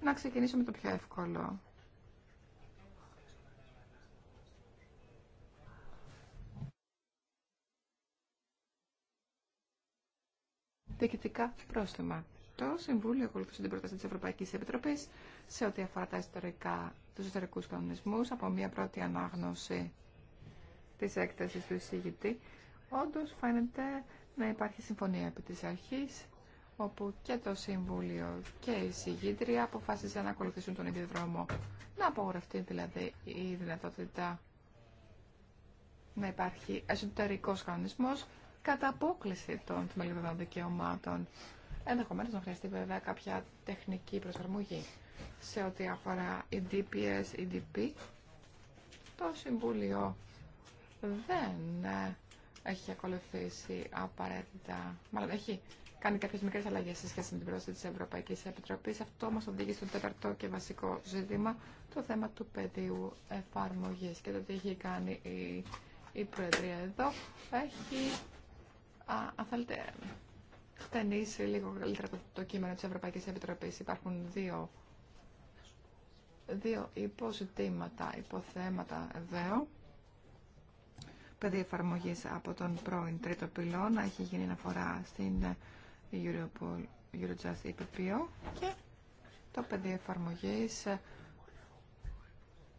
να ξεκινήσω με το πιο εύκολο. διοικητικά πρόστιμα. Το Συμβούλιο ακολουθούσε την πρόταση τη Ευρωπαϊκή Επιτροπή σε ό,τι αφορά του ιστορικού κανονισμού από μια πρώτη ανάγνωση τη έκταση του εισηγητή. Όντω, φαίνεται να υπάρχει συμφωνία επί τη αρχή όπου και το Συμβούλιο και η Συγήτρια αποφάσισαν να ακολουθήσουν τον ίδιο δρόμο. Να απογορευτεί δηλαδή η δυνατότητα να υπάρχει εσωτερικό κανονισμό κατά απόκληση των θεμελιωδών δικαιωμάτων. Ενδεχομένω να χρειαστεί βέβαια κάποια τεχνική προσαρμογή σε ό,τι αφορά η DPS, η DP. Το Συμβούλιο δεν έχει ακολουθήσει απαραίτητα, μάλλον έχει κάνει κάποιε μικρέ αλλαγέ σε σχέση με την πρόσθεση τη Ευρωπαϊκή Επιτροπή. Αυτό όμω οδηγεί στο τέταρτο και βασικό ζήτημα, το θέμα του πεδίου εφαρμογή. και το τι έχει κάνει η, η Προεδρία εδώ. Έχει, α, αν θέλετε, χτενίσει λίγο καλύτερα το, το κείμενο τη Ευρωπαϊκή Επιτροπή. Υπάρχουν δύο, δύο υποζητήματα, υποθέματα εδώ πεδίο εφαρμογή από τον πρώην τρίτο πυλώνα. Έχει γίνει αναφορά στην Europol, Eurojust, EPPO και το πεδίο εφαρμογή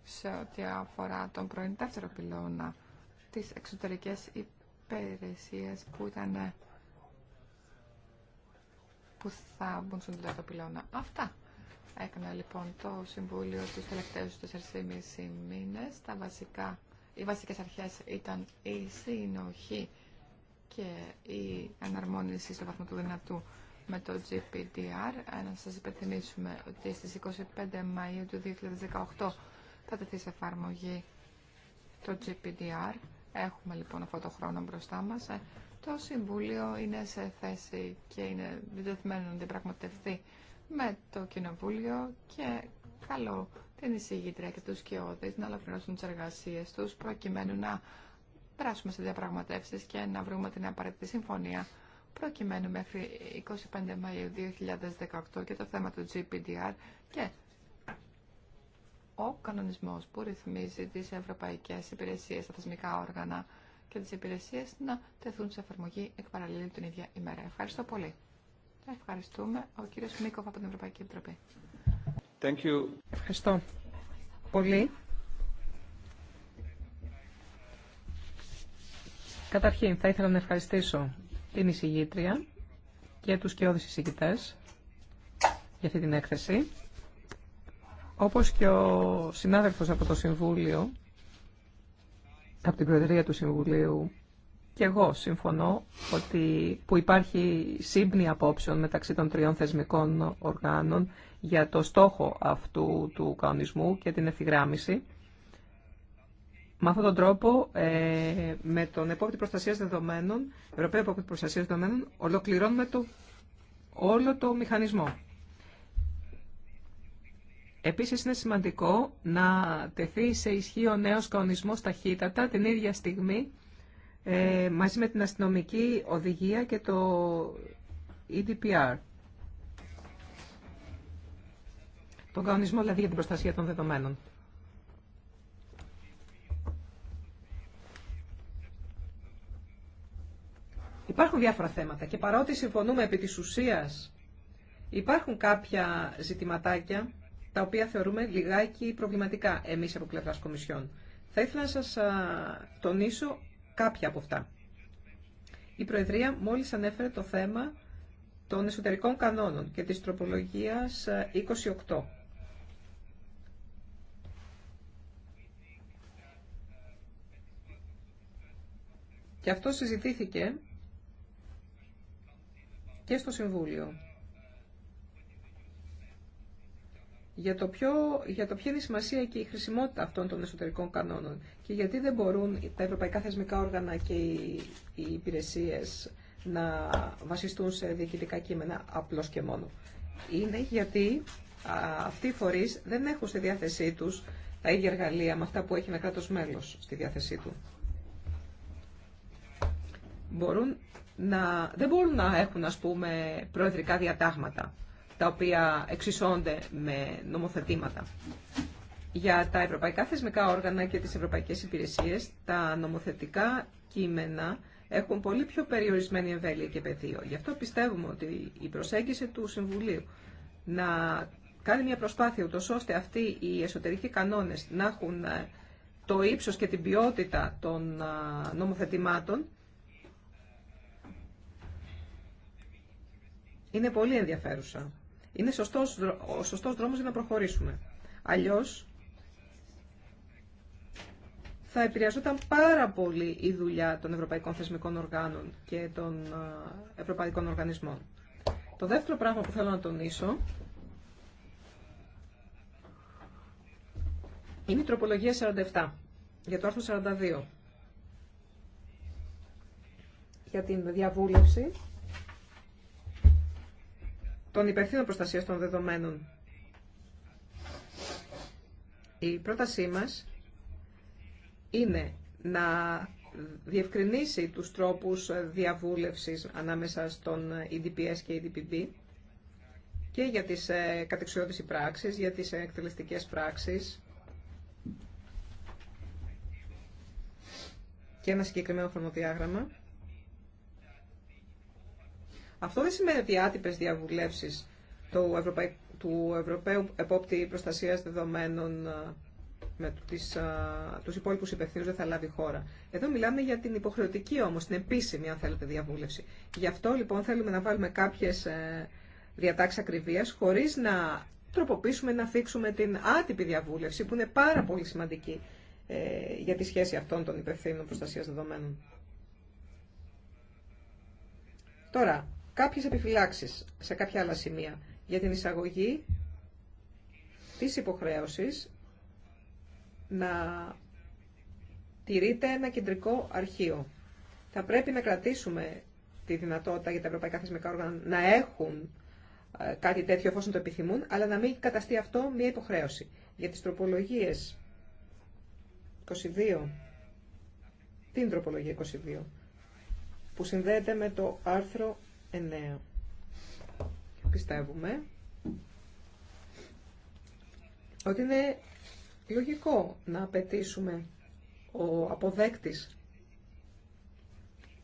σε ό,τι αφορά τον πρώην δεύτερο πυλώνα τις εξωτερικές υπηρεσίες που ήταν που θα μπουν στον τέταρτο πυλώνα. Αυτά έκανα λοιπόν το Συμβούλιο τους τελευταίους 4,5 μήνες. Τα βασικά, οι βασικές αρχές ήταν η συνοχή και η αναρμόνιση στο βαθμό του δυνατού με το GPDR. Ε, να σας υπενθυμίσουμε ότι στις 25 Μαΐου του 2018 θα τεθεί σε εφαρμογή το GPDR. Έχουμε λοιπόν αυτό το χρόνο μπροστά μας. Ε, το Συμβούλιο είναι σε θέση και είναι διδεθμένο να διαπραγματευτεί με το Κοινοβούλιο και καλό την εισηγήτρια και τους κοιόδης να ολοκληρώσουν τις εργασίες τους προκειμένου να περάσουμε σε διαπραγματεύσει και να βρούμε την απαραίτητη συμφωνία προκειμένου μέχρι 25 Μαΐου 2018 και το θέμα του GPDR και ο κανονισμός που ρυθμίζει τις ευρωπαϊκές υπηρεσίες, τα θεσμικά όργανα και τις υπηρεσίες να τεθούν σε εφαρμογή εκ παραλλήλου την ίδια ημέρα. Ευχαριστώ πολύ. Ευχαριστούμε. Ο κύριος Μίκοφ από την Ευρωπαϊκή Επιτροπή. Ευχαριστώ πολύ. Καταρχήν, θα ήθελα να ευχαριστήσω την εισηγήτρια και τους κοιόδης εισηγητές για αυτή την έκθεση. Όπως και ο συνάδελφος από το Συμβούλιο, από την Προεδρία του Συμβουλίου, και εγώ συμφωνώ ότι που υπάρχει σύμπνη απόψεων μεταξύ των τριών θεσμικών οργάνων για το στόχο αυτού του κανονισμού και την ευθυγράμμιση με αυτόν τον τρόπο, ε, με τον επόπτη Προστασία δεδομένων, Ευρωπαίο Επόπτη προστασία Δεδομένων, ολοκληρώνουμε το, όλο το μηχανισμό. Επίσης είναι σημαντικό να τεθεί σε ισχύ ο νέος κανονισμός ταχύτατα την ίδια στιγμή ε, μαζί με την αστυνομική οδηγία και το EDPR. Τον κανονισμό δηλαδή για την προστασία των δεδομένων. Υπάρχουν διάφορα θέματα και παρότι συμφωνούμε επί της ουσίας, υπάρχουν κάποια ζητηματάκια τα οποία θεωρούμε λιγάκι προβληματικά εμείς από πλευράς Κομισιόν. Θα ήθελα να σας τονίσω κάποια από αυτά. Η Προεδρία μόλις ανέφερε το θέμα των εσωτερικών κανόνων και της τροπολογίας 28. Και αυτό συζητήθηκε και στο Συμβούλιο. Για το, ποιο, για το ποια είναι η σημασία και η χρησιμότητα αυτών των εσωτερικών κανόνων και γιατί δεν μπορούν τα ευρωπαϊκά θεσμικά όργανα και οι, οι υπηρεσίες να βασιστούν σε διοικητικά κείμενα απλώς και μόνο. Είναι γιατί αυτοί οι φορείς δεν έχουν στη διάθεσή τους τα ίδια εργαλεία με αυτά που έχει ένα κράτος μέλος στη διάθεσή του. Μπορούν να, δεν μπορούν να έχουν ας πούμε προεδρικά διατάγματα τα οποία εξισώνται με νομοθετήματα. Για τα ευρωπαϊκά θεσμικά όργανα και τις ευρωπαϊκές υπηρεσίες, τα νομοθετικά κείμενα έχουν πολύ πιο περιορισμένη εμβέλεια και πεδίο. Γι' αυτό πιστεύουμε ότι η προσέγγιση του Συμβουλίου να κάνει μια προσπάθεια ούτως ώστε αυτοί οι εσωτερικοί κανόνες να έχουν ε, το ύψος και την ποιότητα των ε, νομοθετημάτων είναι πολύ ενδιαφέρουσα. Είναι σωστός, ο σωστός δρόμος για να προχωρήσουμε. Αλλιώς θα επηρεαζόταν πάρα πολύ η δουλειά των ευρωπαϊκών θεσμικών οργάνων και των ευρωπαϊκών οργανισμών. Το δεύτερο πράγμα που θέλω να τονίσω είναι η τροπολογία 47 για το άρθρο 42 για την διαβούλευση των υπευθύνων προστασίας των δεδομένων. Η πρότασή μας είναι να διευκρινίσει τους τρόπους διαβούλευσης ανάμεσα στον EDPS και EDPB και για τις ε, κατεξιόδηση πράξεις, για τις ε, εκτελεστικές πράξεις και ένα συγκεκριμένο χρονοδιάγραμμα. Αυτό δεν σημαίνει ότι οι άτυπες διαβουλεύσεις του, Ευρωπαϊ... του Ευρωπαίου Επόπτη Προστασίας Δεδομένων ε, με τις, α, ε, τους υπόλοιπους υπευθύνους δεν θα λάβει χώρα. Εδώ μιλάμε για την υποχρεωτική όμως, την επίσημη αν θέλετε διαβούλευση. Γι' αυτό λοιπόν θέλουμε να βάλουμε κάποιες ε, διατάξεις ακριβίας χωρίς να τροποποιήσουμε, να θίξουμε την άτυπη διαβούλευση που είναι πάρα πολύ σημαντική ε, για τη σχέση αυτών των υπευθύνων προστασίας δεδομένων. Τώρα, κάποιες επιφυλάξεις σε κάποια άλλα σημεία για την εισαγωγή της υποχρέωσης να τηρείται ένα κεντρικό αρχείο. Θα πρέπει να κρατήσουμε τη δυνατότητα για τα ευρωπαϊκά θεσμικά όργανα να έχουν ε, κάτι τέτοιο εφόσον το επιθυμούν, αλλά να μην καταστεί αυτό μια υποχρέωση. Για τις τροπολογίες 22, την τροπολογία 22, που συνδέεται με το άρθρο 9. Πιστεύουμε ότι είναι λογικό να απαιτήσουμε ο αποδέκτης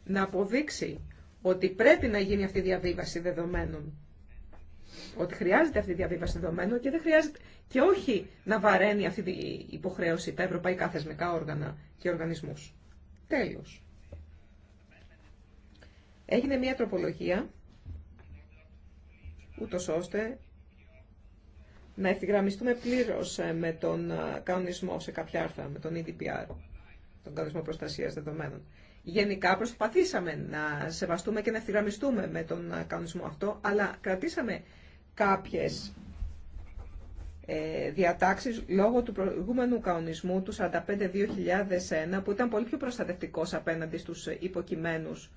να αποδείξει ότι πρέπει να γίνει αυτή η διαβίβαση δεδομένων. Ότι χρειάζεται αυτή η διαβίβαση δεδομένων και, δεν χρειάζεται, και όχι να βαραίνει αυτή η υποχρέωση τα ευρωπαϊκά θεσμικά όργανα και οργανισμούς. Τέλος. Έγινε μια τροπολογία, ούτως ώστε να ευθυγραμμιστούμε πλήρως ε, με τον ε, κανονισμό σε κάποια άρθρα, με τον EDPR, τον κανονισμό προστασίας δεδομένων. Γενικά προσπαθήσαμε να σεβαστούμε και να ευθυγραμμιστούμε με τον ε, κανονισμό αυτό, αλλά κρατήσαμε κάποιες διατάξεις λόγω του προηγούμενου κανονισμού του 45-2001 που ήταν πολύ πιο προστατευτικός απέναντι στους υποκειμένους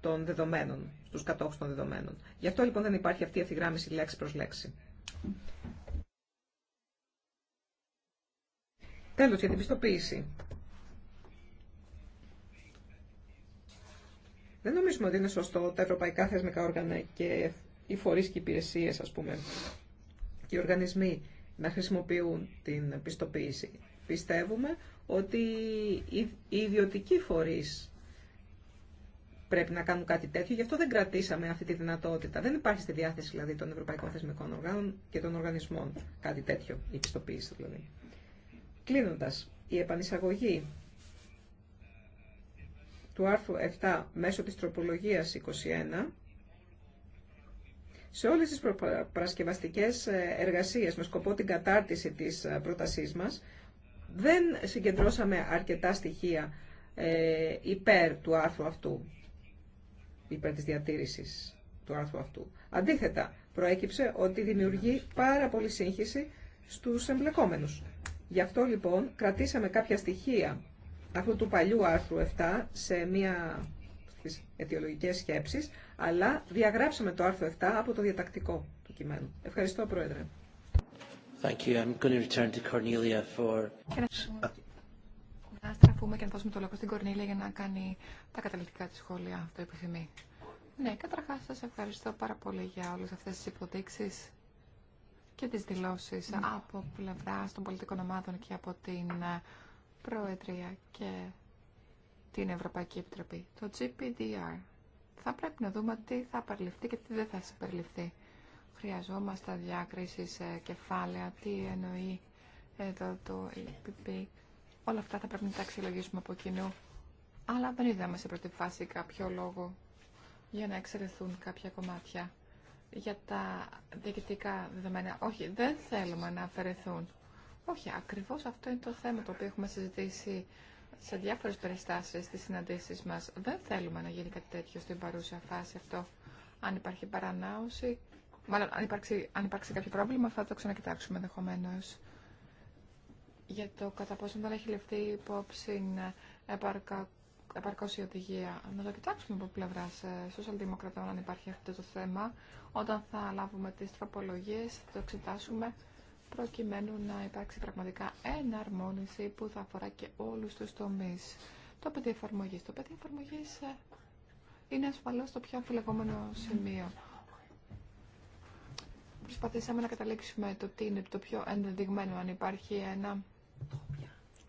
των δεδομένων, στους κατόχους των δεδομένων. Γι' αυτό λοιπόν δεν υπάρχει αυτή η ευθυγράμμιση λέξη προς λέξη. Τέλος, για την πιστοποίηση. Δεν νομίζουμε ότι είναι σωστό τα ευρωπαϊκά θεσμικά όργανα και οι φορείς και οι υπηρεσίες, ας πούμε, και οι οργανισμοί να χρησιμοποιούν την πιστοποίηση. Πιστεύουμε ότι οι ιδιωτικοί φορείς πρέπει να κάνουν κάτι τέτοιο. Γι' αυτό δεν κρατήσαμε αυτή τη δυνατότητα. Δεν υπάρχει στη διάθεση δηλαδή, των Ευρωπαϊκών Θεσμικών Οργάνων και των οργανισμών κάτι τέτοιο, η πιστοποίηση δηλαδή. Κλείνοντα, η επανεισαγωγή του άρθρου 7 μέσω της τροπολογίας 21 σε όλες τις παρασκευαστικέ ε, εργασίες με σκοπό την κατάρτιση της ε, πρότασής μας δεν συγκεντρώσαμε αρκετά στοιχεία ε, υπέρ του άρθρου αυτού υπέρ της διατήρησης του άρθρου αυτού. Αντίθετα, προέκυψε ότι δημιουργεί πάρα πολύ σύγχυση στους εμπλεκόμενους. Γι' αυτό λοιπόν κρατήσαμε κάποια στοιχεία αυτού του παλιού άρθρου 7 σε μία στις αιτιολογικές σκέψεις, αλλά διαγράψαμε το άρθρο 7 από το διατακτικό του κειμένου. Ευχαριστώ Πρόεδρε. Thank you. I'm going to return to Cornelia for πούμε και να δώσουμε το λόγο στην Κορνίλια για να κάνει τα καταληκτικά τη σχόλια, το επιθυμεί. Ναι, καταρχά σα ευχαριστώ πάρα πολύ για όλε αυτέ τι υποδείξει και τι δηλώσει mm. Ναι. από πλευρά των πολιτικών ομάδων και από την ε, Προεδρία και την Ευρωπαϊκή Επιτροπή. Το GPDR. Θα πρέπει να δούμε τι θα περιληφθεί και τι δεν θα συμπεριληφθεί. Χρειαζόμαστε διάκριση σε κεφάλαια, τι εννοεί εδώ το EPP Όλα αυτά θα πρέπει να τα αξιολογήσουμε από κοινού. Αλλά δεν είδαμε σε πρώτη φάση κάποιο λόγο για να εξαιρεθούν κάποια κομμάτια για τα διοικητικά δεδομένα. Όχι, δεν θέλουμε να αφαιρεθούν. Όχι, ακριβώς αυτό είναι το θέμα το οποίο έχουμε συζητήσει σε διάφορες περιστάσεις στις συναντήσεις μας. Δεν θέλουμε να γίνει κάτι τέτοιο στην παρούσα φάση αυτό. Αν υπάρχει παρανάωση, μάλλον αν υπάρξει, αν υπάρξει κάποιο πρόβλημα θα το ξανακοιτάξουμε ενδεχομένω για το κατά πόσο δεν έχει λεφτεί υπόψη ε, επαρκώ η οδηγία. Να το κοιτάξουμε από πλευρά ε, σοσιαλδημοκρατών αν υπάρχει αυτό το θέμα. Όταν θα λάβουμε τι τροπολογίε, θα το εξετάσουμε προκειμένου να υπάρξει πραγματικά εναρμόνιση που θα αφορά και όλου του τομεί. Το παιδί εφαρμογή. Το πεδίο εφαρμογή ε, είναι ασφαλώ το πιο αμφιλεγόμενο σημείο. Προσπαθήσαμε να καταλήξουμε το τι είναι το πιο ενδεδειγμένο, αν υπάρχει ένα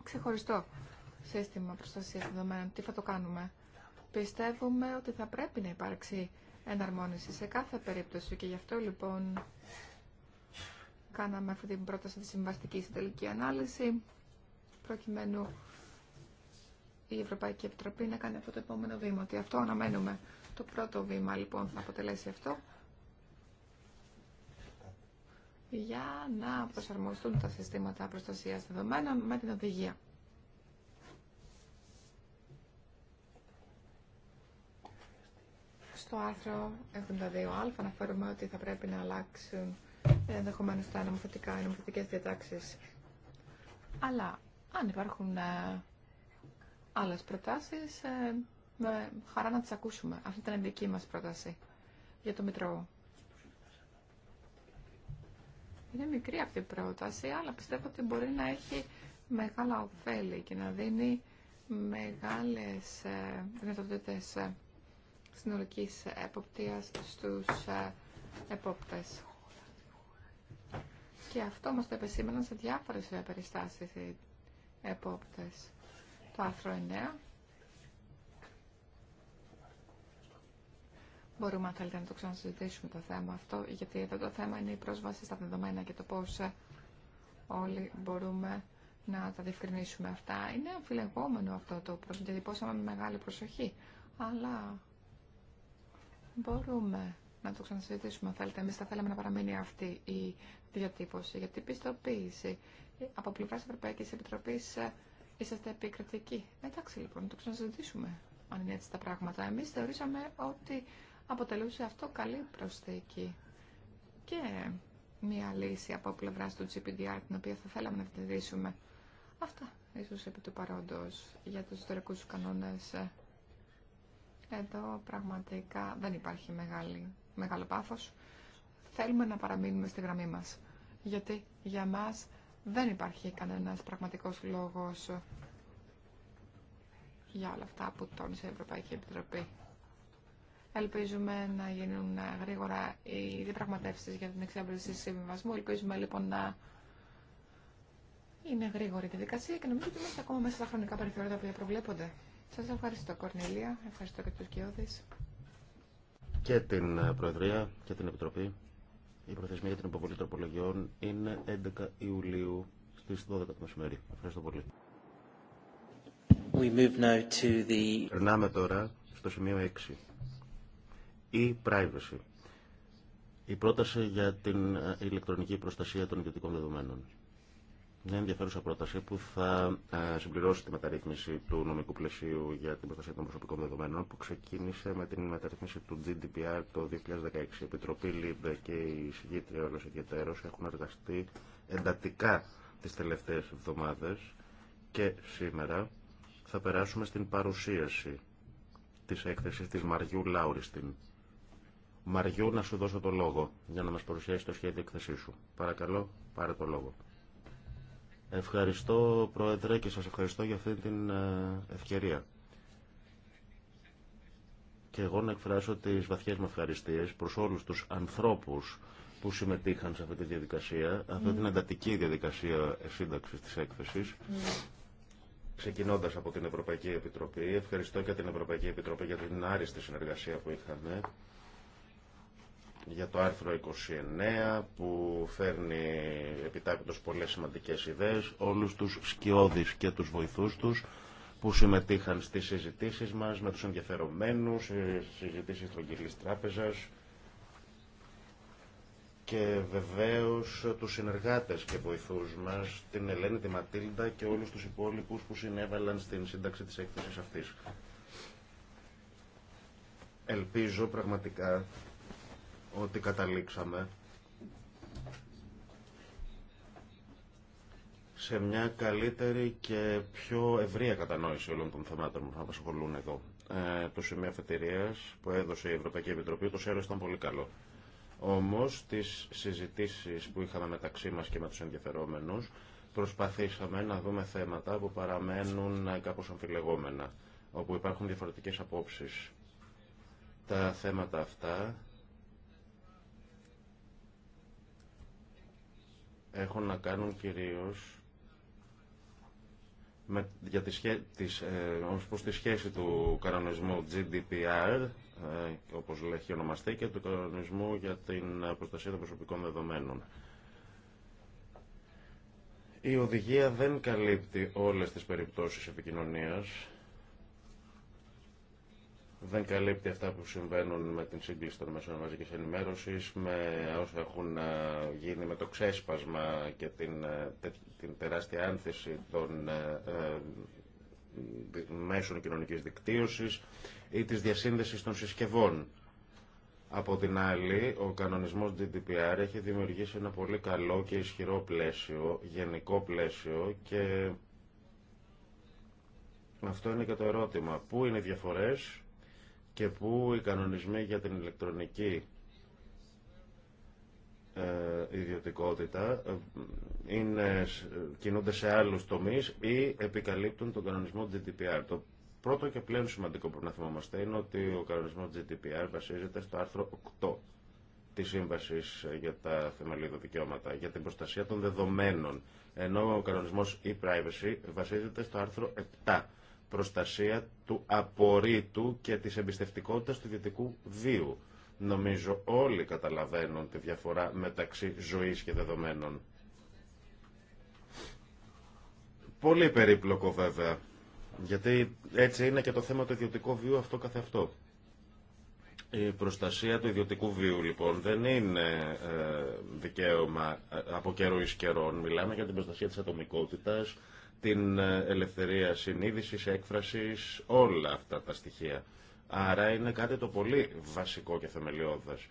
ξεχωριστό σύστημα Προστασία δεδομένων. Τι θα το κάνουμε. Πιστεύουμε ότι θα πρέπει να υπάρξει εναρμόνιση σε κάθε περίπτωση και γι' αυτό λοιπόν κάναμε αυτή την πρόταση της συμβαστική στην τελική ανάλυση προκειμένου η Ευρωπαϊκή Επιτροπή να κάνει αυτό το επόμενο βήμα. Ότι αυτό αναμένουμε. Το πρώτο βήμα λοιπόν θα αποτελέσει αυτό για να προσαρμοστούν τα συστήματα προστασίας δεδομένων με την οδηγία. Στο άρθρο 72α αναφέρουμε ότι θα πρέπει να αλλάξουν ενδεχομένως τα νομοθετικά, ή νομοθετικές διατάξεις. Αλλά αν υπάρχουν ε, άλλες προτάσεις, ε, με χαρά να τις ακούσουμε. Αυτή ήταν η δική μας πρόταση για το Μητρό. Είναι μικρή αυτή η πρόταση, αλλά πιστεύω ότι μπορεί να έχει μεγάλα ωφέλη και να δίνει μεγάλες ε, δυνατότητες ε, συνολικής εποπτείας στους ε, επόπτες. Και αυτό μας το επεσήμαναν σε διάφορες περιστάσεις οι επόπτες. Το άρθρο 9 Μπορούμε θέλετε, να το ξανασυζητήσουμε το θέμα αυτό, γιατί εδώ το θέμα είναι η πρόσβαση στα δεδομένα και το πώς ε, όλοι μπορούμε να τα διευκρινίσουμε αυτά. Είναι αμφιλεγόμενο αυτό το διατυπώσαμε με μεγάλη προσοχή, αλλά μπορούμε να το ξανασυζητήσουμε αν θέλετε. Εμείς θα θέλαμε να παραμείνει αυτή η διατύπωση, γιατί η πιστοποίηση από πλευρά Ευρωπαϊκή Επιτροπή ε, είσαστε επικριτικοί. Εντάξει λοιπόν, να το ξανασυζητήσουμε αν είναι έτσι τα πράγματα. Εμεί θεωρήσαμε ότι αποτελούσε αυτό καλή προσθήκη και μία λύση από πλευρά του GPDR την οποία θα θέλαμε να επιτηρήσουμε. Αυτά ίσως επί του παρόντος για τους ιστορικούς κανόνες. Εδώ πραγματικά δεν υπάρχει μεγάλη, μεγάλο πάθος. Θέλουμε να παραμείνουμε στη γραμμή μας. Γιατί για μας δεν υπάρχει κανένας πραγματικός λόγος για όλα αυτά που τόνισε η Ευρωπαϊκή Επιτροπή. Ελπίζουμε να γίνουν γρήγορα οι διαπραγματεύσει για την τη συμβιβασμού. Ελπίζουμε λοιπόν να είναι γρήγορη η διαδικασία και νομίζω ότι είμαστε ακόμα μέσα στα χρονικά περιθώρια τα οποία προβλέπονται. Σα ευχαριστώ, Κορνελία, Ευχαριστώ και του Κιώδη. Και την ε, Προεδρία και την Επιτροπή. Η προθεσμία για την υποβολή τροπολογιών είναι 11 Ιουλίου στι 12 το μεσημέρι. Ευχαριστώ πολύ. We move now to the... Περνάμε τώρα στο σημείο 6 ή privacy. Η πρόταση για την ε, ηλεκτρονική προστασία των ιδιωτικών δεδομένων. Μια ενδιαφέρουσα πρόταση που θα ε, συμπληρώσει τη μεταρρύθμιση του νομικού πλαισίου για την προστασία των προσωπικών δεδομένων που ξεκίνησε με την μεταρρύθμιση του GDPR το 2016. Η Επιτροπή ΛΥΜΠΕ και η Συγγήτρια Όλος Ιδιαίτερος έχουν εργαστεί εντατικά τις τελευταίες εβδομάδες και σήμερα θα περάσουμε στην παρουσίαση της έκθεσης της Μαριού Λάουριστην Μαριού, να σου δώσω το λόγο για να μας παρουσιάσει το σχέδιο εκθεσή σου. Παρακαλώ, πάρε το λόγο. Ευχαριστώ, Πρόεδρε, και σας ευχαριστώ για αυτή την ε, ευκαιρία. Και εγώ να εκφράσω τις βαθιές μου ευχαριστίες προς όλους τους ανθρώπους που συμμετείχαν σε αυτή τη διαδικασία, αυτή την εντατική διαδικασία σύνταξη της έκθεσης, ξεκινώντα από την Ευρωπαϊκή Επιτροπή. Ευχαριστώ και την Ευρωπαϊκή Επιτροπή για την άριστη συνεργασία που είχαμε για το άρθρο 29 που φέρνει επιτάκτως πολλές σημαντικές ιδέες, όλους τους σκιώδεις και τους βοηθούς τους που συμμετείχαν στις συζητήσεις μας με τους ενδιαφερομένους, ε, συζητήσεις τρογγυλής τράπεζας και βεβαίως τους συνεργάτες και βοηθούς μας, την Ελένη, τη και όλους τους υπόλοιπους που συνέβαλαν στην σύνταξη της έκθεσης αυτής. Ελπίζω πραγματικά ότι καταλήξαμε σε μια καλύτερη και πιο ευρεία κατανόηση όλων των θεμάτων που θα απασχολούν εδώ. Ε, το σημείο αφετηρίας που έδωσε η Ευρωπαϊκή Επιτροπή το ή ήταν πολύ καλό. Όμως τις συζητήσεις που είχαμε μεταξύ μας και με τους ενδιαφερόμενους προσπαθήσαμε να δούμε θέματα που παραμένουν κάπως αμφιλεγόμενα, όπου υπάρχουν διαφορετικές απόψεις. Τα θέματα αυτά έχουν να κάνουν κυρίως με, για τη της, ε, προς τη σχέση του κανονισμού GDPR, ε, όπως λέει ονομαστεί, και του κανονισμού για την προστασία των προσωπικών δεδομένων. Η οδηγία δεν καλύπτει όλες τις περιπτώσεις επικοινωνίας δεν καλύπτει αυτά που συμβαίνουν με την σύγκληση των μέσων μαζική ενημέρωση, με όσα έχουν ε, γίνει με το ξέσπασμα και την, ε, την τεράστια άνθηση των ε, μέσων κοινωνικής δικτύωσης ή της διασύνδεσης των συσκευών. Από την άλλη, ο κανονισμός GDPR έχει δημιουργήσει ένα πολύ καλό και ισχυρό πλαίσιο, γενικό πλαίσιο και αυτό είναι και το ερώτημα. Πού είναι οι διαφορές και που οι κανονισμοί για την ηλεκτρονική ε, ιδιωτικότητα ε, είναι, ε, κινούνται σε άλλους τομείς ή επικαλύπτουν τον κανονισμό GDPR. Το πρώτο και πλέον σημαντικό που να θυμόμαστε είναι ότι ο κανονισμός GDPR βασίζεται στο άρθρο 8 της Σύμβασης για τα θεμελιώδη δικαιώματα, για την προστασία των δεδομένων, ενώ ο κανονισμός e-privacy βασίζεται στο άρθρο 7 προστασία του απορρίτου και της εμπιστευτικότητας του ιδιωτικού βίου. Νομίζω όλοι καταλαβαίνουν τη διαφορά μεταξύ ζωής και δεδομένων. Πολύ περίπλοκο βέβαια, γιατί έτσι είναι και το θέμα του ιδιωτικού βίου αυτό καθεαυτό. Η προστασία του ιδιωτικού βίου λοιπόν δεν είναι ε, δικαίωμα ε, από καιρού εις καιρών. Μιλάμε για την προστασία της ατομικότητας, την ε, ελευθερία συνείδησης, έκφρασης, όλα αυτά τα στοιχεία. Άρα είναι κάτι το πολύ βασικό και θεμελιώδες.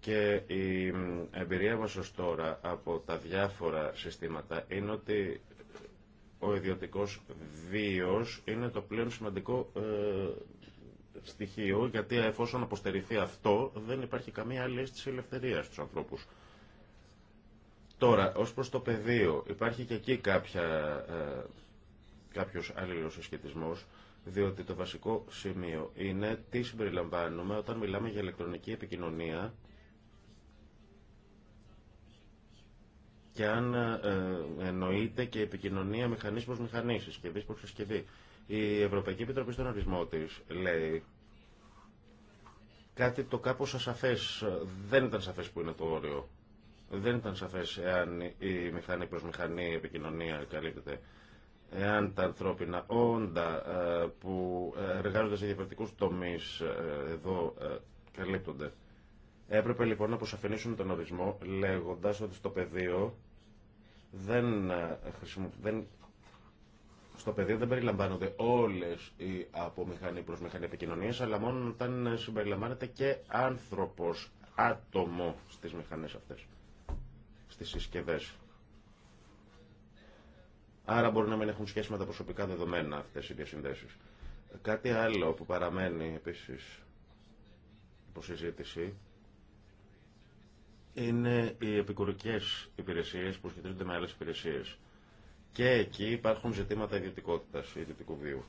Και η εμπειρία μας ως τώρα από τα διάφορα συστήματα είναι ότι ο ιδιωτικός βίος είναι το πλέον σημαντικό ε, στοιχείο, γιατί εφόσον αποστερηθεί αυτό δεν υπάρχει καμία άλλη αίσθηση ελευθερίας στους ανθρώπους. Τώρα, ως προς το πεδίο, υπάρχει και εκεί κάποια, ε, κάποιος διότι το βασικό σημείο είναι τι συμπεριλαμβάνουμε όταν μιλάμε για ηλεκτρονική επικοινωνία και αν ε, εννοείται και επικοινωνία μηχανής προς μηχανή, συσκευής προς συσκευή. Η Ευρωπαϊκή Επιτροπή στον ορισμό τη λέει κάτι το κάπως ασαφές, ε, δεν ήταν σαφές που είναι το όριο δεν ήταν σαφές εάν η μηχανή προς μηχανή επικοινωνία καλύπτεται εάν τα ανθρώπινα όντα ε, που ε, εργάζονται σε διαφορετικούς τομείς ε, εδώ καλύπτονται. Έπρεπε λοιπόν να αποσαφηνίσουν τον ορισμό λέγοντας ότι στο πεδίο δεν, δεν, στο πεδίο δεν περιλαμβάνονται όλες οι από μηχανή προς μηχανή επικοινωνίες αλλά μόνο όταν συμπεριλαμβάνεται και άνθρωπος, άτομο στις μηχανές αυτές στις συσκευές. Άρα μπορεί να μην έχουν σχέση με τα προσωπικά δεδομένα αυτές οι διασυνδέσεις. Κάτι άλλο που παραμένει επίσης συζήτηση είναι οι επικουρικές υπηρεσίες που σχετίζονται με άλλες υπηρεσίες. Και εκεί υπάρχουν ζητήματα ιδιωτικότητας, ιδιωτικού βίου.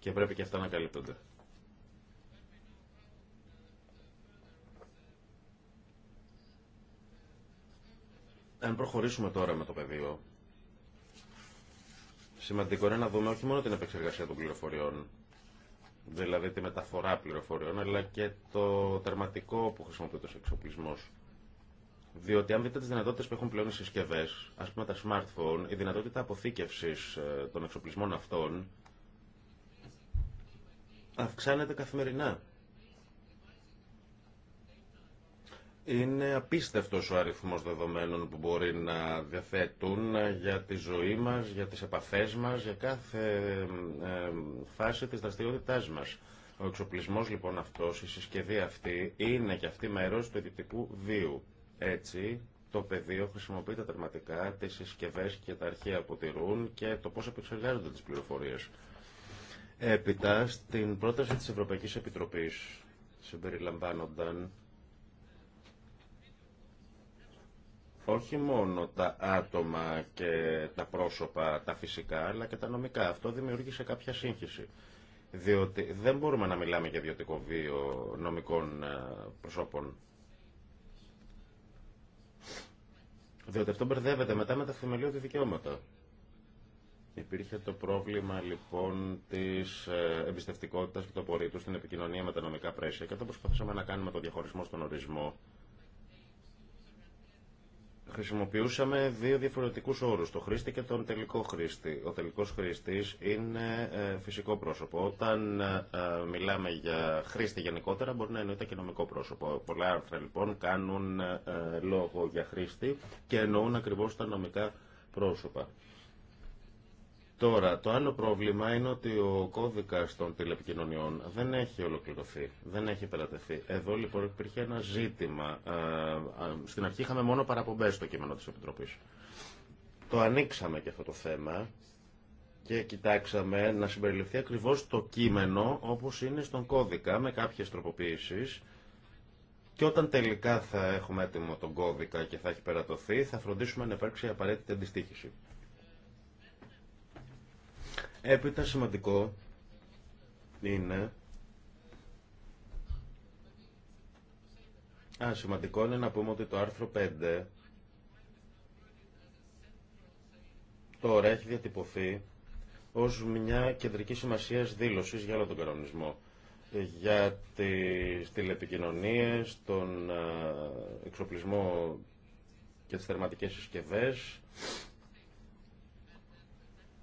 Και πρέπει και αυτά να καλύπτονται. Αν προχωρήσουμε τώρα με το πεδίο, σημαντικό είναι να δούμε όχι μόνο την επεξεργασία των πληροφοριών, δηλαδή τη μεταφορά πληροφοριών, αλλά και το τερματικό που χρησιμοποιείται ως εξοπλισμός. Διότι αν δείτε τις δυνατότητες που έχουν πλέον οι συσκευές, ας πούμε τα smartphone, η δυνατότητα αποθήκευσης ε, των εξοπλισμών αυτών αυξάνεται καθημερινά. Είναι απίστευτος ο αριθμός δεδομένων που μπορεί να διαθέτουν για τη ζωή μας, για τις επαφές μας, για κάθε φάση της δραστηριότητάς μας. Ο εξοπλισμός λοιπόν αυτός, η συσκευή αυτή, είναι και αυτή μέρος του ειδητικού βίου. Έτσι, το πεδίο χρησιμοποιείται τερματικά, τις συσκευές και τα αρχεία που τηρούν και το πώ επεξεργάζονται τις πληροφορίες. Έπειτα, στην πρόταση της Ευρωπαϊκής Επιτροπής συμπεριλαμβάνονταν όχι μόνο τα άτομα και τα πρόσωπα, τα φυσικά, αλλά και τα νομικά. Αυτό δημιούργησε κάποια σύγχυση. Διότι δεν μπορούμε να μιλάμε για ιδιωτικό βίο νομικών ε, προσώπων. Διότι αυτό μπερδεύεται μετά με τα θεμελιώδη δικαιώματα. Υπήρχε το πρόβλημα λοιπόν τη ε, εμπιστευτικότητα και του απορρίτου στην επικοινωνία με τα νομικά πρέσια και αυτό προσπαθήσαμε να κάνουμε το διαχωρισμό στον ορισμό χρησιμοποιούσαμε δύο διαφορετικούς όρους, το χρήστη και τον τελικό χρήστη. Ο τελικός χρήστης είναι ε, φυσικό πρόσωπο. Όταν ε, ε, μιλάμε για χρήστη γενικότερα μπορεί να εννοείται και νομικό πρόσωπο. Πολλά άρθρα λοιπόν κάνουν λόγο για χρήστη και εννοούν ακριβώς τα νομικά πρόσωπα. Τώρα, το άλλο πρόβλημα είναι ότι ο κώδικα των τηλεπικοινωνιών δεν έχει ολοκληρωθεί, δεν έχει περατεθεί. Εδώ λοιπόν υπήρχε ένα ζήτημα. Ε, ε, στην αρχή είχαμε μόνο παραπομπέ στο κείμενο τη Επιτροπή. Το ανοίξαμε και αυτό το θέμα και κοιτάξαμε να συμπεριληφθεί ακριβώ το κείμενο όπω είναι στον κώδικα με κάποιε τροποποιήσει. Και όταν τελικά θα έχουμε έτοιμο τον κώδικα και θα έχει περατωθεί, θα φροντίσουμε να υπάρξει απαραίτητη αντιστοίχηση. Έπειτα σημαντικό είναι Α, σημαντικό είναι να πούμε ότι το άρθρο 5 τώρα έχει διατυπωθεί ως μια κεντρική σημασία δήλωση για όλο τον κανονισμό. Για τις τηλεπικοινωνίες, τον ε, εξοπλισμό και τις θερματικές συσκευές,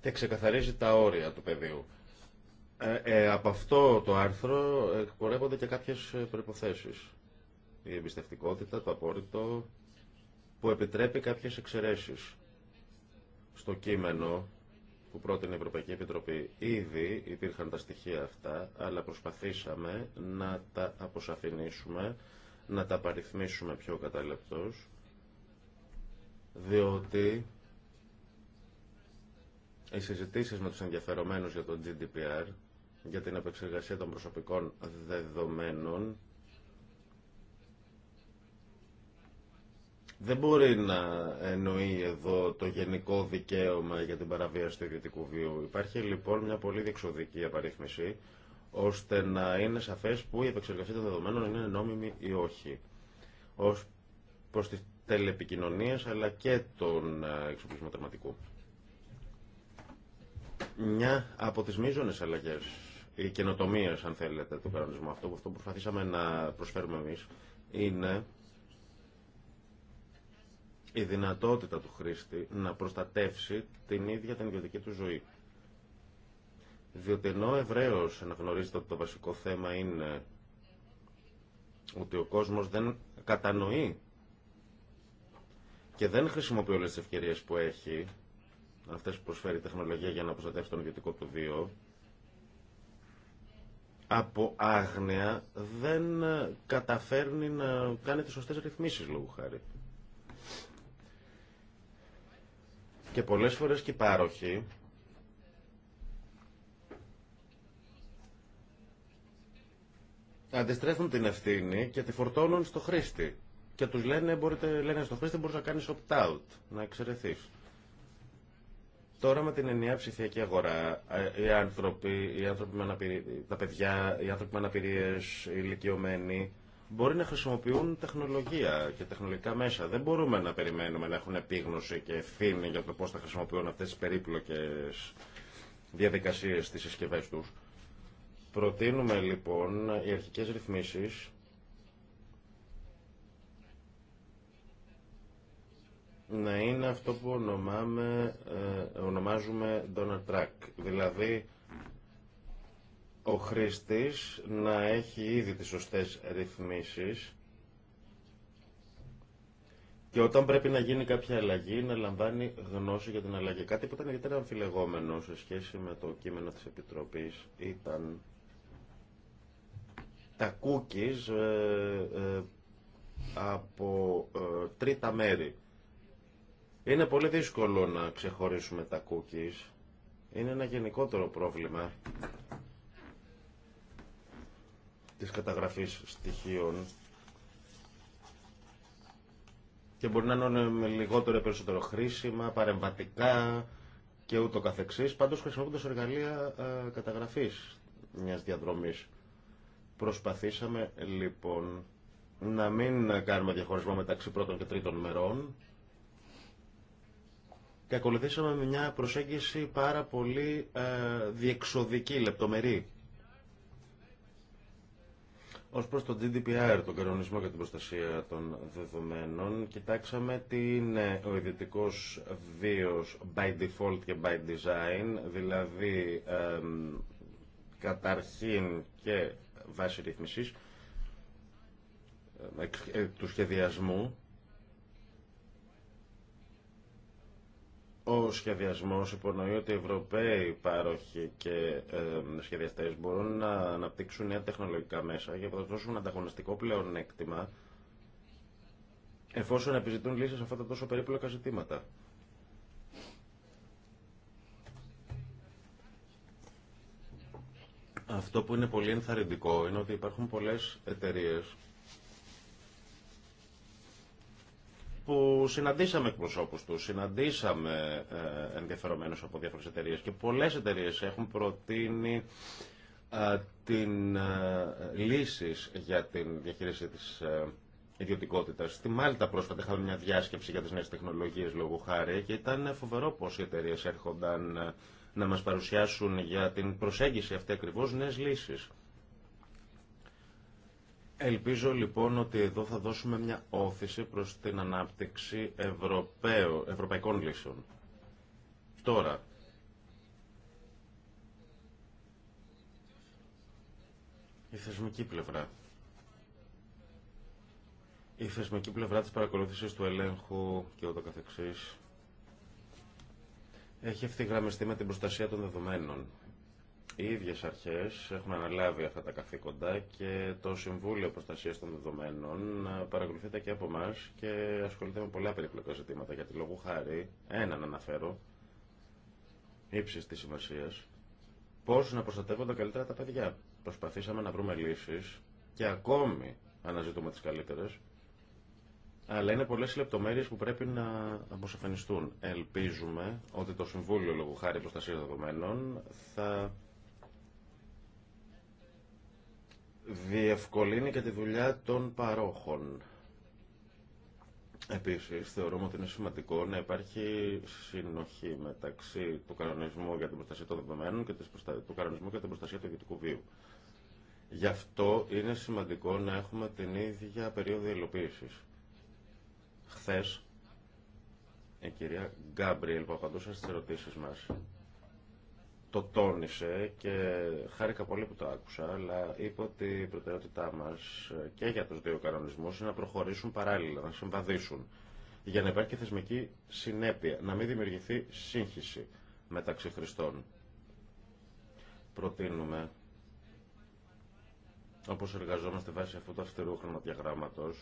και ξεκαθαρίζει τα όρια του πεδίου. Ε, ε από αυτό το άρθρο ε, εκπορεύονται και κάποιες ε, προϋποθέσεις. Η εμπιστευτικότητα, το απόρριτο, που επιτρέπει κάποιες εξαιρέσεις. Στο κείμενο που πρότεινε η Ευρωπαϊκή Επιτροπή ήδη υπήρχαν τα στοιχεία αυτά, αλλά προσπαθήσαμε να τα αποσαφηνίσουμε, να τα παριθμίσουμε πιο καταλεπτός, διότι οι συζητήσει με του ενδιαφερομένου για το GDPR, για την επεξεργασία των προσωπικών δεδομένων, δεν μπορεί να εννοεί εδώ το γενικό δικαίωμα για την παραβίαση του ιδιωτικού βίου. Υπάρχει λοιπόν μια πολύ διεξοδική απαρίθμηση, ώστε να είναι σαφές που η επεξεργασία των δεδομένων είναι νόμιμη ή όχι. Ως προς τις τηλεπικοινωνίες αλλά και τον ε, εξοπλισμό τερματικού μια από τις μείζονε αλλαγέ η καινοτομίες αν θέλετε του κανονισμού αυτό, αυτό που προσπαθήσαμε να προσφέρουμε εμεί είναι η δυνατότητα του χρήστη να προστατεύσει την ίδια την ιδιωτική του ζωή. Διότι ενώ ευρέω αναγνωρίζετε ότι το βασικό θέμα είναι ότι ο κόσμος δεν κατανοεί και δεν χρησιμοποιεί όλες τις ευκαιρίες που έχει αυτές που προσφέρει η τεχνολογία για να προστατεύσει τον ιδιωτικό του βίο, από άγνοια δεν καταφέρνει να κάνει τις σωστές ρυθμίσεις λόγου χάρη. Και πολλές φορές και οι πάροχοι αντιστρέφουν την ευθύνη και τη φορτώνουν στο χρήστη. Και τους λένε, μπορείτε, λένε στο χρήστη μπορείς να κάνεις opt-out, να εξαιρεθείς. Τώρα με την ενιαία ψηφιακή αγορά, ε, οι άνθρωποι, οι άνθρωποι με τα παιδιά, οι άνθρωποι με αναπηρίες, οι ηλικιωμένοι, μπορεί να χρησιμοποιούν τεχνολογία και τεχνολογικά μέσα. Δεν μπορούμε να περιμένουμε να έχουν επίγνωση και ευθύνη για το πώ θα χρησιμοποιούν αυτές τι περίπλοκες διαδικασίε στι συσκευέ του. Προτείνουμε λοιπόν οι αρχικέ ρυθμίσει. να είναι αυτό που ε, ονομάζουμε donor track. Δηλαδή, ο χρήστης να έχει ήδη τις σωστές ρυθμίσεις και όταν πρέπει να γίνει κάποια αλλαγή να λαμβάνει γνώση για την αλλαγή. Κάτι που ήταν ιδιαίτερα αμφιλεγόμενο σε σχέση με το κείμενο της Επιτροπής ήταν τα cookies ε, ε, από τρίτα μέρη. Είναι πολύ δύσκολο να ξεχωρίσουμε τα cookies. Είναι ένα γενικότερο πρόβλημα της καταγραφής στοιχείων και μπορεί να είναι λιγότερο ή περισσότερο χρήσιμα, παρεμβατικά και ούτω καθεξής. Πάντως χρησιμοποιούνται εργαλεία ε, καταγραφής μιας διαδρομής. Προσπαθήσαμε λοιπόν να μην κάνουμε διαχωρισμό μεταξύ πρώτων και τρίτων μερών και ακολουθήσαμε μια προσέγγιση πάρα πολύ ε, διεξοδική, λεπτομερή. Ως προς το GDPR, τον κανονισμό για την προστασία των δεδομένων, κοιτάξαμε τι είναι ο ιδιωτικός βίος by default και by design, δηλαδή καταρχήν και βάση ρυθμισής, ε, ε, του σχεδιασμού Ο σχεδιασμός υπονοεί ότι οι Ευρωπαίοι πάροχοι και σχεδιαστές μπορούν να αναπτύξουν νέα τεχνολογικά μέσα για να δώσουν ανταγωνιστικό πλεονέκτημα εφόσον επιζητούν λύσεις σε αυτά τα τόσο περίπλοκα ζητήματα. Αυτό που είναι πολύ ενθαρρυντικό είναι ότι υπάρχουν πολλές εταιρείες που συναντήσαμε εκπροσώπους τους, συναντήσαμε ε, ενδιαφερομένους από διάφορες εταιρείε και πολλές εταιρείε έχουν προτείνει ε, την ε, λύσεις για την διαχείριση της ιδιωτικότητα. Στη Μάλτα πρόσφατα είχαμε μια διάσκεψη για τις νέες τεχνολογίες λόγω χάρη και ήταν φοβερό πώ οι εταιρείε έρχονταν να μας παρουσιάσουν για την προσέγγιση αυτή ακριβώ νέε λύσει. Ελπίζω λοιπόν ότι εδώ θα δώσουμε μια όθηση προς την ανάπτυξη ευρωπαϊκών λύσεων. Τώρα, η θεσμική πλευρά. Η θεσμική πλευρά της παρακολούθησης του ελέγχου και ούτω καθεξής έχει ευθυγραμμιστεί με την προστασία των δεδομένων οι ίδιε αρχέ έχουν αναλάβει αυτά τα καθήκοντα και το Συμβούλιο Προστασία των Δεδομένων ε, παρακολουθείται και από εμά και ασχολείται με πολλά περιπλοκά ζητήματα. γιατί τη λόγου χάρη, έναν αναφέρω, ύψη τη σημασία πώ να προστατεύονται καλύτερα τα παιδιά. Προσπαθήσαμε να βρούμε λύσει και ακόμη αναζητούμε τι καλύτερε, αλλά είναι πολλέ λεπτομέρειε που πρέπει να αποσαφανιστούν. Ελπίζουμε ότι το Συμβούλιο Λόγου Προστασία Δεδομένων θα διευκολύνει και τη δουλειά των παρόχων. Επίσης, θεωρούμε ότι είναι σημαντικό να υπάρχει συνοχή μεταξύ του κανονισμού για την προστασία των δεδομένων και του κανονισμού για την προστασία του ιδιωτικού βίου. Γι' αυτό είναι σημαντικό να έχουμε την ίδια περίοδο υλοποίηση. Χθες, η κυρία Γκάμπριελ που απαντούσε στις ερωτήσεις μας, το τόνισε και χάρηκα πολύ που το άκουσα, αλλά είπε ότι η προτεραιότητά μας και για τους δύο κανονισμούς είναι να προχωρήσουν παράλληλα, να συμβαδίσουν, για να υπάρχει και θεσμική συνέπεια, να μην δημιουργηθεί σύγχυση μεταξύ χρηστών. Προτείνουμε, όπως εργαζόμαστε βάσει αυτού του αυστηρού χρονοδιαγράμματος,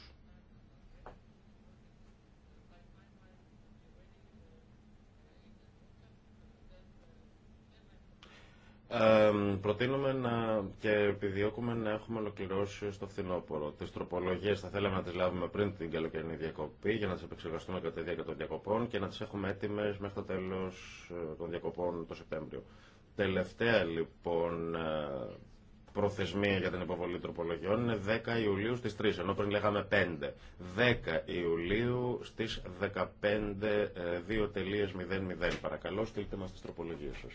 Ε, προτείνουμε να και επιδιώκουμε να έχουμε ολοκληρώσει στο φθινόπωρο. Τι τροπολογίε θα θέλαμε να τι λάβουμε πριν την καλοκαιρινή διακοπή για να τι επεξεργαστούμε κατά τη διάρκεια των διακοπών και να τι έχουμε έτοιμε μέχρι το τέλο ε, των διακοπών το Σεπτέμβριο. Τελευταία λοιπόν ε, προθεσμία για την υποβολή τροπολογιών είναι 10 Ιουλίου στις 3, ενώ πριν λέγαμε 5. 10 Ιουλίου στις 15.00 ε, παρακαλώ στείλτε μας τις τροπολογίες σας.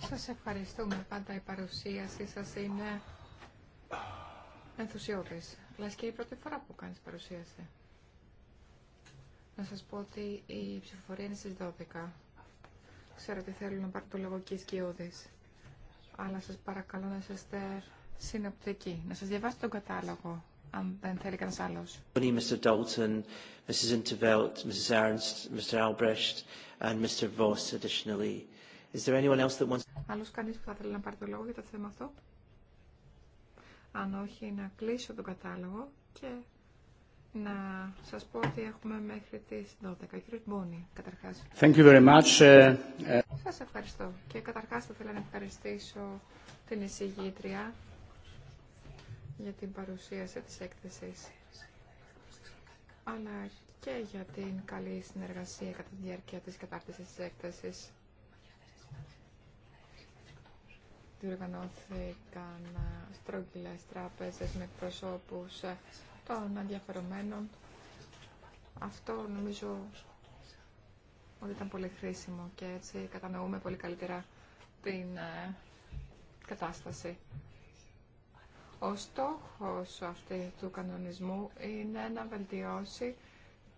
Σας ευχαριστούμε. Πάντα η παρουσίασή σας είναι ενθουσιώδης. Λες και η πρώτη φορά που κάνεις παρουσίαση. Να σας πω ότι η ψηφοφορία είναι στις 12. Ξέρω ότι θέλω να πάρω το λόγο και οι Αλλά σας παρακαλώ να είστε συνοπτικοί. Να σας διαβάσετε τον κατάλογο, αν δεν θέλει κανένας άλλος. Is there anyone else that wants... Άλλος κανείς που θα θέλει να πάρει το λόγο για το θέμα αυτό. Αν όχι, να κλείσω τον κατάλογο και να σας πω ότι έχουμε μέχρι τις 12. Κύριε Μπούνη. καταρχάς. Thank you very much. Ε, ε. Σας ευχαριστώ. Και καταρχάς θα ήθελα να ευχαριστήσω την εισηγήτρια για την παρουσίαση της έκθεσης αλλά και για την καλή συνεργασία κατά τη διάρκεια της κατάρτισης της έκθεσης. διοργανώθηκαν ε, στρόγγυλες τράπεζες με εκπροσώπους ε, των ενδιαφερομένων. Αυτό νομίζω ότι ήταν πολύ χρήσιμο και έτσι κατανοούμε πολύ καλύτερα την ε, κατάσταση. Ο στόχος αυτή του κανονισμού είναι να βελτιώσει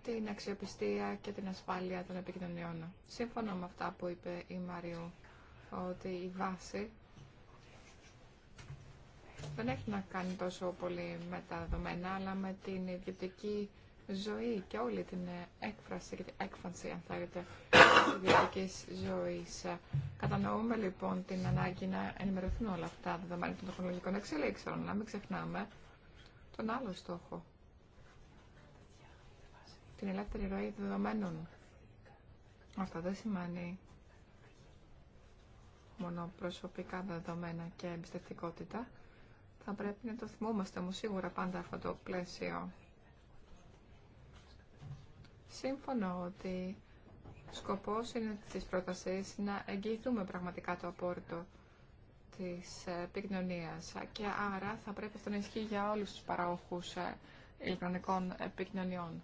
την αξιοπιστία και την ασφάλεια των επικοινωνιών. Σύμφωνα με αυτά που είπε η Μαριού, ότι η βάση δεν έχει να κάνει τόσο πολύ με τα δεδομένα, αλλά με την ιδιωτική ζωή και όλη την έκφραση και την έκφανση, αν θέλετε, τη ιδιωτική ζωή. Κατανοούμε λοιπόν την ανάγκη να ενημερωθούν όλα αυτά τα δεδομένα των τεχνολογικών εξελίξεων, να μην ξεχνάμε τον άλλο στόχο. Την ελεύθερη ροή δεδομένων. Αυτό δεν σημαίνει μόνο προσωπικά δεδομένα και εμπιστευτικότητα, θα πρέπει να το θυμόμαστε όμως σίγουρα πάντα αυτό το πλαίσιο. Σύμφωνο ότι σκοπός είναι της πρότασης να εγγυηθούμε πραγματικά το απόρριτο της ε, επικοινωνίας και άρα θα πρέπει αυτό να ισχύει για όλους τους παραόχους ε, ηλεκτρονικών επικοινωνιών.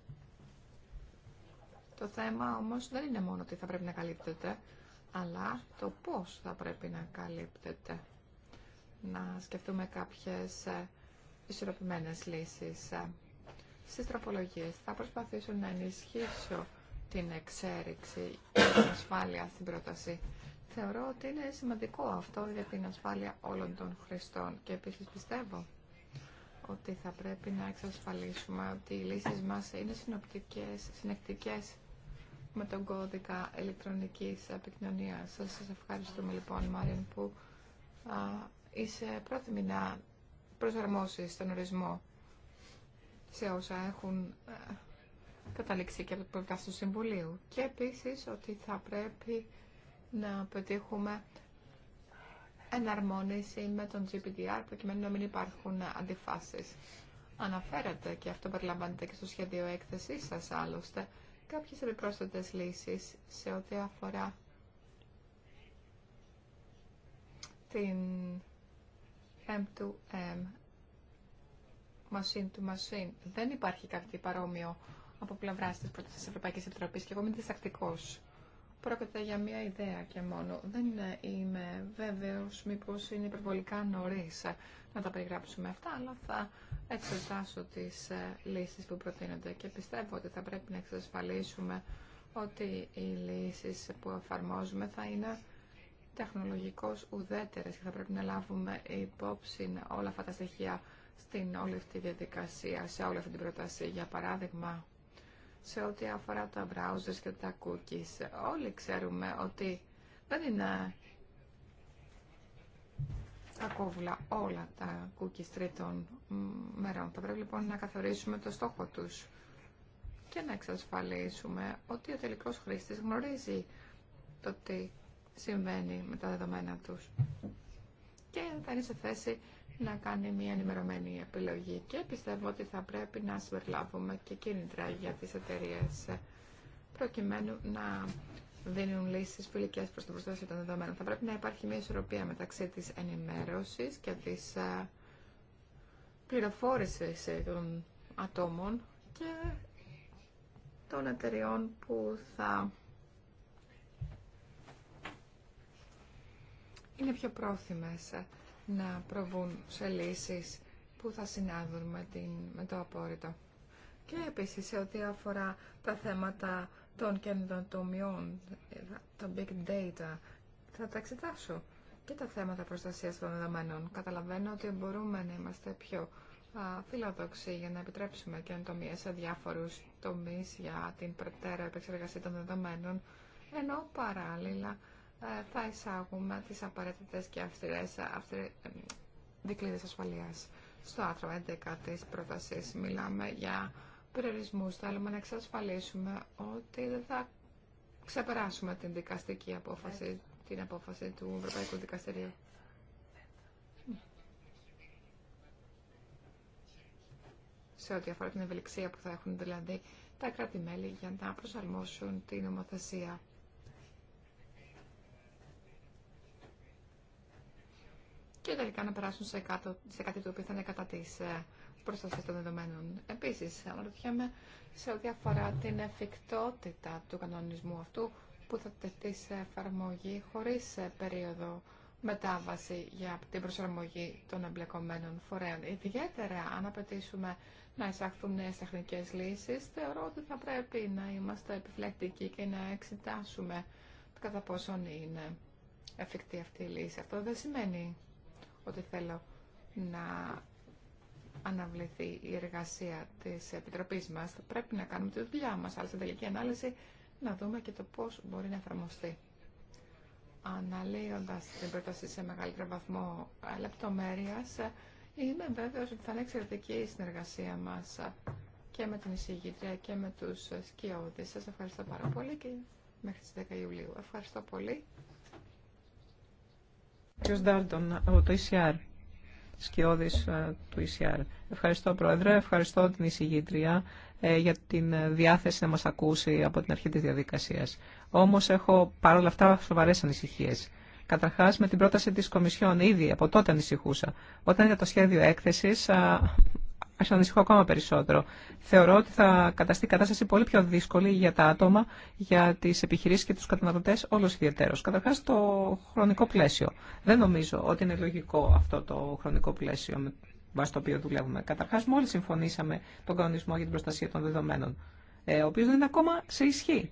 Το θέμα όμως δεν είναι μόνο ότι θα πρέπει να καλύπτεται, αλλά το πώς θα πρέπει να καλύπτεται να σκεφτούμε κάποιες ε, ισορροπημένες λύσεις ε, στις τροπολογίες. Θα προσπαθήσω να ενισχύσω την εξέριξη και την ασφάλεια στην πρόταση. Θεωρώ ότι είναι σημαντικό αυτό για την ασφάλεια όλων των χρηστών και επίσης πιστεύω ότι θα πρέπει να εξασφαλίσουμε ότι οι λύσεις μας είναι συνοπτικές, συνεκτικές με τον κώδικα ηλεκτρονικής επικοινωνίας. Σας ευχαριστούμε λοιπόν Μάριον που είσαι πρόθυμη να προσαρμόσεις τον ορισμό σε όσα έχουν ε, καταλήξει και από το πλευρά του Συμβουλίου. Και επίσης ότι θα πρέπει να πετύχουμε εναρμόνιση με τον GPDR προκειμένου να μην υπάρχουν αντιφάσεις. Αναφέρατε και αυτό περιλαμβάνεται και στο σχέδιο έκθεσή σας άλλωστε κάποιες επιπρόσθετες λύσεις σε ό,τι αφορά την M2M, machine to machine. Δεν υπάρχει κάτι παρόμοιο από πλευρά τη πρόταση τη Ευρωπαϊκή Επιτροπή και εγώ είμαι διστακτικό. Πρόκειται για μία ιδέα και μόνο. Δεν είμαι βέβαιο μήπω είναι υπερβολικά νωρί να τα περιγράψουμε αυτά, αλλά θα εξετάσω τι ε, λύσει που προτείνονται και πιστεύω ότι θα πρέπει να εξασφαλίσουμε ότι οι λύσει που εφαρμόζουμε θα είναι τεχνολογικώς ουδέτερες και θα πρέπει να λάβουμε υπόψη όλα αυτά τα στοιχεία στην όλη αυτή διαδικασία, σε όλη αυτή την πρόταση. Για παράδειγμα, σε ό,τι αφορά τα browsers και τα cookies, όλοι ξέρουμε ότι δεν είναι κόβουλα όλα τα cookies τρίτων μερών. Θα πρέπει λοιπόν να καθορίσουμε το στόχο τους και να εξασφαλίσουμε ότι ο τελικός χρήστης γνωρίζει το τι συμβαίνει με τα δεδομένα τους. Και θα είναι σε θέση να κάνει μια ενημερωμένη επιλογή και πιστεύω ότι θα πρέπει να συμπεριλάβουμε και κίνητρα για τις εταιρείε προκειμένου να δίνουν λύσεις φιλικές προς την προστασία των δεδομένων. Θα πρέπει να υπάρχει μια ισορροπία μεταξύ της ενημέρωσης και της ε, πληροφόρησης ε, των ατόμων και των εταιριών που θα είναι πιο πρόθυμες να προβούν σε λύσεις που θα συνάδουν με, την, με το απόρριτο. Και επίσης σε ό,τι αφορά τα θέματα των καινοτομιών, τα big data, θα τα εξετάσω και τα θέματα προστασίας των δεδομένων. Καταλαβαίνω ότι μπορούμε να είμαστε πιο φιλοδοξοί για να επιτρέψουμε καινοτομία σε διάφορους τομείς για την προτέρα επεξεργασία των δεδομένων, ενώ παράλληλα ε, θα εισάγουμε τις απαραίτητες και αυστηρές ε, ε, δικλείδες ασφαλείας. Στο άρθρο 11 της πρότασης μιλάμε για περιορισμούς. Θέλουμε να εξασφαλίσουμε ότι δεν θα ξεπεράσουμε την δικαστική απόφαση, την απόφαση του Ευρωπαϊκού Δικαστηρίου. σε ό,τι αφορά την ευελιξία που θα έχουν δηλαδή τα κράτη-μέλη για να προσαρμόσουν την ομοθεσία. και τελικά να περάσουν σε, κάτω, σε κάτι το οποίο θα είναι κατά τη ε, προστασία των δεδομένων. Επίση, αναρωτιέμαι σε ό,τι αφορά την εφικτότητα του κανονισμού αυτού που θα τεθεί σε εφαρμογή χωρί ε, περίοδο μετάβαση για την προσαρμογή των εμπλεκομένων φορέων. Ιδιαίτερα αν απαιτήσουμε να εισαχθούν νέε τεχνικέ λύσει, θεωρώ ότι θα πρέπει να είμαστε επιφυλακτικοί και να εξετάσουμε κατά πόσον είναι εφικτή αυτή η λύση. Αυτό δεν σημαίνει ότι θέλω να αναβληθεί η εργασία της Επιτροπής μας. Θα πρέπει να κάνουμε τη δουλειά μας, αλλά στην τελική ανάλυση να δούμε και το πώς μπορεί να εφαρμοστεί. Αναλύοντας την πρόταση σε μεγαλύτερο βαθμό λεπτομέρειας, είμαι βέβαιος ότι θα είναι εξαιρετική η συνεργασία μας και με την εισηγήτρια και με τους σκιώδεις. Σας ευχαριστώ πάρα πολύ και μέχρι τις 10 Ιουλίου. Ευχαριστώ πολύ. Κύριος από το ECR, σκιώδης ε, του ECR. Ευχαριστώ Πρόεδρε, ευχαριστώ την εισηγήτρια ε, για την διάθεση να μας ακούσει από την αρχή της διαδικασίας. Όμως έχω παρόλα αυτά σοβαρές ανησυχίες. Καταρχάς, με την πρόταση της Κομισιόν, ήδη από τότε ανησυχούσα. Όταν για το σχέδιο έκθεση, ας ανησυχώ ακόμα περισσότερο. Θεωρώ ότι θα καταστεί η κατάσταση πολύ πιο δύσκολη για τα άτομα, για τις επιχειρήσεις και τους καταναλωτές όλος ιδιαίτερος. Καταρχάς το χρονικό πλαίσιο. Δεν νομίζω ότι είναι λογικό αυτό το χρονικό πλαίσιο με βάση το οποίο δουλεύουμε. Καταρχάς μόλις συμφωνήσαμε τον κανονισμό για την προστασία των δεδομένων, ε, ο οποίος δεν είναι ακόμα σε ισχύ.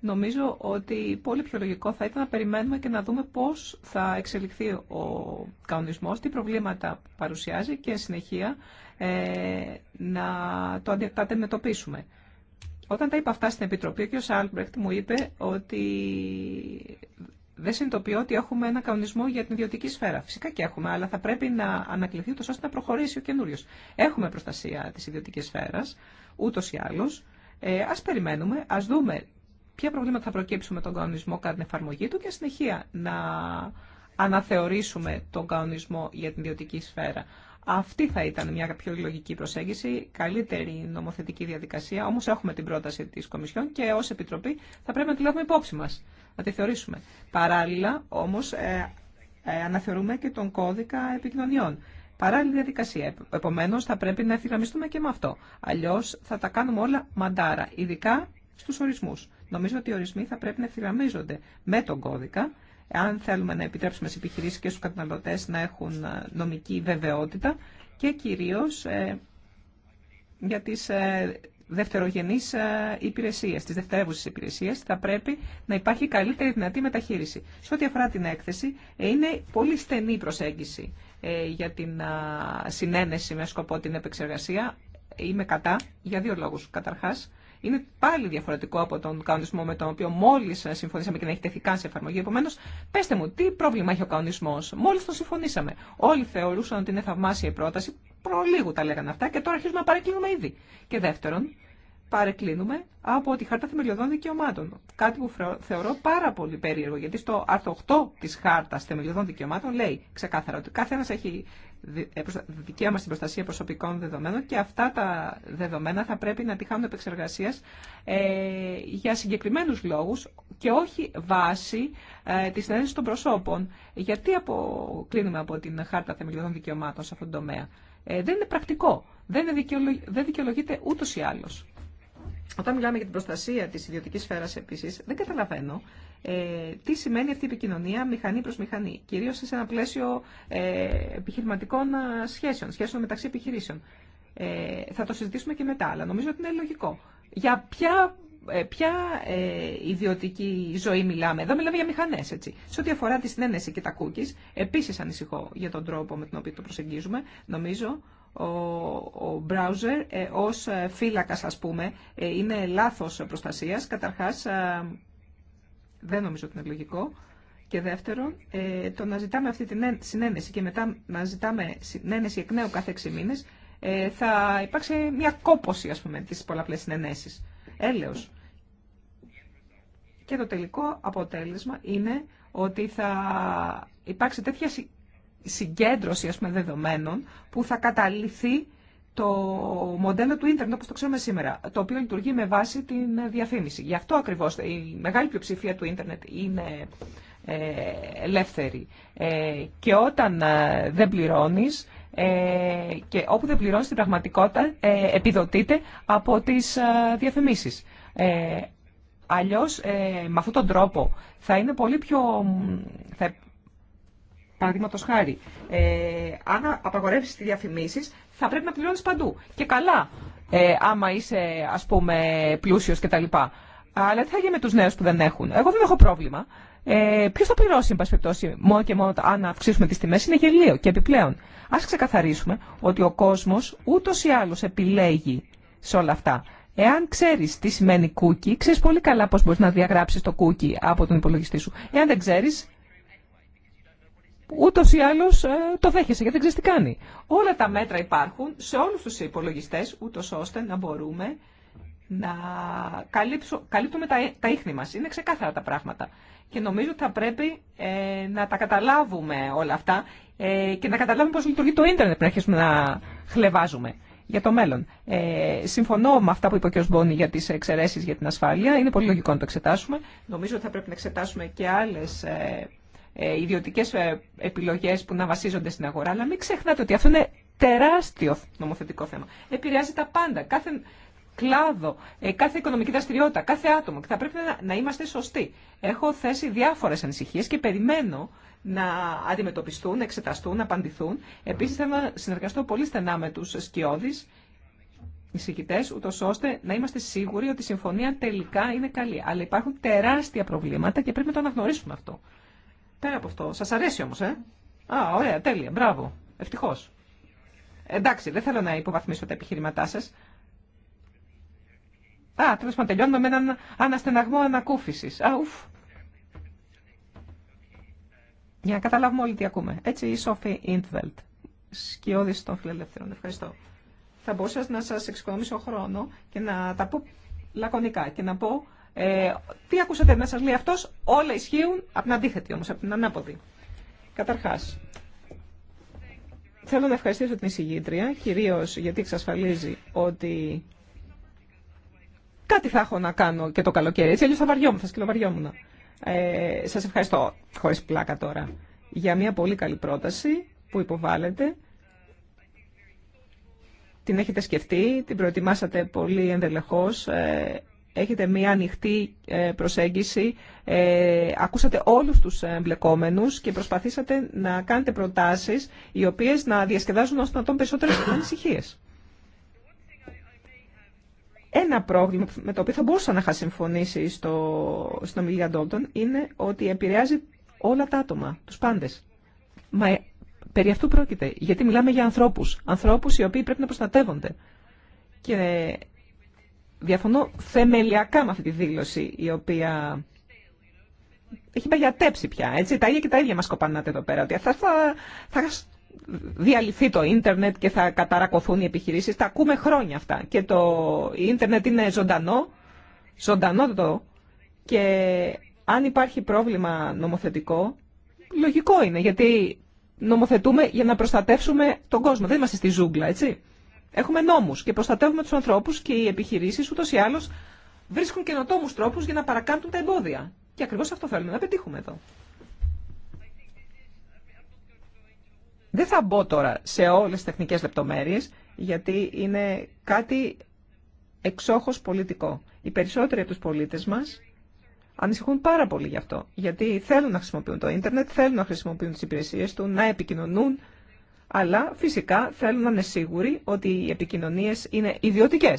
Νομίζω ότι πολύ πιο λογικό θα ήταν να περιμένουμε και να δούμε πώς θα εξελιχθεί ο κανονισμός, τι προβλήματα παρουσιάζει και συνεχεία ε, να το αντιμετωπίσουμε. Όταν τα είπα αυτά στην Επιτροπή, ο κ. Άλμπρεχτ μου είπε ότι δεν συνειδητοποιώ ότι έχουμε ένα κανονισμό για την ιδιωτική σφαίρα. Φυσικά και έχουμε, αλλά θα πρέπει να ανακληθεί ούτω ώστε να προχωρήσει ο καινούριο. Έχουμε προστασία τη ιδιωτική σφαίρα, ούτω ή άλλω. Ε, α περιμένουμε, α δούμε ποια προβλήματα θα προκύψουν με τον κανονισμό κατά την εφαρμογή του και συνεχεία να αναθεωρήσουμε τον κανονισμό για την ιδιωτική σφαίρα. Αυτή θα ήταν μια πιο λογική προσέγγιση, καλύτερη νομοθετική διαδικασία. Όμω έχουμε την πρόταση τη Κομισιόν και ω Επιτροπή θα πρέπει να τη λάβουμε υπόψη μα, να τη θεωρήσουμε. Παράλληλα, όμω, ε, ε, αναθεωρούμε και τον κώδικα επικοινωνιών. Παράλληλη διαδικασία. Ε, Επομένω, θα πρέπει να ευθυγραμμιστούμε και με αυτό. Αλλιώ θα τα κάνουμε όλα μαντάρα, ειδικά στου ορισμού. Νομίζω ότι οι ορισμοί θα πρέπει να ευθυγραμμίζονται με τον κώδικα αν θέλουμε να επιτρέψουμε στις επιχειρήσεις και στους καταναλωτές να έχουν ε, νομική βεβαιότητα και κυρίως ε, για τις ε, δευτερογενείς υπηρεσίες, τις δευτερεύουσες υπηρεσίες, θα πρέπει να υπάρχει καλύτερη δυνατή μεταχείριση. Σε ό,τι αφορά την έκθεση, είναι πολύ στενή η προσέγγιση για την συνένεση με σκοπό την επεξεργασία. Είμαι κατά για δύο λόγους. Καταρχάς, είναι πάλι διαφορετικό από τον κανονισμό με τον οποίο μόλι συμφωνήσαμε και να έχει τεθεί καν σε εφαρμογή. Επομένω, πέστε μου, τι πρόβλημα έχει ο κανονισμό. Μόλι το συμφωνήσαμε. Όλοι θεωρούσαν ότι είναι θαυμάσια η πρόταση. Προλίγου τα λέγανε αυτά και τώρα αρχίζουμε να παρεκκλίνουμε ήδη. Και δεύτερον, παρεκκλίνουμε από τη Χάρτα Θεμελιωδών Δικαιωμάτων. Κάτι που θεωρώ πάρα πολύ περίεργο, γιατί στο άρθρο 8 τη Χάρτα Θεμελιωδών Δικαιωμάτων λέει ξεκάθαρα ότι κάθε ένα έχει ε, δικαίωμα στην προστασία προσωπικών δεδομένων και αυτά τα δεδομένα θα πρέπει να τυχάνουν επεξεργασία ε, για συγκεκριμένους λόγους και όχι βάση ε, της συνέντευξης των προσώπων. Γιατί κλείνουμε από την Χάρτα Θεμελιωδών Δικαιωμάτων σε αυτόν τον τομέα. Ε, δεν είναι πρακτικό. Δεν, δεν δικαιολογείται ούτως ή άλλως. Όταν μιλάμε για την προστασία της ιδιωτικής σφαίρας επίσης, δεν καταλαβαίνω ε, τι σημαίνει αυτή η επικοινωνία μηχανή προς μηχανή, κυρίως σε ένα πλαίσιο ε, επιχειρηματικών ε, σχέσεων, σχέσεων μεταξύ επιχειρήσεων. Ε, θα το συζητήσουμε και μετά, αλλά νομίζω ότι είναι λογικό. Για ποια, ε, ποια ε, ιδιωτική ζωή μιλάμε. Εδώ μιλάμε για μηχανές, έτσι. Σε ό,τι αφορά τη συνένεση και τα cookies, επίσης ανησυχώ για τον τρόπο με τον οποίο το προσεγγίζουμε. Νομίζω ο, ο browser ως φύλακας, ας πούμε, είναι λάθος προστασίας. Καταρχάς, δεν νομίζω ότι είναι λογικό. Και δεύτερον, ε, το να ζητάμε αυτή την συνένεση και μετά να ζητάμε συνένεση εκ νέου κάθε 6 μήνε, ε, θα υπάρξει μια κόπωση, ας πούμε, τη πολλαπλέ συνενέσει. Έλεω. Και το τελικό αποτέλεσμα είναι ότι θα υπάρξει τέτοια συγκέντρωση ας πούμε, δεδομένων που θα καταληθεί το μοντέλο του ίντερνετ όπως το ξέρουμε σήμερα, το οποίο λειτουργεί με βάση την διαφήμιση. Γι' αυτό ακριβώς η μεγάλη πλειοψηφία του ίντερνετ είναι ε, ελεύθερη. Ε, και όταν ε, δεν πληρώνεις, και όπου δεν πληρώνεις την πραγματικότητα, επιδοτείται από τις διαφημίσεις. αλλιώς, με αυτόν τον τρόπο, θα είναι πολύ πιο... Θα, Παραδείγματο χάρη, αν απαγορεύσει τι διαφημίσει, θα πρέπει να πληρώνει παντού. Και καλά, ε, άμα είσαι ας πούμε πλούσιος κτλ. Αλλά τι θα γίνει με τους νέους που δεν έχουν. Εγώ δεν έχω πρόβλημα. Ε, Ποιο θα πληρώσει, εν πάση περιπτώσει, μόνο και μόνο αν αυξήσουμε τι τιμέ, είναι γελίο. Και επιπλέον, α ξεκαθαρίσουμε ότι ο κόσμο ούτω ή άλλω επιλέγει σε όλα αυτά. Εάν ξέρει τι σημαίνει κούκι, ξέρει πολύ καλά πώ μπορεί να διαγράψει το κούκι από τον υπολογιστή σου. Εάν δεν ξέρει, ούτω ή άλλως ε, το δέχεσαι γιατί δεν ξέρει τι κάνει. Όλα τα μέτρα υπάρχουν σε όλου του υπολογιστέ, ούτω ώστε να μπορούμε να καλύψω, καλύπτουμε τα, τα ίχνη μας. Είναι ξεκάθαρα τα πράγματα. Και νομίζω ότι θα πρέπει ε, να τα καταλάβουμε όλα αυτά ε, και να καταλάβουμε πώ λειτουργεί το ίντερνετ πριν αρχίσουμε να χλεβάζουμε για το μέλλον. Ε, συμφωνώ με αυτά που είπε ο κ. Μπόνι για τι εξαιρέσει για την ασφάλεια. Είναι πολύ λογικό να το εξετάσουμε. Νομίζω ότι θα πρέπει να εξετάσουμε και άλλε. Ε, ιδιωτικές ε, επιλογέ που να βασίζονται στην αγορά, αλλά μην ξεχνάτε ότι αυτό είναι τεράστιο νομοθετικό θέμα. Επηρεάζει τα πάντα, κάθε κλάδο, ε, κάθε οικονομική δραστηριότητα, κάθε άτομο και θα πρέπει να είμαστε σωστοί. Έχω θέσει διάφορε ανησυχίε και περιμένω να αντιμετωπιστούν, να εξεταστούν, να απαντηθούν. Επίση, θέλω να συνεργαστώ πολύ στενά με τους σκιώδεις εισηγητέ, ούτω ώστε να είμαστε σίγουροι ότι η συμφωνία τελικά είναι καλή. Αλλά υπάρχουν τεράστια προβλήματα και πρέπει να το αναγνωρίσουμε αυτό. Πέρα από αυτό. Σα αρέσει όμως, ε. Α, ωραία, τέλεια, μπράβο. Ευτυχώς. Εντάξει, δεν θέλω να υποβαθμίσω τα επιχειρηματά σα. Α, τέλο πάντων, τελειώνουμε με έναν αναστεναγμό ανακούφιση. Α, ουφ. Για να καταλάβουμε όλοι τι ακούμε. Έτσι η Σόφη Ιντβελτ, σκιώδης των φιλελεύθερων. Ευχαριστώ. Θα μπορούσα να σα εξοικονομήσω χρόνο και να τα πω λακωνικά και να πω ε, τι ακούσατε να σας λέει αυτός, όλα ισχύουν από την αντίθετη όμως, από την ανάποδη. Καταρχάς, θέλω να ευχαριστήσω την εισηγήτρια, κυρίως γιατί εξασφαλίζει ότι κάτι θα έχω να κάνω και το καλοκαίρι, έτσι αλλιώς θα βαριόμουν, θα σκυλοβαριόμουν. Ε, σας ευχαριστώ, χωρίς πλάκα τώρα, για μια πολύ καλή πρόταση που υποβάλλετε. Την έχετε σκεφτεί, την προετοιμάσατε πολύ ενδελεχώς, ε, έχετε μία ανοιχτή ε, προσέγγιση, ε, ακούσατε όλους τους εμπλεκόμενους και προσπαθήσατε να κάνετε προτάσεις οι οποίες να διασκεδάζουν όσο να τον περισσότερες ανησυχίες. Ένα πρόβλημα με το οποίο θα μπορούσα να είχα συμφωνήσει στο, στην ομιλία Ντόλτον είναι ότι επηρεάζει όλα τα άτομα, τους πάντες. Μα ε, περί αυτού πρόκειται, γιατί μιλάμε για ανθρώπους. Ανθρώπους οι οποίοι πρέπει να προστατεύονται. Και Διαφωνώ θεμελιακά με αυτή τη δήλωση η οποία έχει παγιατέψει πια. Έτσι, τα ίδια και τα ίδια μας κοπανάτε εδώ πέρα. θα, διαλυθεί το ίντερνετ και θα καταρακωθούν οι επιχειρήσεις. Τα ακούμε χρόνια αυτά. Και το ίντερνετ είναι ζωντανό, Ζωντανό ζωντανότατο και αν υπάρχει πρόβλημα νομοθετικό, λογικό είναι γιατί νομοθετούμε για να προστατεύσουμε τον κόσμο. Δεν είμαστε στη ζούγκλα, έτσι. Έχουμε νόμους και προστατεύουμε τους ανθρώπους και οι επιχειρήσεις ούτω ή άλλω βρίσκουν καινοτόμου τρόπους για να παρακάμπτουν τα εμπόδια. Και ακριβώς αυτό θέλουμε να πετύχουμε εδώ. Δεν θα μπω τώρα σε όλες τις τεχνικές λεπτομέρειες, γιατί είναι κάτι εξόχως πολιτικό. Οι περισσότεροι από τους πολίτες μας ανησυχούν πάρα πολύ γι' αυτό, γιατί θέλουν να χρησιμοποιούν το ίντερνετ, θέλουν να χρησιμοποιούν τι υπηρεσίε του, να επικοινωνούν, αλλά φυσικά θέλουν να είναι σίγουροι ότι οι επικοινωνίε είναι ιδιωτικέ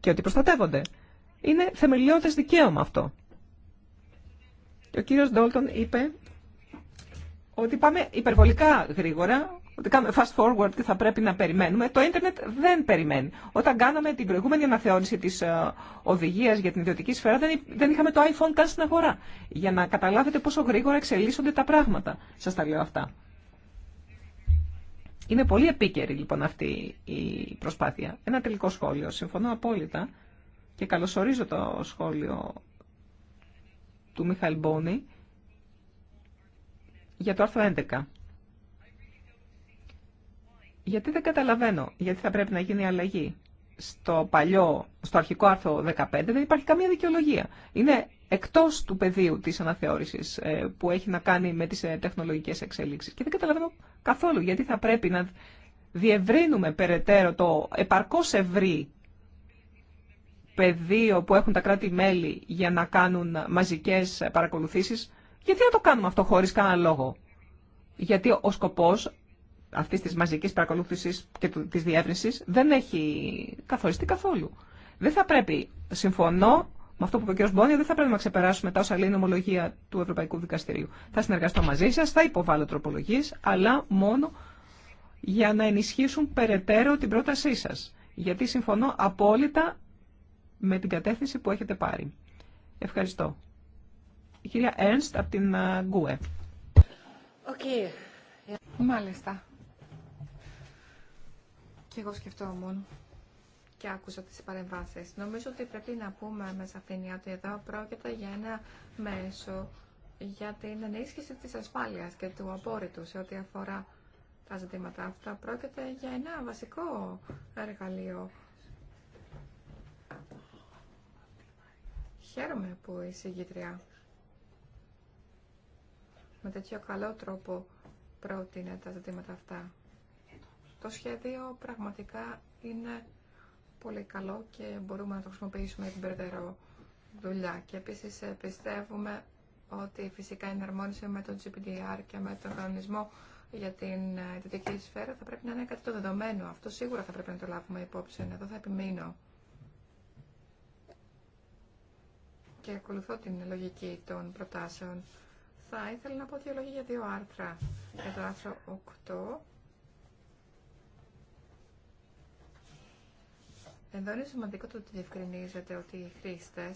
και ότι προστατεύονται. Είναι θεμελιώδες δικαίωμα αυτό. Και ο κύριο Ντόλτον είπε ότι πάμε υπερβολικά γρήγορα, ότι κάνουμε fast forward και θα πρέπει να περιμένουμε. Το ίντερνετ δεν περιμένει. Όταν κάναμε την προηγούμενη αναθεώρηση τη ε, οδηγία για την ιδιωτική σφαίρα, δεν είχαμε το iPhone καν στην αγορά. Για να καταλάβετε πόσο γρήγορα εξελίσσονται τα πράγματα. σα τα λέω αυτά. Είναι πολύ επίκαιρη λοιπόν αυτή η προσπάθεια. Ένα τελικό σχόλιο. Συμφωνώ απόλυτα και καλωσορίζω το σχόλιο του Μιχαήλ Μπόνη για το άρθρο 11. Γιατί δεν καταλαβαίνω γιατί θα πρέπει να γίνει αλλαγή. Στο παλιό, στο αρχικό άρθρο 15 δεν υπάρχει καμία δικαιολογία. Είναι εκτός του πεδίου της αναθεώρησης ε, που έχει να κάνει με τις ε, τεχνολογικές εξέλιξεις. Και δεν καταλαβαίνω καθόλου γιατί θα πρέπει να διευρύνουμε περαιτέρω το επαρκώς ευρύ πεδίο που έχουν τα κράτη-μέλη για να κάνουν μαζικές παρακολουθήσεις. Γιατί να το κάνουμε αυτό χωρίς κανένα λόγο. Γιατί ο σκοπός αυτής της μαζικής παρακολούθησης και της διεύρυνσης δεν έχει καθοριστεί καθόλου. Δεν θα πρέπει, συμφωνώ, με αυτό που είπε ο κ. Μπόνια, δεν θα πρέπει να ξεπεράσουμε τα όσα λέει η νομολογία του Ευρωπαϊκού Δικαστηρίου. Θα συνεργαστώ μαζί σα, θα υποβάλω τροπολογίε, αλλά μόνο για να ενισχύσουν περαιτέρω την πρότασή σα. Γιατί συμφωνώ απόλυτα με την κατεύθυνση που έχετε πάρει. Ευχαριστώ. Η κυρία Έρνστ από την Γκουε. Μάλιστα. Και εγώ σκεφτόμουν και άκουσα τις παρεμβάσεις. Νομίζω ότι πρέπει να πούμε με σαφήνεια ότι εδώ πρόκειται για ένα μέσο για την ενίσχυση της ασφάλειας και του απόρριτου σε ό,τι αφορά τα ζητήματα αυτά. Πρόκειται για ένα βασικό εργαλείο. Χαίρομαι που η συγκήτρια με τέτοιο καλό τρόπο πρότεινε τα ζητήματα αυτά. Το σχέδιο πραγματικά είναι πολύ καλό και μπορούμε να το χρησιμοποιήσουμε την περαιτέρω δουλειά. Και επίση ε, πιστεύουμε ότι φυσικά η εναρμόνιση με τον GPDR και με τον κανονισμό για την ε, ιδιωτική σφαίρα θα πρέπει να είναι κάτι το δεδομένο. Αυτό σίγουρα θα πρέπει να το λάβουμε υπόψη. Ναι, εδώ θα επιμείνω. Και ακολουθώ την λογική των προτάσεων. Θα ήθελα να πω δύο λόγια για δύο άρθρα. Για το άρθρο 8 Εδώ είναι σημαντικό το ότι διευκρινίζεται ότι οι χρήστε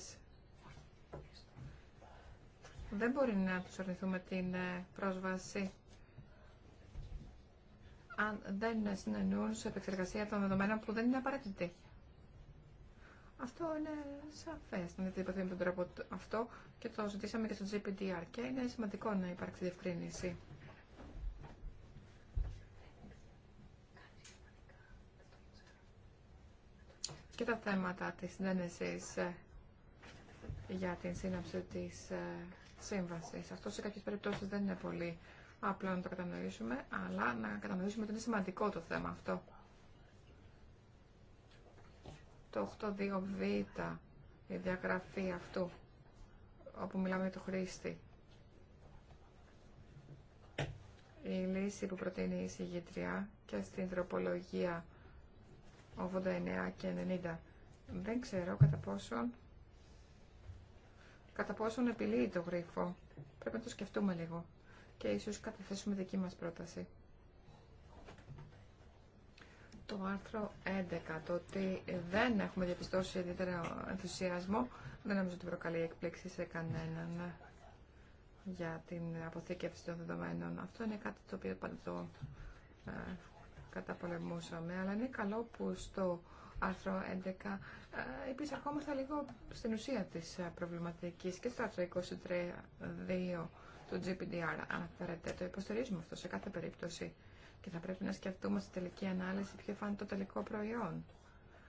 δεν μπορεί να του αρνηθούμε την ε, πρόσβαση αν δεν συνεννούν σε επεξεργασία των δεδομένων που δεν είναι απαραίτητη. Αυτό είναι σαφές, δεν διατυπωθεί με τον τρόπο αυτό και το ζητήσαμε και στο GPDR. Και είναι σημαντικό να υπάρξει διευκρίνηση. και τα θέματα της συνένεσης ε, για την σύναψη της ε, σύμβασης. Αυτό σε κάποιες περιπτώσεις δεν είναι πολύ απλό να το κατανοήσουμε, αλλά να κατανοήσουμε ότι είναι σημαντικό το θέμα αυτό. Το 2 β η διαγραφή αυτού, όπου μιλάμε για το χρήστη. Η λύση που προτείνει η συγγητρία και στην τροπολογία 89 και 90. Δεν ξέρω κατά πόσον, κατά πόσον επιλύει το γρίφο. Πρέπει να το σκεφτούμε λίγο και ίσως καταθέσουμε δική μας πρόταση. Το άρθρο 11, το ότι δεν έχουμε διαπιστώσει ιδιαίτερο ενθουσιασμό, δεν νομίζω ότι προκαλεί εκπλήξη σε κανέναν για την αποθήκευση των δεδομένων. Αυτό είναι κάτι το οποίο πάντα το ε, καταπολεμούσαμε, αλλά είναι καλό που στο άρθρο 11 ε, επισαρχόμαστε λίγο στην ουσία της ε, προβληματικής και στο άρθρο 23.2 του GPDR αναφέρεται. Το υποστηρίζουμε αυτό σε κάθε περίπτωση και θα πρέπει να σκεφτούμε στη τελική ανάλυση ποιο θα είναι το τελικό προϊόν.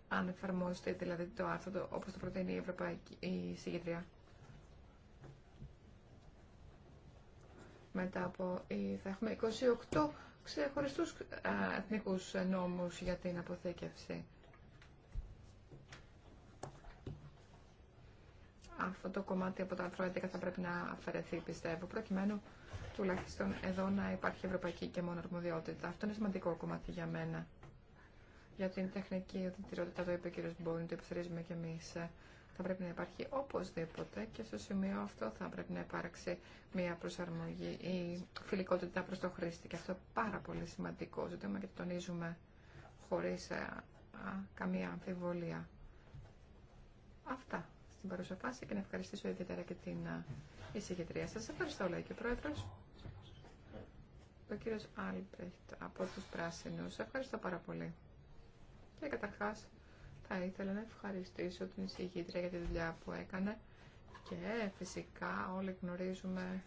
Αν εφαρμόζεται δηλαδή το άρθρο το, όπως το προτείνει η Ευρωπαϊκή η Συγκεντρία. Μετά από... Ε, θα έχουμε 28 ξεχωριστούς εθνικούς νόμους για την αποθήκευση. Αυτό το κομμάτι από τα άρθρα 11 θα πρέπει να αφαιρεθεί, πιστεύω, προκειμένου τουλάχιστον εδώ να υπάρχει ευρωπαϊκή και μόνο αρμοδιότητα. Αυτό είναι σημαντικό κομμάτι για μένα. Για την τεχνική οδητηρότητα, το είπε ο κ. Μπόνι, το υποστηρίζουμε κι εμεί θα πρέπει να υπάρχει οπωσδήποτε και στο σημείο αυτό θα πρέπει να υπάρξει μια προσαρμογή ή φιλικότητα προς το χρήστη. Και αυτό είναι πάρα πολύ σημαντικό ζήτημα και τονίζουμε χωρίς ε, καμία αμφιβολία. Αυτά στην παρούσα φάση και να ευχαριστήσω ιδιαίτερα και την ε, εισηγητρία σας. Ευχαριστώ, λέει και ο Πρόεδρος. Ο κύριο από τους Πράσινους. Ευχαριστώ πάρα πολύ. Και καταρχάς θα ήθελα να ευχαριστήσω την εισηγήτρια για τη δουλειά που έκανε και φυσικά όλοι γνωρίζουμε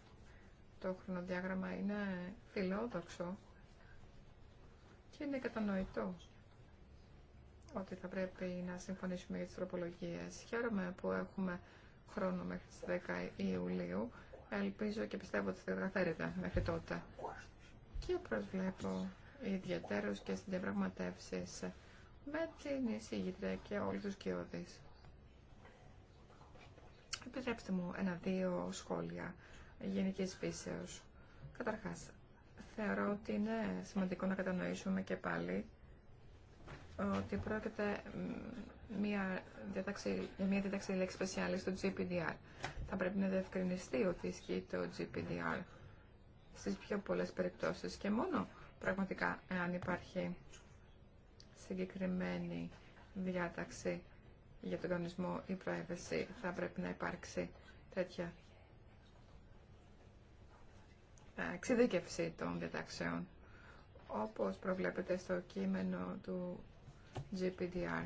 το χρονοδιάγραμμα είναι φιλόδοξο και είναι κατανοητό ότι θα πρέπει να συμφωνήσουμε για τις τροπολογίες. Χαίρομαι που έχουμε χρόνο μέχρι τις 10 Ιουλίου. Ελπίζω και πιστεύω ότι θα καταφέρετε μέχρι τότε. Και προσβλέπω ιδιαίτερως και στις διαπραγματεύσεις με την εισηγήτρια και όλους τους κοιόδης. Επιτρέψτε μου ένα-δύο σχόλια γενική φύσεως. Καταρχάς, θεωρώ ότι είναι σημαντικό να κατανοήσουμε και πάλι ότι πρόκειται μια διάταξη, για μια διάταξη λέξη σπεσιάλη στο GPDR. Θα πρέπει να διευκρινιστεί ότι ισχύει το GPDR στις πιο πολλές περιπτώσεις και μόνο πραγματικά εάν υπάρχει συγκεκριμένη διάταξη για τον κανονισμό ή privacy θα πρέπει να υπάρξει τέτοια ε, εξειδίκευση των διατάξεων όπως προβλέπεται στο κείμενο του GPDR.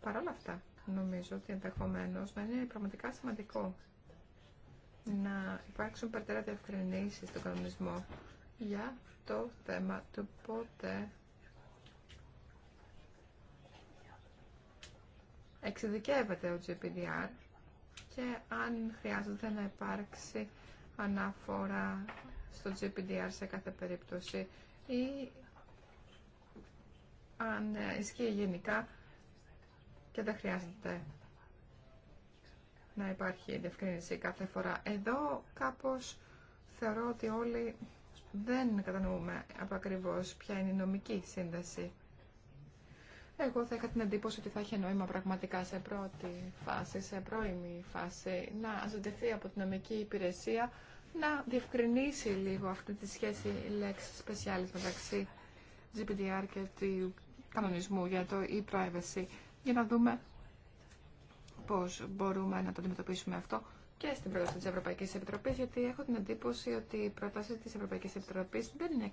Παρ' όλα αυτά, νομίζω ότι ενδεχομένω να είναι πραγματικά σημαντικό να υπάρξουν περαιτέρω διευκρινήσεις στον κανονισμό για το θέμα του πότε εξειδικεύεται ο GPDR και αν χρειάζεται να υπάρξει αναφορά στο GPDR σε κάθε περίπτωση ή αν ισχύει γενικά και δεν χρειάζεται να υπάρχει διευκρίνηση κάθε φορά. Εδώ κάπως θεωρώ ότι όλοι δεν κατανοούμε από ακριβώς ποια είναι η νομική σύνδεση εγώ θα είχα την εντύπωση ότι θα έχει νόημα πραγματικά σε πρώτη φάση, σε πρώιμη φάση, να ζητηθεί από την νομική υπηρεσία να διευκρινίσει λίγο αυτή τη σχέση λέξη σπεσιάλης μεταξύ GPDR και του κανονισμού για το e-privacy, για να δούμε πώς μπορούμε να το αντιμετωπίσουμε αυτό και στην πρόταση της Ευρωπαϊκής Επιτροπής, γιατί έχω την εντύπωση ότι η πρόταση της Ευρωπαϊκής Επιτροπής δεν είναι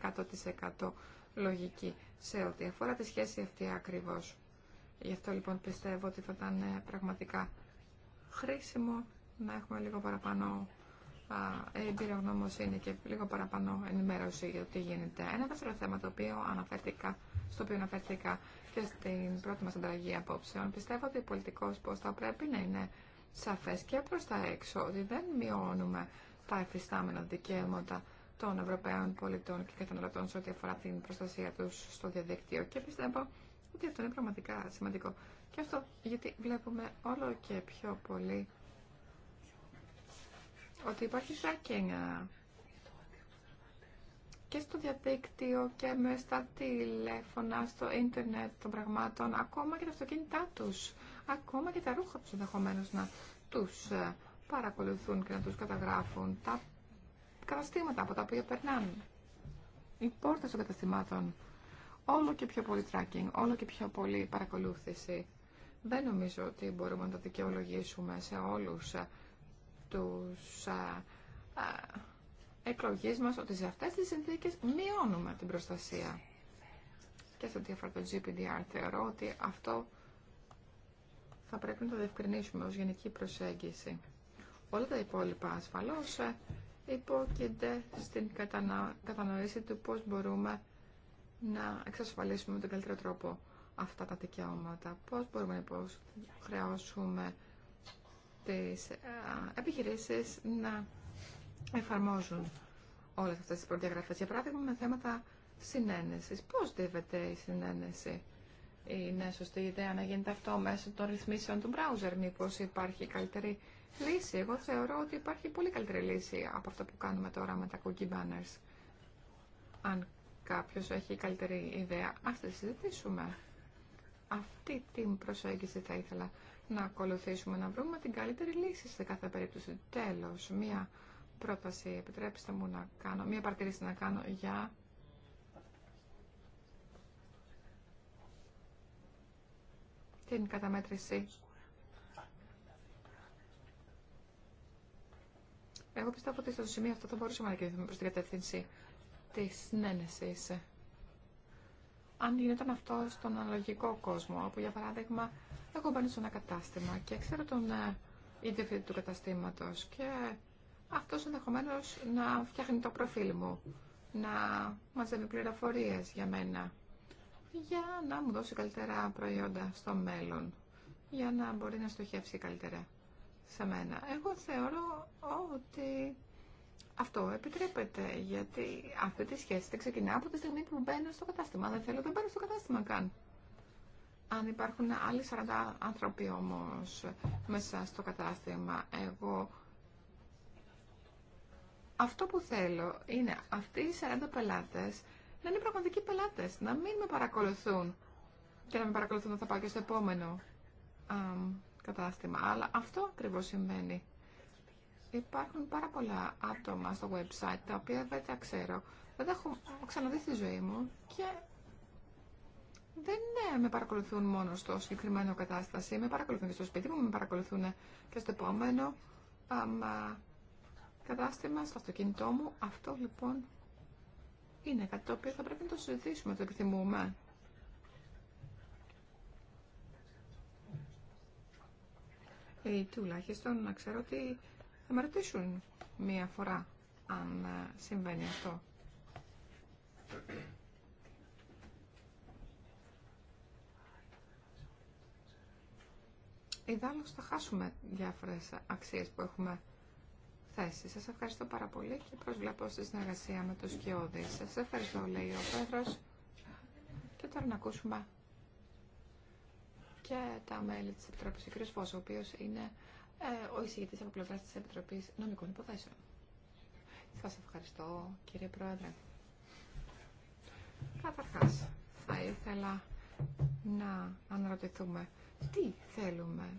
100% λογική σε ό,τι αφορά τη σχέση αυτή ακριβώς. Γι' αυτό λοιπόν πιστεύω ότι θα ήταν ε, πραγματικά χρήσιμο να έχουμε λίγο παραπάνω γνωμοσύνη και λίγο παραπάνω ενημέρωση για το τι γίνεται. Ένα δεύτερο θέμα το οποίο αναφέρθηκα, στο οποίο αναφέρθηκα και στην πρώτη μας ανταλλαγή απόψεων. Πιστεύω ότι ο πολιτικός πώς θα πρέπει να είναι σαφές και προς τα έξω, ότι δεν μειώνουμε τα εφιστάμενα δικαίωματα των Ευρωπαίων πολιτών και καταναλωτών σε ό,τι αφορά την προστασία του στο διαδίκτυο. Και πιστεύω ότι αυτό είναι πραγματικά σημαντικό. Και αυτό γιατί βλέπουμε όλο και πιο πολύ ότι υπάρχει tracking και στο διαδίκτυο και με στα τηλέφωνα, στο ίντερνετ των πραγμάτων, ακόμα και τα αυτοκίνητά τους, ακόμα και τα ρούχα τους ενδεχομένω να τους ε, παρακολουθούν και να τους καταγράφουν, τα καταστήματα από τα οποία περνάνε. Οι πόρτε των καταστημάτων. Όλο και πιο πολύ tracking, όλο και πιο πολύ παρακολούθηση. Δεν νομίζω ότι μπορούμε να το δικαιολογήσουμε σε όλους ε, τους α, ε, ε, μα ότι σε αυτές τις συνθήκες μειώνουμε την προστασία. Και σε διάφορα αφορά το GPDR θεωρώ ότι αυτό θα πρέπει να το διευκρινίσουμε ως γενική προσέγγιση. Όλα τα υπόλοιπα ασφαλώς υπόκεινται στην κατανα... κατανοήση του πώς μπορούμε να εξασφαλίσουμε με τον καλύτερο τρόπο αυτά τα δικαιώματα, πώς μπορούμε να χρεώσουμε τις ε, επιχειρήσεις να εφαρμόζουν όλες αυτές τις προδιαγραφές. Για παράδειγμα, με θέματα συνένεσης. Πώς δίβεται η συνένεση. Είναι σωστή ιδέα να γίνεται αυτό μέσω των ρυθμίσεων του browser. Μήπως υπάρχει καλύτερη λύση. Εγώ θεωρώ ότι υπάρχει πολύ καλύτερη λύση από αυτό που κάνουμε τώρα με τα cookie banners. Αν κάποιος έχει καλύτερη ιδέα, ας τη συζητήσουμε. Αυτή την προσέγγιση θα ήθελα να ακολουθήσουμε, να βρούμε την καλύτερη λύση σε κάθε περίπτωση. Τέλος, μία πρόταση, επιτρέψτε μου να κάνω, μία παρατηρήση να κάνω για την καταμέτρηση Εγώ πιστεύω ότι στο σημείο αυτό θα μπορούσαμε να κινηθούμε προ την κατεύθυνση τη συνένεση. Αν γινόταν αυτό στον αναλογικό κόσμο, όπου για παράδειγμα εγώ μπαίνω σε ένα κατάστημα και ξέρω τον ε, ιδιοκτήτη του καταστήματο. και αυτό ενδεχομένω να φτιάχνει το προφίλ μου, να μαζεύει πληροφορίε για μένα, για να μου δώσει καλύτερα προϊόντα στο μέλλον, για να μπορεί να στοχεύσει καλύτερα σε μένα. Εγώ θεωρώ ότι αυτό επιτρέπεται, γιατί αυτή τη σχέση δεν ξεκινά από τη στιγμή που μπαίνω στο κατάστημα. δεν θέλω, να μπαίνω στο κατάστημα καν. Αν υπάρχουν άλλοι 40 άνθρωποι όμως μέσα στο κατάστημα, εγώ αυτό που θέλω είναι αυτοί οι 40 πελάτες να είναι πραγματικοί πελάτες, να μην με παρακολουθούν και να με παρακολουθούν να θα πάω και στο επόμενο κατάστημα. Αλλά αυτό ακριβώ συμβαίνει. Υπάρχουν πάρα πολλά άτομα στο website τα οποία δεν τα ξέρω. Δεν τα έχω ξαναδεί στη ζωή μου και δεν ναι, με παρακολουθούν μόνο στο συγκεκριμένο κατάσταση. Με παρακολουθούν και στο σπίτι μου, με παρακολουθούν και στο επόμενο κατάστημα, στο αυτοκίνητό μου. Αυτό λοιπόν είναι κάτι το οποίο θα πρέπει να το συζητήσουμε, το επιθυμούμε. ή ε, τουλάχιστον να ξέρω ότι θα με ρωτήσουν μία φορά αν ε, συμβαίνει αυτό. Ιδάλλως θα χάσουμε διάφορες αξίες που έχουμε θέσει. Σας ευχαριστώ πάρα πολύ και προσβλέπω στη συνεργασία με τους Κιώδης. Σας ευχαριστώ, λέει ο Πέτρος. Και τώρα να ακούσουμε και τα μέλη τη Επιτροπή ο κ. ο οποίο είναι ε, ο εισηγητή από πλευρά τη Επιτροπή Νομικών Υποθέσεων. σα ευχαριστώ, κύριε Πρόεδρε. Καταρχά, θα ήθελα να αναρωτηθούμε τι θέλουμε.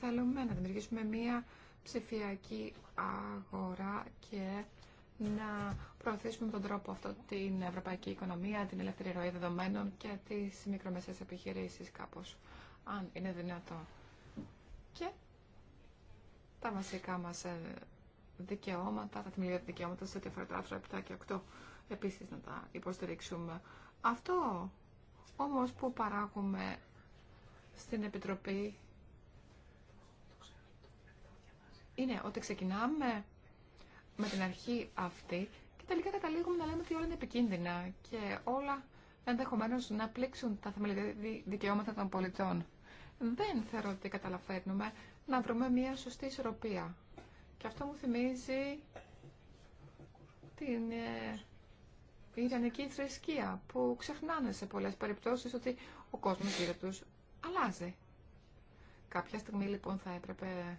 Θέλουμε να δημιουργήσουμε μία ψηφιακή αγορά και να προωθήσουμε τον τρόπο αυτό την ευρωπαϊκή οικονομία, την ελεύθερη ροή δεδομένων και τις μικρομεσαίες επιχειρήσεις κάπως, αν είναι δυνατό. Και τα βασικά μα ε, δικαιώματα, τα θεμελιώδη δικαιώματα σε ό,τι αφορά τα άρθρα 7 και 8, επίσης να τα υποστηρίξουμε. Αυτό όμως που παράγουμε στην Επιτροπή είναι ότι ξεκινάμε με την αρχή αυτή και τελικά καταλήγουμε να λέμε ότι όλα είναι επικίνδυνα και όλα ενδεχομένω να πλήξουν τα θεμελιώδη δικαιώματα των πολιτών. Δεν θεωρώ ότι καταλαβαίνουμε να βρούμε μια σωστή ισορροπία. Και αυτό μου θυμίζει την ε, ιρανική θρησκεία που ξεχνάνε σε πολλές περιπτώσεις ότι ο κόσμος γύρω τους αλλάζει. Κάποια στιγμή λοιπόν θα έπρεπε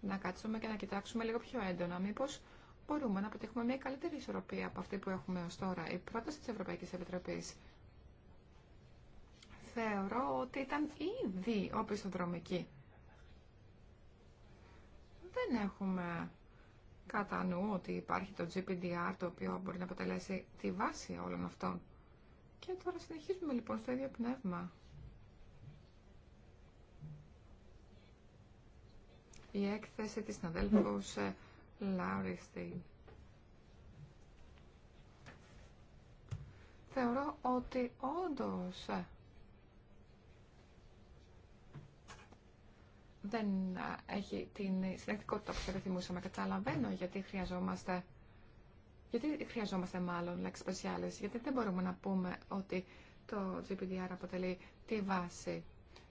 να κάτσουμε και να κοιτάξουμε λίγο πιο έντονα μήπως μπορούμε να πετύχουμε μια καλύτερη ισορροπία από αυτή που έχουμε ως τώρα. Η πρόταση της Ευρωπαϊκής Επιτροπής θεωρώ ότι ήταν ήδη οπισθοδρομική. Δεν έχουμε κατά νου ότι υπάρχει το GPDR το οποίο μπορεί να αποτελέσει τη βάση όλων αυτών. Και τώρα συνεχίζουμε λοιπόν στο ίδιο πνεύμα. Η έκθεση της συναδέλφου. Λάουριστιν. Θεωρώ ότι όντως ε, δεν ε, έχει την συνεκτικότητα που θα επιθυμούσαμε. Καταλαβαίνω γιατί χρειαζόμαστε γιατί χρειαζόμαστε μάλλον λέξεις σπεσιάλες, γιατί δεν μπορούμε να πούμε ότι το GPDR αποτελεί τη βάση.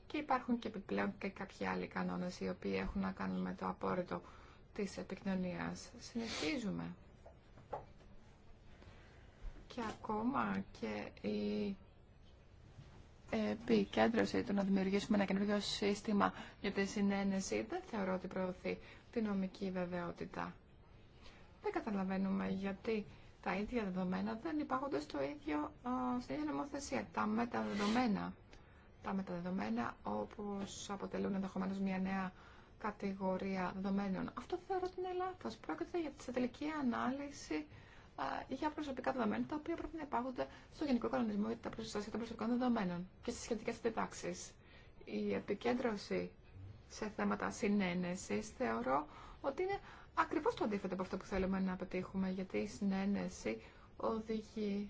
Και υπάρχουν και επιπλέον και κάποιοι άλλοι κανόνες οι οποίοι έχουν να κάνουν με το απόρριτο της επικοινωνίας. Συνεχίζουμε. Και ακόμα και η επικέντρωση του να δημιουργήσουμε ένα καινούργιο σύστημα για τη συνένεση δεν θεωρώ ότι προωθεί τη νομική βεβαιότητα. Δεν καταλαβαίνουμε γιατί τα ίδια δεδομένα δεν υπάρχουν στο ίδιο, στην ίδια νομοθεσία. Τα μεταδεδομένα, τα μεταδεδομένα όπως αποτελούν ενδεχομένω μια νέα κατηγορία δεδομένων. Αυτό θεωρώ ότι είναι λάθος. Πρόκειται για τη τελική ανάλυση για προσωπικά δεδομένα, τα οποία πρέπει να υπάγονται στο Γενικό Κανονισμό για τα προστασία των προσωπικών δεδομένων και στι σχετικέ αντιτάξει. Η επικέντρωση σε θέματα συνένεση θεωρώ ότι είναι ακριβώ το αντίθετο από αυτό που θέλουμε να πετύχουμε, γιατί η συνένεση οδηγεί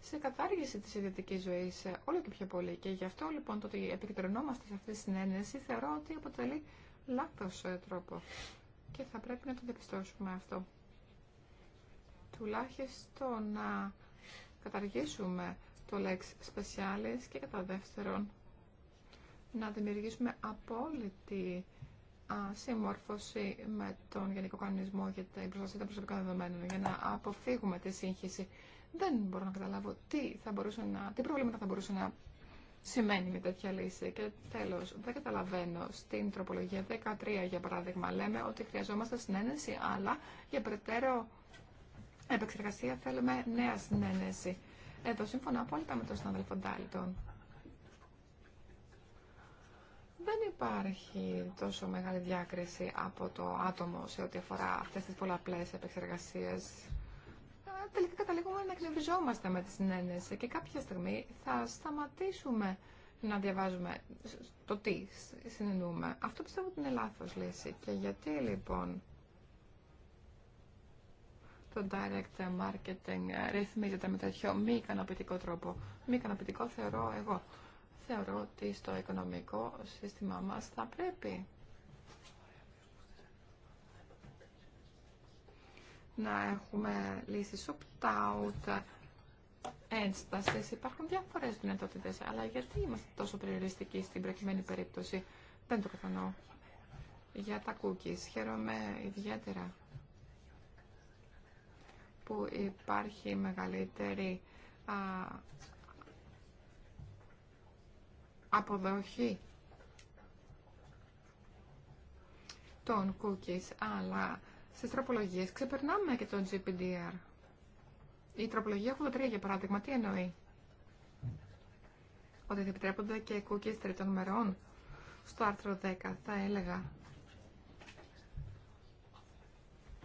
σε κατάργηση της ιδιωτικής ζωής όλο και πιο πολύ. Και γι' αυτό λοιπόν το ότι επικεντρωνόμαστε σε αυτή τη συνένεση θεωρώ ότι αποτελεί λάθος ε, τρόπο και θα πρέπει να το διαπιστώσουμε αυτό. Τουλάχιστον να καταργήσουμε το λέξη specialis και κατά δεύτερον να δημιουργήσουμε απόλυτη α, συμμόρφωση με τον Γενικό Κανονισμό για την προστασία των προσωπικών δεδομένων για να αποφύγουμε τη σύγχυση. Δεν μπορώ να καταλάβω τι, θα μπορούσε να, τι προβλήματα θα μπορούσε να σημαίνει μια τέτοια λύση. Και τέλο, δεν καταλαβαίνω. Στην τροπολογία 13, για παράδειγμα, λέμε ότι χρειαζόμαστε συνένεση, αλλά για περαιτέρω επεξεργασία θέλουμε νέα συνένεση. Εδώ σύμφωνα απόλυτα με τον συνάδελφο Ντάλτον. Δεν υπάρχει τόσο μεγάλη διάκριση από το άτομο σε ό,τι αφορά αυτές τις πολλαπλές επεξεργασίες τελικά καταλήγουμε να εκνευριζόμαστε με τη συνένεση και κάποια στιγμή θα σταματήσουμε να διαβάζουμε το τι συνενούμε. Αυτό πιστεύω ότι είναι λάθος λύση. Και γιατί λοιπόν το direct marketing ρυθμίζεται με τέτοιο μη ικανοποιητικό τρόπο. Μη ικανοποιητικό θεωρώ εγώ. Θεωρώ ότι στο οικονομικό σύστημά μας θα πρέπει να έχουμε λύσεις opt-out, ένστασης. Υπάρχουν διάφορες δυνατότητες, αλλά γιατί είμαστε τόσο περιοριστικοί στην προκειμένη περίπτωση. Δεν το κατανοώ. Για τα cookies. Χαίρομαι ιδιαίτερα που υπάρχει μεγαλύτερη αποδοχή των cookies, αλλά στις τροπολογίες ξεπερνάμε και τον GPDR. Η τροπολογία 83 για παράδειγμα, τι εννοεί. Ότι θα επιτρέπονται και cookies τρίτων μερών. Στο άρθρο 10 θα έλεγα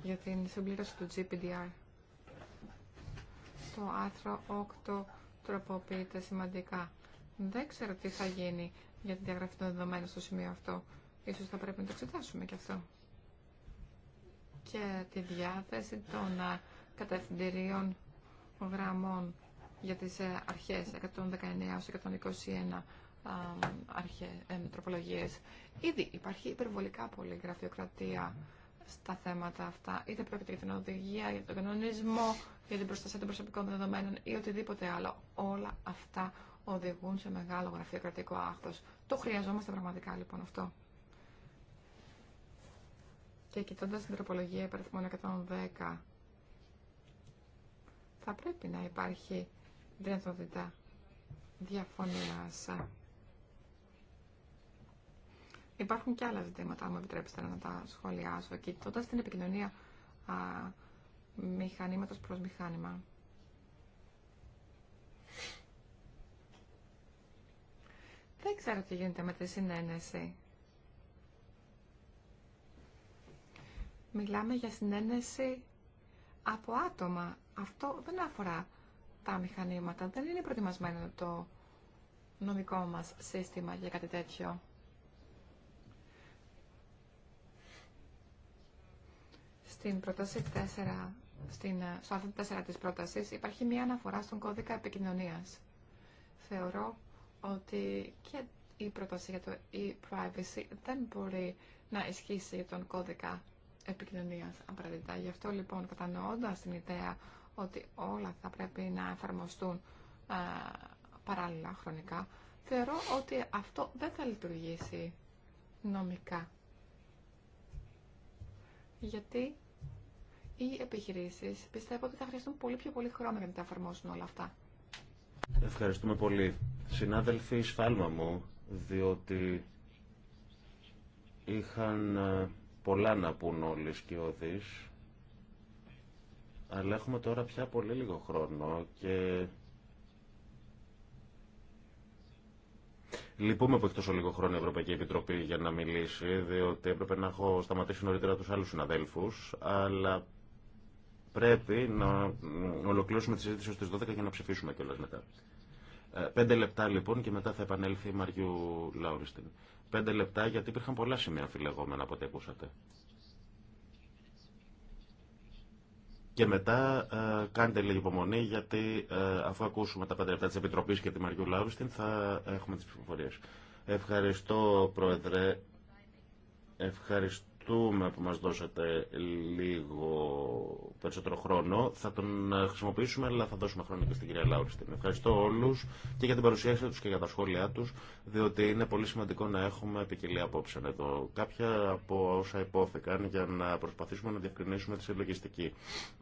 για την συμπλήρωση του GPDR. Το άρθρο 8 τροποποιείται σημαντικά. Δεν ξέρω τι θα γίνει για τη διαγραφή των δεδομένων στο σημείο αυτό. Ίσως θα πρέπει να το εξετάσουμε και αυτό και τη διάθεση των ε, κατευθυντηρίων γραμμών για τις ε, αρχές 119-121 τροπολογίε. Ε, τροπολογίες. Ήδη υπάρχει υπερβολικά πολύ γραφειοκρατία στα θέματα αυτά, είτε πρόκειται για την οδηγία, για τον κανονισμό, για την προστασία των προσωπικών δεδομένων ή οτιδήποτε άλλο. Όλα αυτά οδηγούν σε μεγάλο γραφειοκρατικό άχθος. Το χρειαζόμαστε πραγματικά λοιπόν αυτό και κοιτώντας την τροπολογία υπαριθμών 110 θα πρέπει να υπάρχει δυνατότητα διαφωνιά. Υπάρχουν και άλλα ζητήματα, αν μου επιτρέψετε να τα σχολιάσω. Κοιτώντα την επικοινωνία α, μηχανήματος προς μηχάνημα. Δεν ξέρω τι γίνεται με τη συνένεση. μιλάμε για συνένεση από άτομα. Αυτό δεν αφορά τα μηχανήματα. Δεν είναι προετοιμασμένο το νομικό μας σύστημα για κάτι τέτοιο. Στην πρόταση 4, στην, στο άρθρο 4 της πρότασης υπάρχει μια αναφορά στον κώδικα επικοινωνίας. Θεωρώ ότι και η πρόταση για το e-privacy δεν μπορεί να ισχύσει τον κώδικα Επικοινωνία απαραίτητα. Γι' αυτό λοιπόν κατανοώντας την ιδέα ότι όλα θα πρέπει να εφαρμοστούν ε, παράλληλα χρονικά, θεωρώ ότι αυτό δεν θα λειτουργήσει νομικά. Γιατί οι επιχειρήσει πιστεύω ότι θα χρειαστούν πολύ πιο πολύ χρόνο για να τα εφαρμόσουν όλα αυτά. Ευχαριστούμε πολύ. Συνάδελφοι, σφάλμα μου, διότι είχαν ε, πολλά να πούν όλοι οι σκιώδεις, αλλά έχουμε τώρα πια πολύ λίγο χρόνο και Λυπούμε που έχει τόσο λίγο χρόνο η Ευρωπαϊκή Επιτροπή για να μιλήσει, διότι έπρεπε να έχω σταματήσει νωρίτερα τους άλλους συναδέλφους, αλλά πρέπει να ολοκληρώσουμε τη συζήτηση στις 12 για να ψηφίσουμε κιόλας μετά. Ε, πέντε λεπτά λοιπόν και μετά θα επανέλθει η Μαριού Λάουριστιν. Πέντε λεπτά γιατί υπήρχαν πολλά σημεία φιλεγόμενα από ό,τι ακούσατε. Και μετά ε, κάντε λίγη υπομονή γιατί ε, αφού ακούσουμε τα πέντε λεπτά της Επιτροπής και τη Μαριού Λάουριστιν, θα έχουμε τις ψηφοφορίες. Ευχαριστώ Πρόεδρε. Ευχαριστώ ευχαριστούμε που μας δώσατε λίγο περισσότερο χρόνο. Θα τον ε, χρησιμοποιήσουμε, αλλά θα δώσουμε χρόνο και στην κυρία Λάουριστην. Ευχαριστώ όλους και για την παρουσίασή τους και για τα σχόλιά τους, διότι είναι πολύ σημαντικό να έχουμε ποικιλία απόψε εδώ. Κάποια από όσα υπόθηκαν για να προσπαθήσουμε να διευκρινίσουμε τη συλλογιστική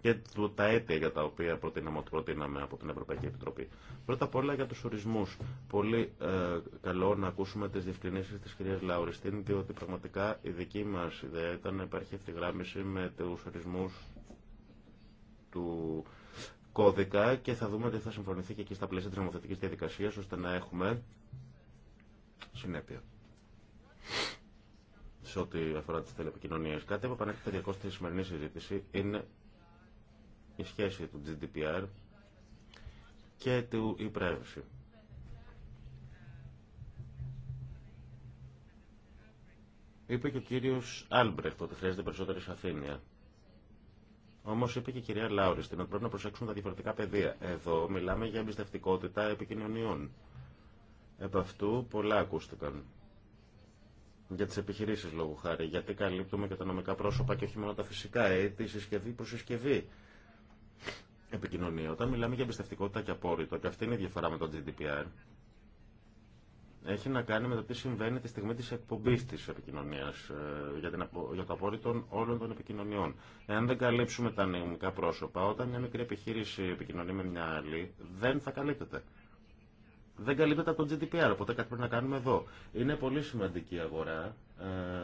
και τα αίτια για τα οποία προτείναμε ότι προτείναμε από την Ευρωπαϊκή Επιτροπή. Πρώτα απ' όλα για τους ορισμούς. Πολύ ε, καλό να ακούσουμε τις διευκρινήσεις της κυρίας Λάουριστην, διότι πραγματικά η δική μας ήταν να υπάρχει ευθυγράμμιση με τους ορισμούς του κώδικα και θα δούμε ότι θα συμφωνηθεί και εκεί στα πλαίσια της νομοθετικής διαδικασίας ώστε να έχουμε συνέπεια σε ό,τι αφορά τις τηλεπικοινωνίες. Κάτι που επανέρχεται διαρκώς στη σημερινή συζήτηση είναι η σχέση του GDPR και του e Είπε και ο κύριος Άλμπρεχτ ότι χρειάζεται περισσότερη σαφήνεια. Όμω είπε και η κυρία Λάουριστην ότι πρέπει να προσέξουν τα διαφορετικά πεδία. Εδώ μιλάμε για εμπιστευτικότητα επικοινωνιών. Επ' αυτού πολλά ακούστηκαν. Για τι επιχειρήσει λόγου χάρη. Γιατί καλύπτουμε και τα νομικά πρόσωπα και όχι μόνο τα φυσικά. Έτη, συσκευή προ συσκευή. Επικοινωνία. Όταν μιλάμε για εμπιστευτικότητα και απόρριτο, και αυτή είναι η διαφορά με το GDPR, έχει να κάνει με το τι συμβαίνει τη στιγμή τη εκπομπή τη επικοινωνία ε, για, για το απόρριτο όλων των επικοινωνιών. Εάν δεν καλύψουμε τα νομικά πρόσωπα, όταν μια μικρή επιχείρηση επικοινωνεί με μια άλλη, δεν θα καλύπτεται. Δεν καλύπτεται από το GDPR, οπότε κάτι πρέπει να κάνουμε εδώ. Είναι πολύ σημαντική η αγορά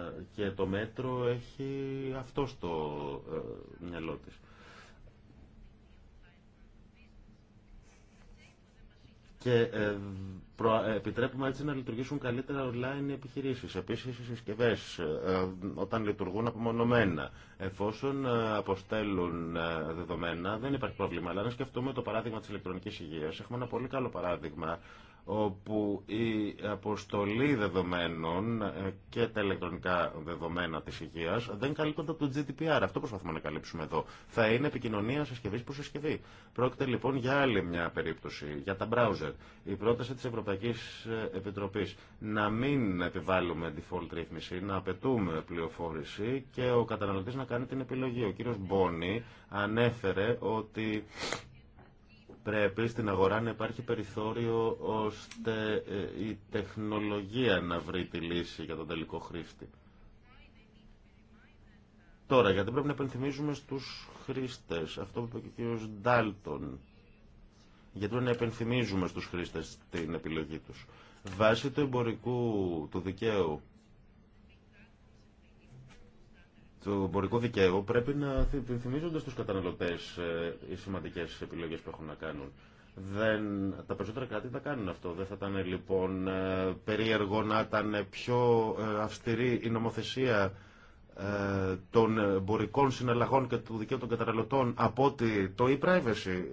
ε, και το μέτρο έχει αυτό στο ε, μυαλό τη. Και ε, επιτρέπουμε έτσι να λειτουργήσουν καλύτερα online οι επιχειρήσει. Επίση, οι συσκευέ ε, ε, όταν λειτουργούν απομονωμένα, εφόσον αποστέλουν δεδομένα, δεν υπάρχει πρόβλημα. Αλλά να σκεφτούμε το παράδειγμα τη ηλεκτρονική υγεία, έχουμε ένα πολύ καλό παράδειγμα όπου η αποστολή δεδομένων και τα ηλεκτρονικά δεδομένα της υγείας δεν καλύπτονται από το GDPR. Αυτό προσπαθούμε να καλύψουμε εδώ. Θα είναι επικοινωνία συσκευή προς συσκευή. Πρόκειται λοιπόν για άλλη μια περίπτωση, για τα browser. Η πρόταση της Ευρωπαϊκής Επιτροπής να μην επιβάλλουμε default ρύθμιση, να απαιτούμε πληροφόρηση και ο καταναλωτής να κάνει την επιλογή. Ο κύριος Μπόνι ανέφερε ότι Πρέπει στην αγορά να υπάρχει περιθώριο ώστε ε, η τεχνολογία να βρει τη λύση για τον τελικό χρήστη. Τώρα, γιατί πρέπει να επενθυμίζουμε στους χρήστες, αυτό που είπε και ο κ. Ντάλτον, γιατί πρέπει να επενθυμίζουμε στους χρήστες την επιλογή τους. Βάσει του εμπορικού, του δικαίου του εμπορικού δικαίου πρέπει να θυμίζονται στους καταναλωτές ε, οι σημαντικές επιλογές που έχουν να κάνουν. Δεν, τα περισσότερα κράτη θα κάνουν αυτό. Δεν θα ήταν λοιπόν ε, περίεργο να ήταν πιο ε, αυστηρή η νομοθεσία των εμπορικών συναλλαγών και του δικαίου των καταναλωτών από ότι το e-privacy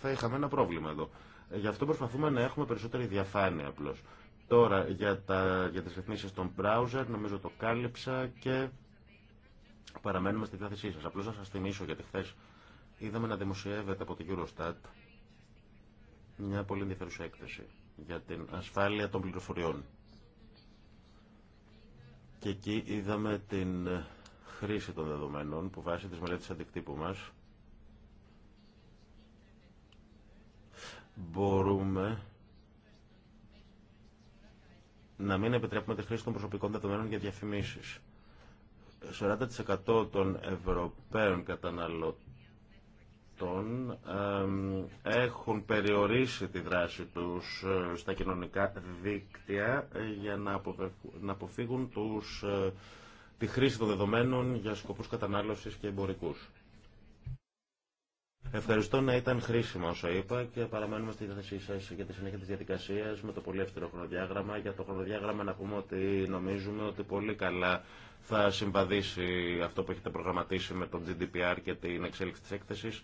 θα είχαμε ένα πρόβλημα εδώ. Γι' αυτό προσπαθούμε να έχουμε περισσότερη διαφάνεια απλώς. Τώρα για, τα, για τις ρυθμίσεις των browser νομίζω το κάλυψα και Παραμένουμε στη διάθεσή σας. Απλώς να σας θυμίσω γιατί χθε είδαμε να δημοσιεύεται από τη Eurostat μια πολύ ενδιαφέρουσα έκθεση για την ασφάλεια των πληροφοριών. Και εκεί είδαμε την χρήση των δεδομένων που βάσει της μελέτης αντικτύπου μας μπορούμε να μην επιτρέπουμε τη χρήση των προσωπικών δεδομένων για διαφημίσεις. 40% των Ευρωπαίων καταναλωτών έχουν περιορίσει τη δράση τους ε, στα κοινωνικά δίκτυα ε, για να αποφύγουν τους, ε, τη χρήση των δεδομένων για σκοπούς κατανάλωσης και εμπορικούς. Ευχαριστώ να ήταν χρήσιμο όσο είπα και παραμένουμε στη διάθεσή σα για τη συνέχεια τη διαδικασία με το πολύ αυστηρό χρονοδιάγραμμα. Για το χρονοδιάγραμμα να πούμε ότι νομίζουμε ότι πολύ καλά θα συμβαδίσει αυτό που έχετε προγραμματίσει με τον GDPR και την εξέλιξη της έκθεσης.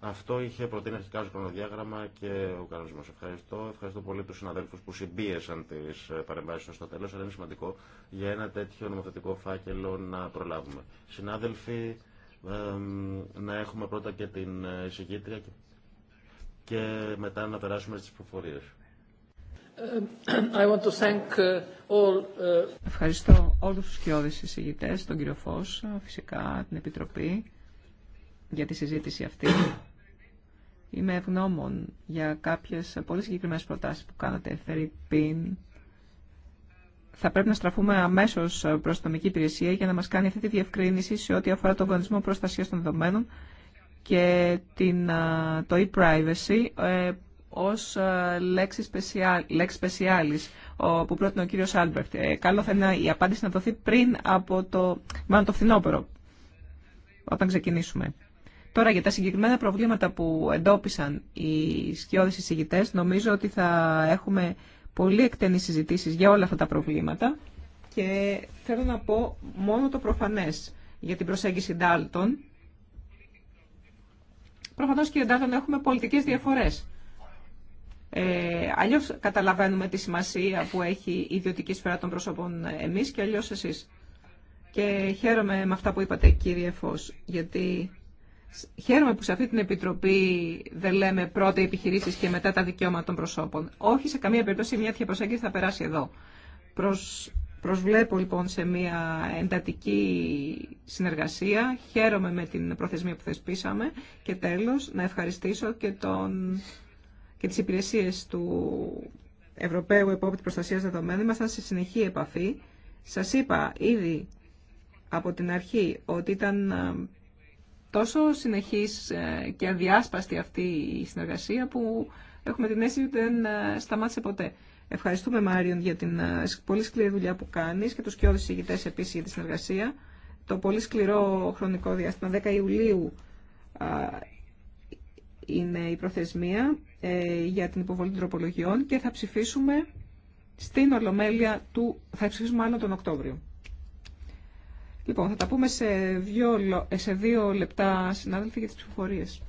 Αυτό είχε προτείνει αρχικά στο χρονοδιάγραμμα και ο κανονισμό. Ευχαριστώ. Ευχαριστώ πολύ του συναδέλφου που συμπίεσαν τι ε, παρεμβάσει στο τέλο, αλλά είναι σημαντικό για ένα τέτοιο νομοθετικό φάκελο να προλάβουμε. Συνάδελφοι, να έχουμε πρώτα και την ε, συγκίτρια και μετά να περάσουμε στις προφορίες. Um, uh, uh, Ευχαριστώ όλους τους κοιόδης εισηγητές, τον κύριο Φως, φυσικά την Επιτροπή για τη συζήτηση αυτή. Είμαι ευγνώμων για κάποιες πολύ συγκεκριμένες προτάσεις που κάνατε. Φερρυπίν, θα πρέπει να στραφούμε αμέσως προς το νομική υπηρεσία για να μας κάνει αυτή τη διευκρίνηση σε ό,τι αφορά τον κανονισμό προστασίας των δεδομένων και την, το e-privacy ε, ως ε, λέξη specialis που πρότεινε ο κύριος Άλμπερτ. Ε, καλό θα είναι η απάντηση να δοθεί πριν από το, μάλλον το φθινόπωρο, όταν ξεκινήσουμε. Τώρα για τα συγκεκριμένα προβλήματα που εντόπισαν οι σκιώδεις εισηγητές, νομίζω ότι θα έχουμε πολύ εκτενείς συζητήσεις για όλα αυτά τα προβλήματα και θέλω να πω μόνο το προφανές για την προσέγγιση Ντάλτον. Προφανώς κύριε Ντάλτον έχουμε πολιτικές διαφορές ε, αλλιώς καταλαβαίνουμε τη σημασία που έχει η ιδιωτική σφαίρα των προσώπων εμείς και αλλιώς εσείς. Και χαίρομαι με αυτά που είπατε κύριε Φως, γιατί χαίρομαι που σε αυτή την Επιτροπή δεν λέμε πρώτα οι επιχειρήσεις και μετά τα δικαιώματα των προσώπων. Όχι σε καμία περίπτωση μια τέτοια προσέγγιση θα περάσει εδώ. Προς, προσβλέπω λοιπόν σε μια εντατική συνεργασία. Χαίρομαι με την προθεσμία που θεσπίσαμε και τέλος να ευχαριστήσω και τον και τις υπηρεσίες του Ευρωπαίου Επόπτη Προστασίας Δεδομένων ήμασταν σε συνεχή επαφή. Σας είπα ήδη από την αρχή ότι ήταν ε, τόσο συνεχής ε, και αδιάσπαστη αυτή η συνεργασία που έχουμε την αίσθηση ότι δεν ε, σταμάτησε ποτέ. Ευχαριστούμε Μάριον για την πολύ σκληρή δουλειά που κάνεις και τους κοιόδους ηγητές επίσης για τη συνεργασία. Το πολύ σκληρό χρονικό διάστημα 10 Ιουλίου είναι η προθεσμία ε, για την υποβολή των τροπολογιών και θα ψηφίσουμε στην Ολομέλεια του, θα ψηφίσουμε μάλλον τον Οκτώβριο. Λοιπόν, θα τα πούμε σε δύο, σε δύο λεπτά, συνάδελφοι, για τις ψηφοφορίες.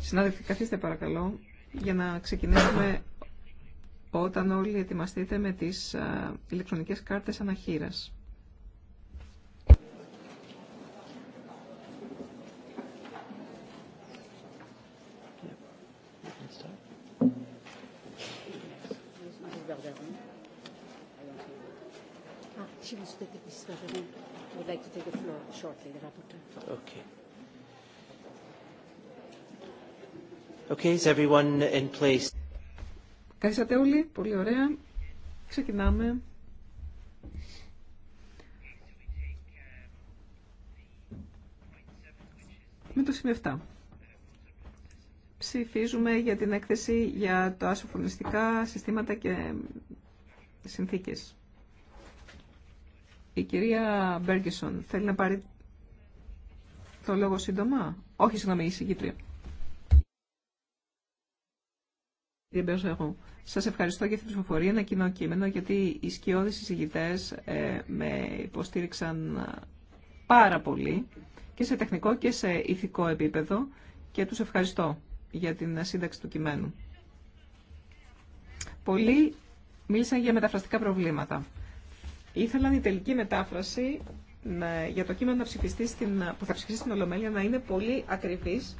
Συνάδελφοι, καθίστε παρακαλώ για να ξεκινήσουμε όταν όλοι ετοιμαστείτε με τις ε, ηλεκτρονικές κάρτες αναχείρας. Okay, everyone in place? Καθίσατε όλοι, πολύ ωραία. Ξεκινάμε. Με το σημείο 7. Ψηφίζουμε για την έκθεση για τα ασοφωνιστικά συστήματα και συνθήκες. Η κυρία Μπέργκισον θέλει να πάρει το λόγο σύντομα. Όχι, συγγνώμη, η συγκήτρια. Σας ευχαριστώ για την ψηφοφορία. Ένα κοινό κείμενο γιατί οι σκιώδεις συζητητέ ε, με υποστήριξαν πάρα πολύ και σε τεχνικό και σε ηθικό επίπεδο και τους ευχαριστώ για την σύνταξη του κειμένου. Πολλοί μίλησαν για μεταφραστικά προβλήματα. Ήθελαν η τελική μετάφραση για το κείμενο να στην, που θα ψηφιστεί στην Ολομέλεια να είναι πολύ ακριβής,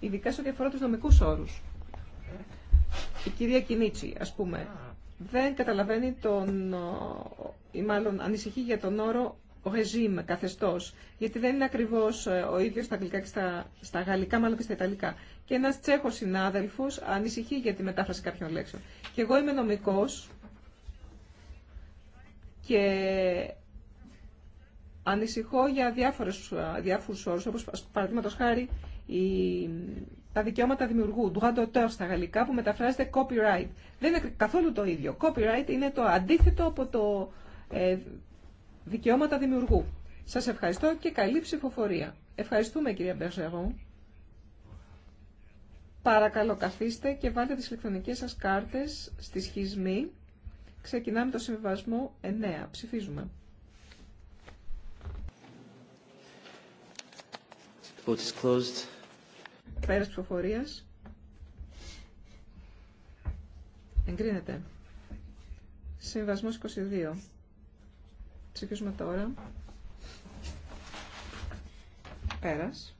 ειδικά σε ό,τι αφορά τους νομικούς όρους η κυρία Κινίτσι, ας πούμε, δεν καταλαβαίνει τον, ή μάλλον ανησυχεί για τον όρο regime, καθεστώς, γιατί δεν είναι ακριβώς ε, ο ίδιος στα αγγλικά και στα, στα γαλλικά, μάλλον και στα ιταλικά. Και ένας τσέχος συνάδελφος ανησυχεί για τη μετάφραση κάποιων λέξεων. Και εγώ είμαι νομικός και ανησυχώ για διάφορους, ε, διάφορους όρους, όπως παραδείγματος χάρη η τα δικαιώματα δημιουργού, droit d'auteur στα γαλλικά, που μεταφράζεται copyright. Δεν είναι καθόλου το ίδιο. Copyright είναι το αντίθετο από το ε, δικαιώματα δημιουργού. Σας ευχαριστώ και καλή ψηφοφορία. Ευχαριστούμε κυρία Μπερζερόν. Παρακαλώ καθίστε και βάλτε τις ηλεκτρονικές σας κάρτες στη σχισμή. Ξεκινάμε το συμβιβασμό 9. Ψηφίζουμε. closed. Πέρας ψηφοφορίας. Εγκρίνεται. Συμβασμός 22. Ψηφίζουμε τώρα. Πέρας.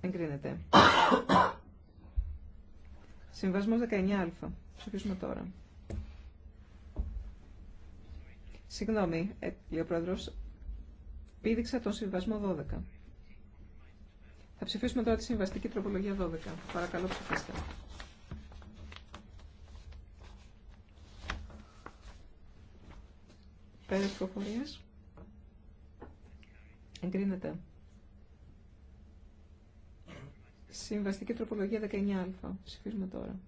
Εγκρίνεται. Συμβασμός 19α. Ψηφίζουμε τώρα. Συγγνώμη, ε, λέει ο επίδειξα τον συμβασμό 12. Θα ψηφίσουμε τώρα τη συμβαστική τροπολογία 12. Παρακαλώ ψηφίστε. Πέρα προφορίας. Εγκρίνεται. Συμβαστική τροπολογία 19α. Ψηφίζουμε τώρα.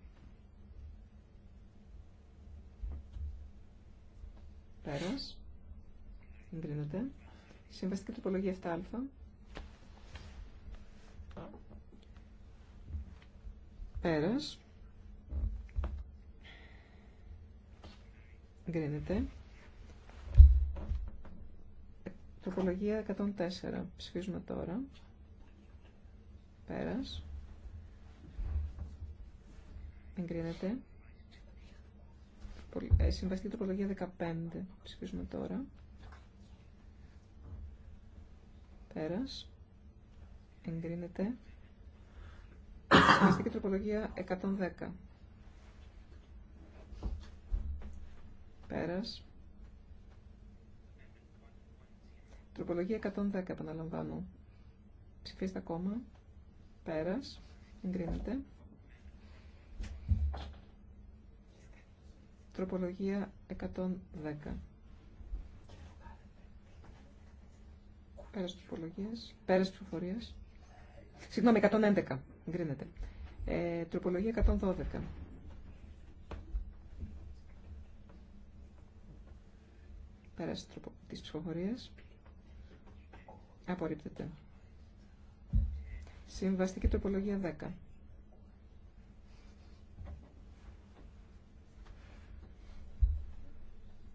Πέρας. Εγκρίνεται. Συμβαστική τροπολογία 7α. Πέρας. Εγκρίνεται. Τροπολογία 104. Ψηφίζουμε τώρα. Πέρας. Εγκρίνεται. Ε, συμβαστική τροπολογία 15. Ψηφίζουμε τώρα. Πέρας. Εγκρίνεται. και τροπολογία 110. Πέρας. Τροπολογία 110, επαναλαμβάνω. Ψηφίστε ακόμα. Πέρας. Εγκρίνεται. Τροπολογία 110. Πέρας πέρα Πέρας ψηφοφορίας. Συγγνώμη, 111. Εγκρίνεται. Ε, τροπολογία 112. Πέρας της ψηφοφορίας. Απορρίπτεται. Συμβαστική τροπολογία 10.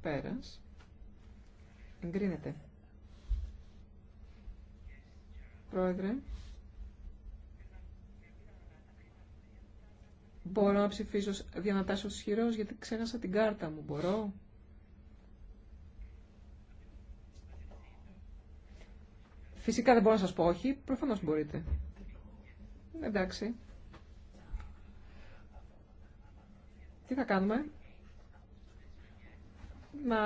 Πέρας. Εγκρίνεται. Πρόεδρε. Μπορώ να ψηφίσω διανατάσσεως χειρός γιατί ξέχασα την κάρτα μου. Μπορώ. Φυσικά δεν μπορώ να σας πω όχι. Προφανώς μπορείτε. Εντάξει. Τι θα κάνουμε. Να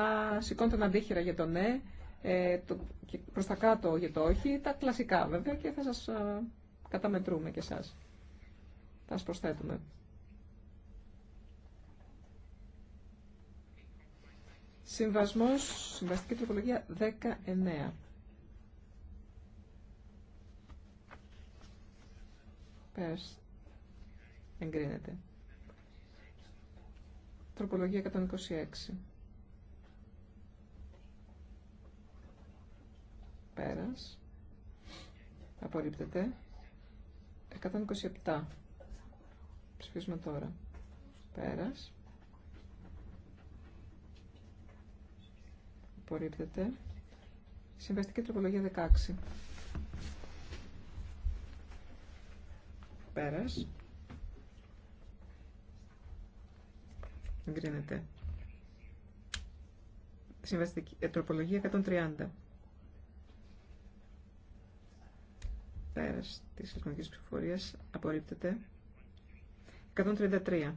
σηκώνετε αντίχειρα για το ναι ε, το, προς τα κάτω για το όχι, τα κλασικά βέβαια και θα σας ε, καταμετρούμε και εσάς. Θα σας προσθέτουμε. Συμβασμός, συμβαστική τροπολογία 19. Πες, Εγκρίνεται. Τροπολογία 126. Πέρας. Απορρίπτεται. 127. Ψηφίζουμε τώρα. Πέρας. Απορρίπτεται. Συμβαστική τροπολογία 16. Πέρας. Εγκρίνεται. Συμβαστική ε, τροπολογία 130. Πέρας της ηλεκτρονικής ψηφοφορίας απορρίπτεται. 133.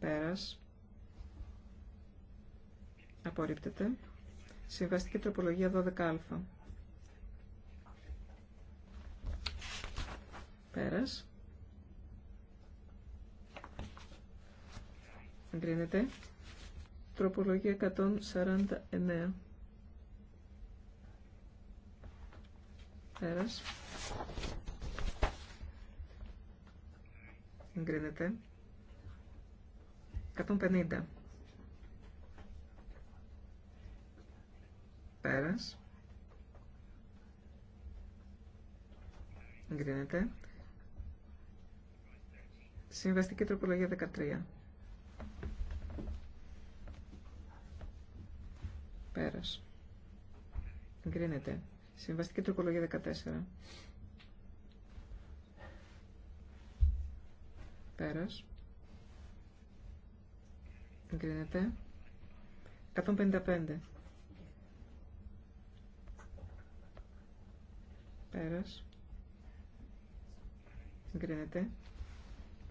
Πέρας. Απορρίπτεται. Συμβαστική τροπολογία 12α. Πέρας. Εγκρίνεται. Τροπολογία 149. Πέρας. Εγκρίνεται. 150. Πέρας. Εγκρίνεται. Συμβαστική τροπολογία 13. Πέρας. Εγκρίνεται. Συμβαστική τροπολογία 14. Πέρας. Εγκρίνεται. 155. Πέρας. Εγκρίνεται.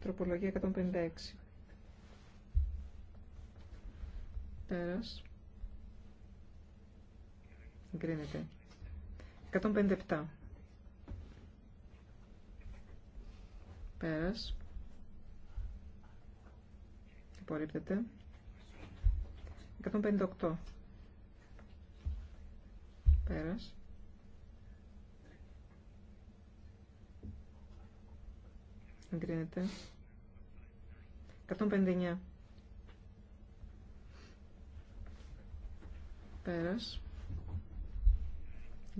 Τροπολογία 156. Πέρας. Εγκρίνεται. 157. Πέρας. Υπορρίπτεται. 158. Πέρας. Εγκρίνεται. 159. Πέρας.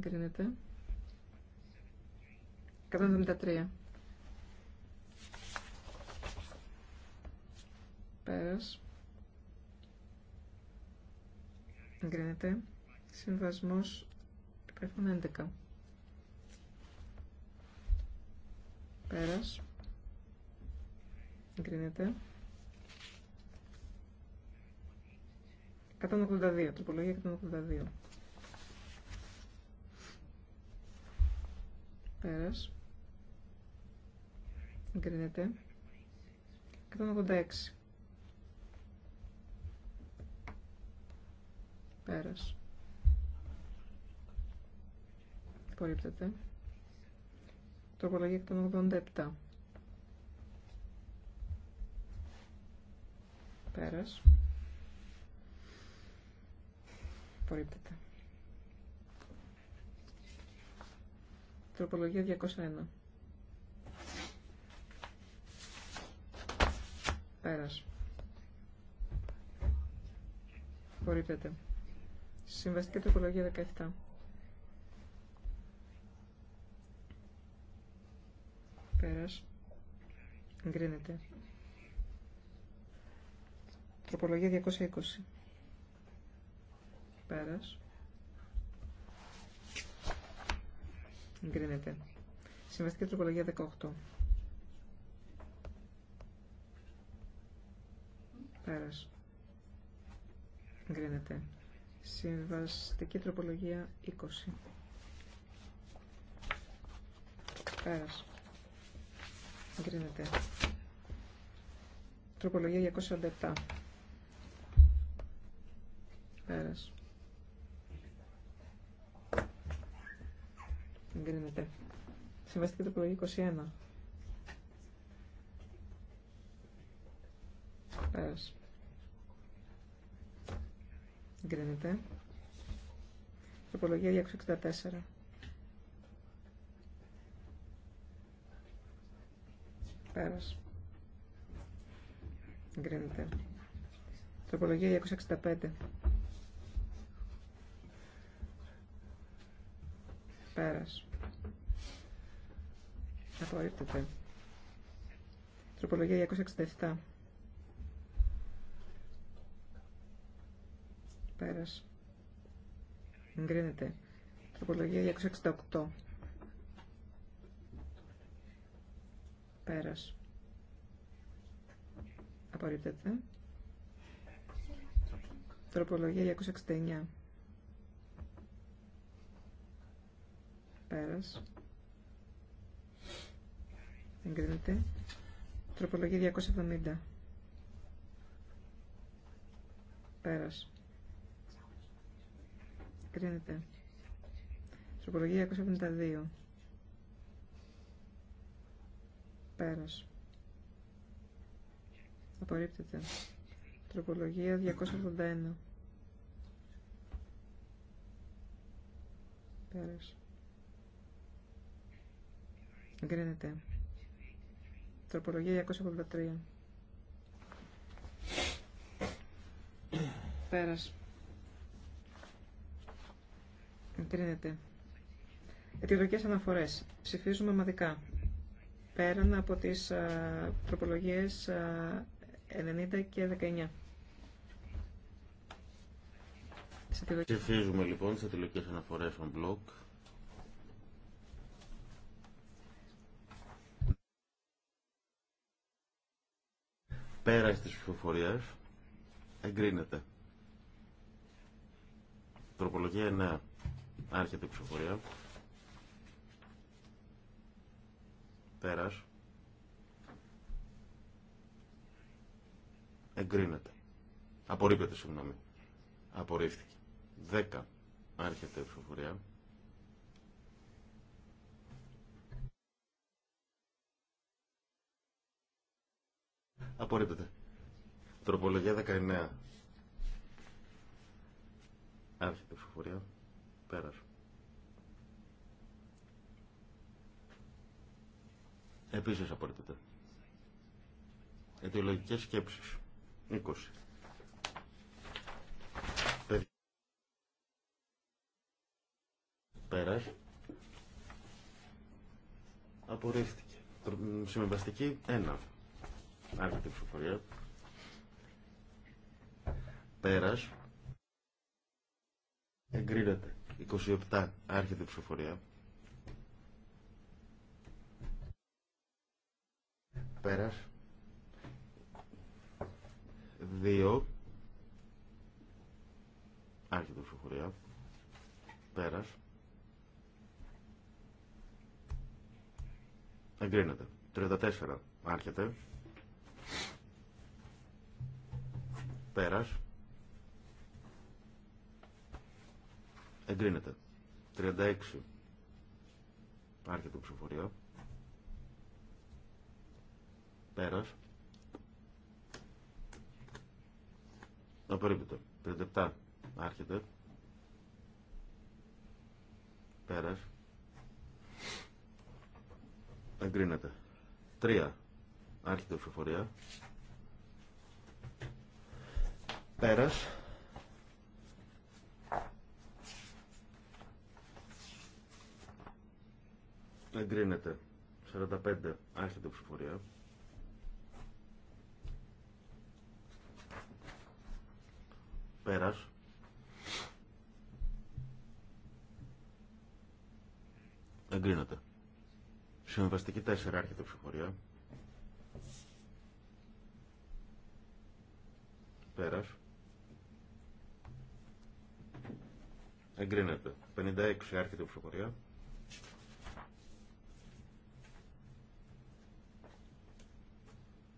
Εγκρίνεται. 173. Πέρας. Εγκρίνεται. Συμβασμός υπέρφων 11. Πέρας. Εγκρίνεται. 182. Τροπολογία 182. Πέρας. Εγκρίνεται. 186. Πέρας. το κολλαγή 187. Πέρας. υπορρίπτεται. Τροπολογία 201. Πέρας. Απορρίπτεται. Συμβαστική τροπολογία 17. Πέρας. Εγκρίνεται. Τροπολογία 220. Πέρας. Εγκρίνεται. Συμβαστική τροπολογία 18. Πέρας. Εγκρίνεται. Συμβαστική τροπολογία 20. Πέρας. Εγκρίνεται. Τροπολογία 247. Πέρας. Συμβαστική τροπολογία 21. Πέρας. Εγκρίνεται. Τροπολογία 264. Πέρας. Εγκρίνεται. Τροπολογία 265. Πέρας. Απορρίπτεται. Τροπολογία 267. Πέρας. Εγκρίνεται. Τροπολογία 268. Πέρας. Απορρίπτεται. Τροπολογία 269. Πέρας. Εγκρίνεται. Τροπολογία 270. Πέρας. Εγκρίνεται. Τροπολογία 272. Πέρας. Απορρίπτεται. Τροπολογία 281. Πέρας. Εγκρίνεται. Τροπολογία 283. Πέρας. Εγκρίνεται. Αιτιολογικές αναφορές. Ψηφίζουμε μαδικά. Πέραν από τις α, τροπολογίες 90 και 19. Ψηφίζουμε λοιπόν τι αιτιολογικές αναφορές on block. Πέρας της ψηφοφορίας εγκρίνεται. Τροπολογία 9. Άρχεται η ψηφοφορία. Πέρας. Εγκρίνεται. απορρίπεται συγγνώμη. Απορρίφθηκε. 10. Άρχεται η ψηφοφορία. Απορρίπτεται. Τροπολογία 19. Άρχεται η ψηφοφορία. Πέρασε. Επίσης απορρίπτεται. Αιτιολογικές σκέψεις. 20. Πέρας. Απορρίφθηκε. Συμβαστική 1. Άρχεται ψηφοφορία. Πέρας. Εγκρίνεται. 27. Άρχεται η ψηφοφορία. Πέρας. 2. Άρχεται η ψηφοφορία. Πέρας. Εγκρίνεται. 34. Άρχεται. Πέρας. Εγκρίνεται. 36. Άρχεται το ψηφοριό Πέρας. Απορρίπτω. 37. Άρχεται. Πέρας. Εγκρίνεται. 3. Άρχεται ψηφοφορία. Πέρας. Εγκρίνεται. 45. Άρχεται ψηφοφορία. Πέρας. Εγκρίνεται. Συμβαστική 4. Άρχεται του ψηφοφορία. Πέρας. Εγκρίνεται. 56 άρχεται η ψηφοφορία.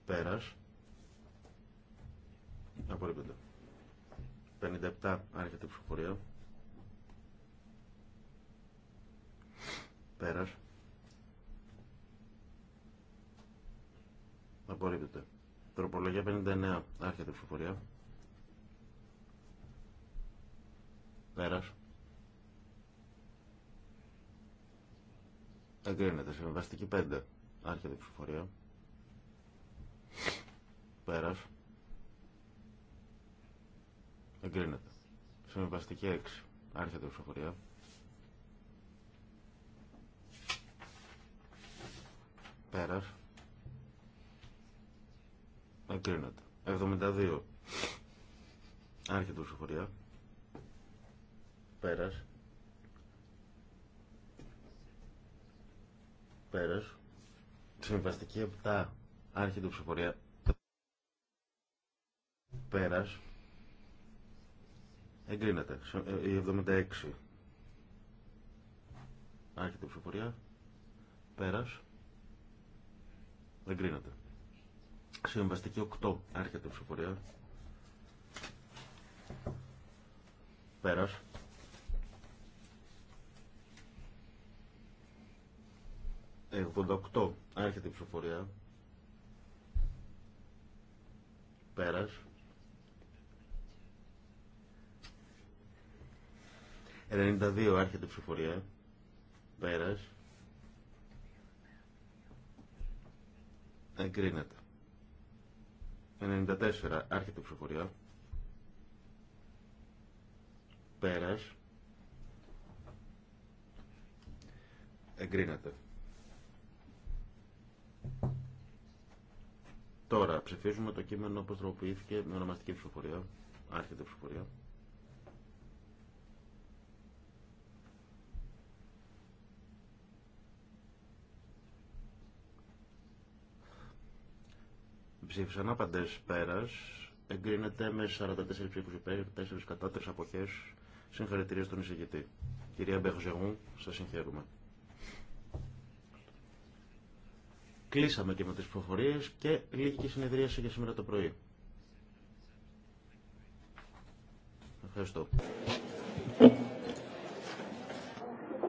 Πέρα. Απορρίπτεται. 57 άρχεται η ψηφοφορία. Πέρα. Απορρίπτεται. Τροπολογία 59 άρχεται η ψηφοφορία. Πέρας. Εγκρίνεται. Συμβαστική 5. Άρχεται η ψηφοφορία. Πέρας. Εγκρίνεται. Συμβαστική 6. Άρχεται η ψηφοφορία. Πέρας. Εγκρίνεται. 72. Άρχεται η ψηφοφορία. Πέρας. Πέρας. Συμβαστική 7. άρχη του ψηφοφορία. Πέρας. Εγκρίνεται. Ε, η 76. Άρχη του ψηφοφορία. Πέρας. Εγκρίνεται. Συμβαστική 8. Άρχη του ψηφοφορία. Πέρας. 88 άρχεται η ψηφοφορία. Πέρας. 92 άρχεται η ψηφοφορία. Πέρας. Εγκρίνεται. 94 άρχεται η ψηφοφορία. Πέρας. Εγκρίνεται. Τώρα ψηφίζουμε το κείμενο όπως τροποποιήθηκε με ονομαστική ψηφοφορία. Άρχεται ψηφοφορία. Ψήφισαν άπαντες πέρας. Εγκρίνεται με 44 ψήφους υπέρ, 4 κατά, 3 αποχές. Συγχαρητήρια στον εισηγητή. Κυρία Μπεχζεγού, σας συγχαίρουμε. Κλείσαμε και με τις προφορίες και λίγη και συνεδρίαση για σήμερα το πρωί. Ευχαριστώ.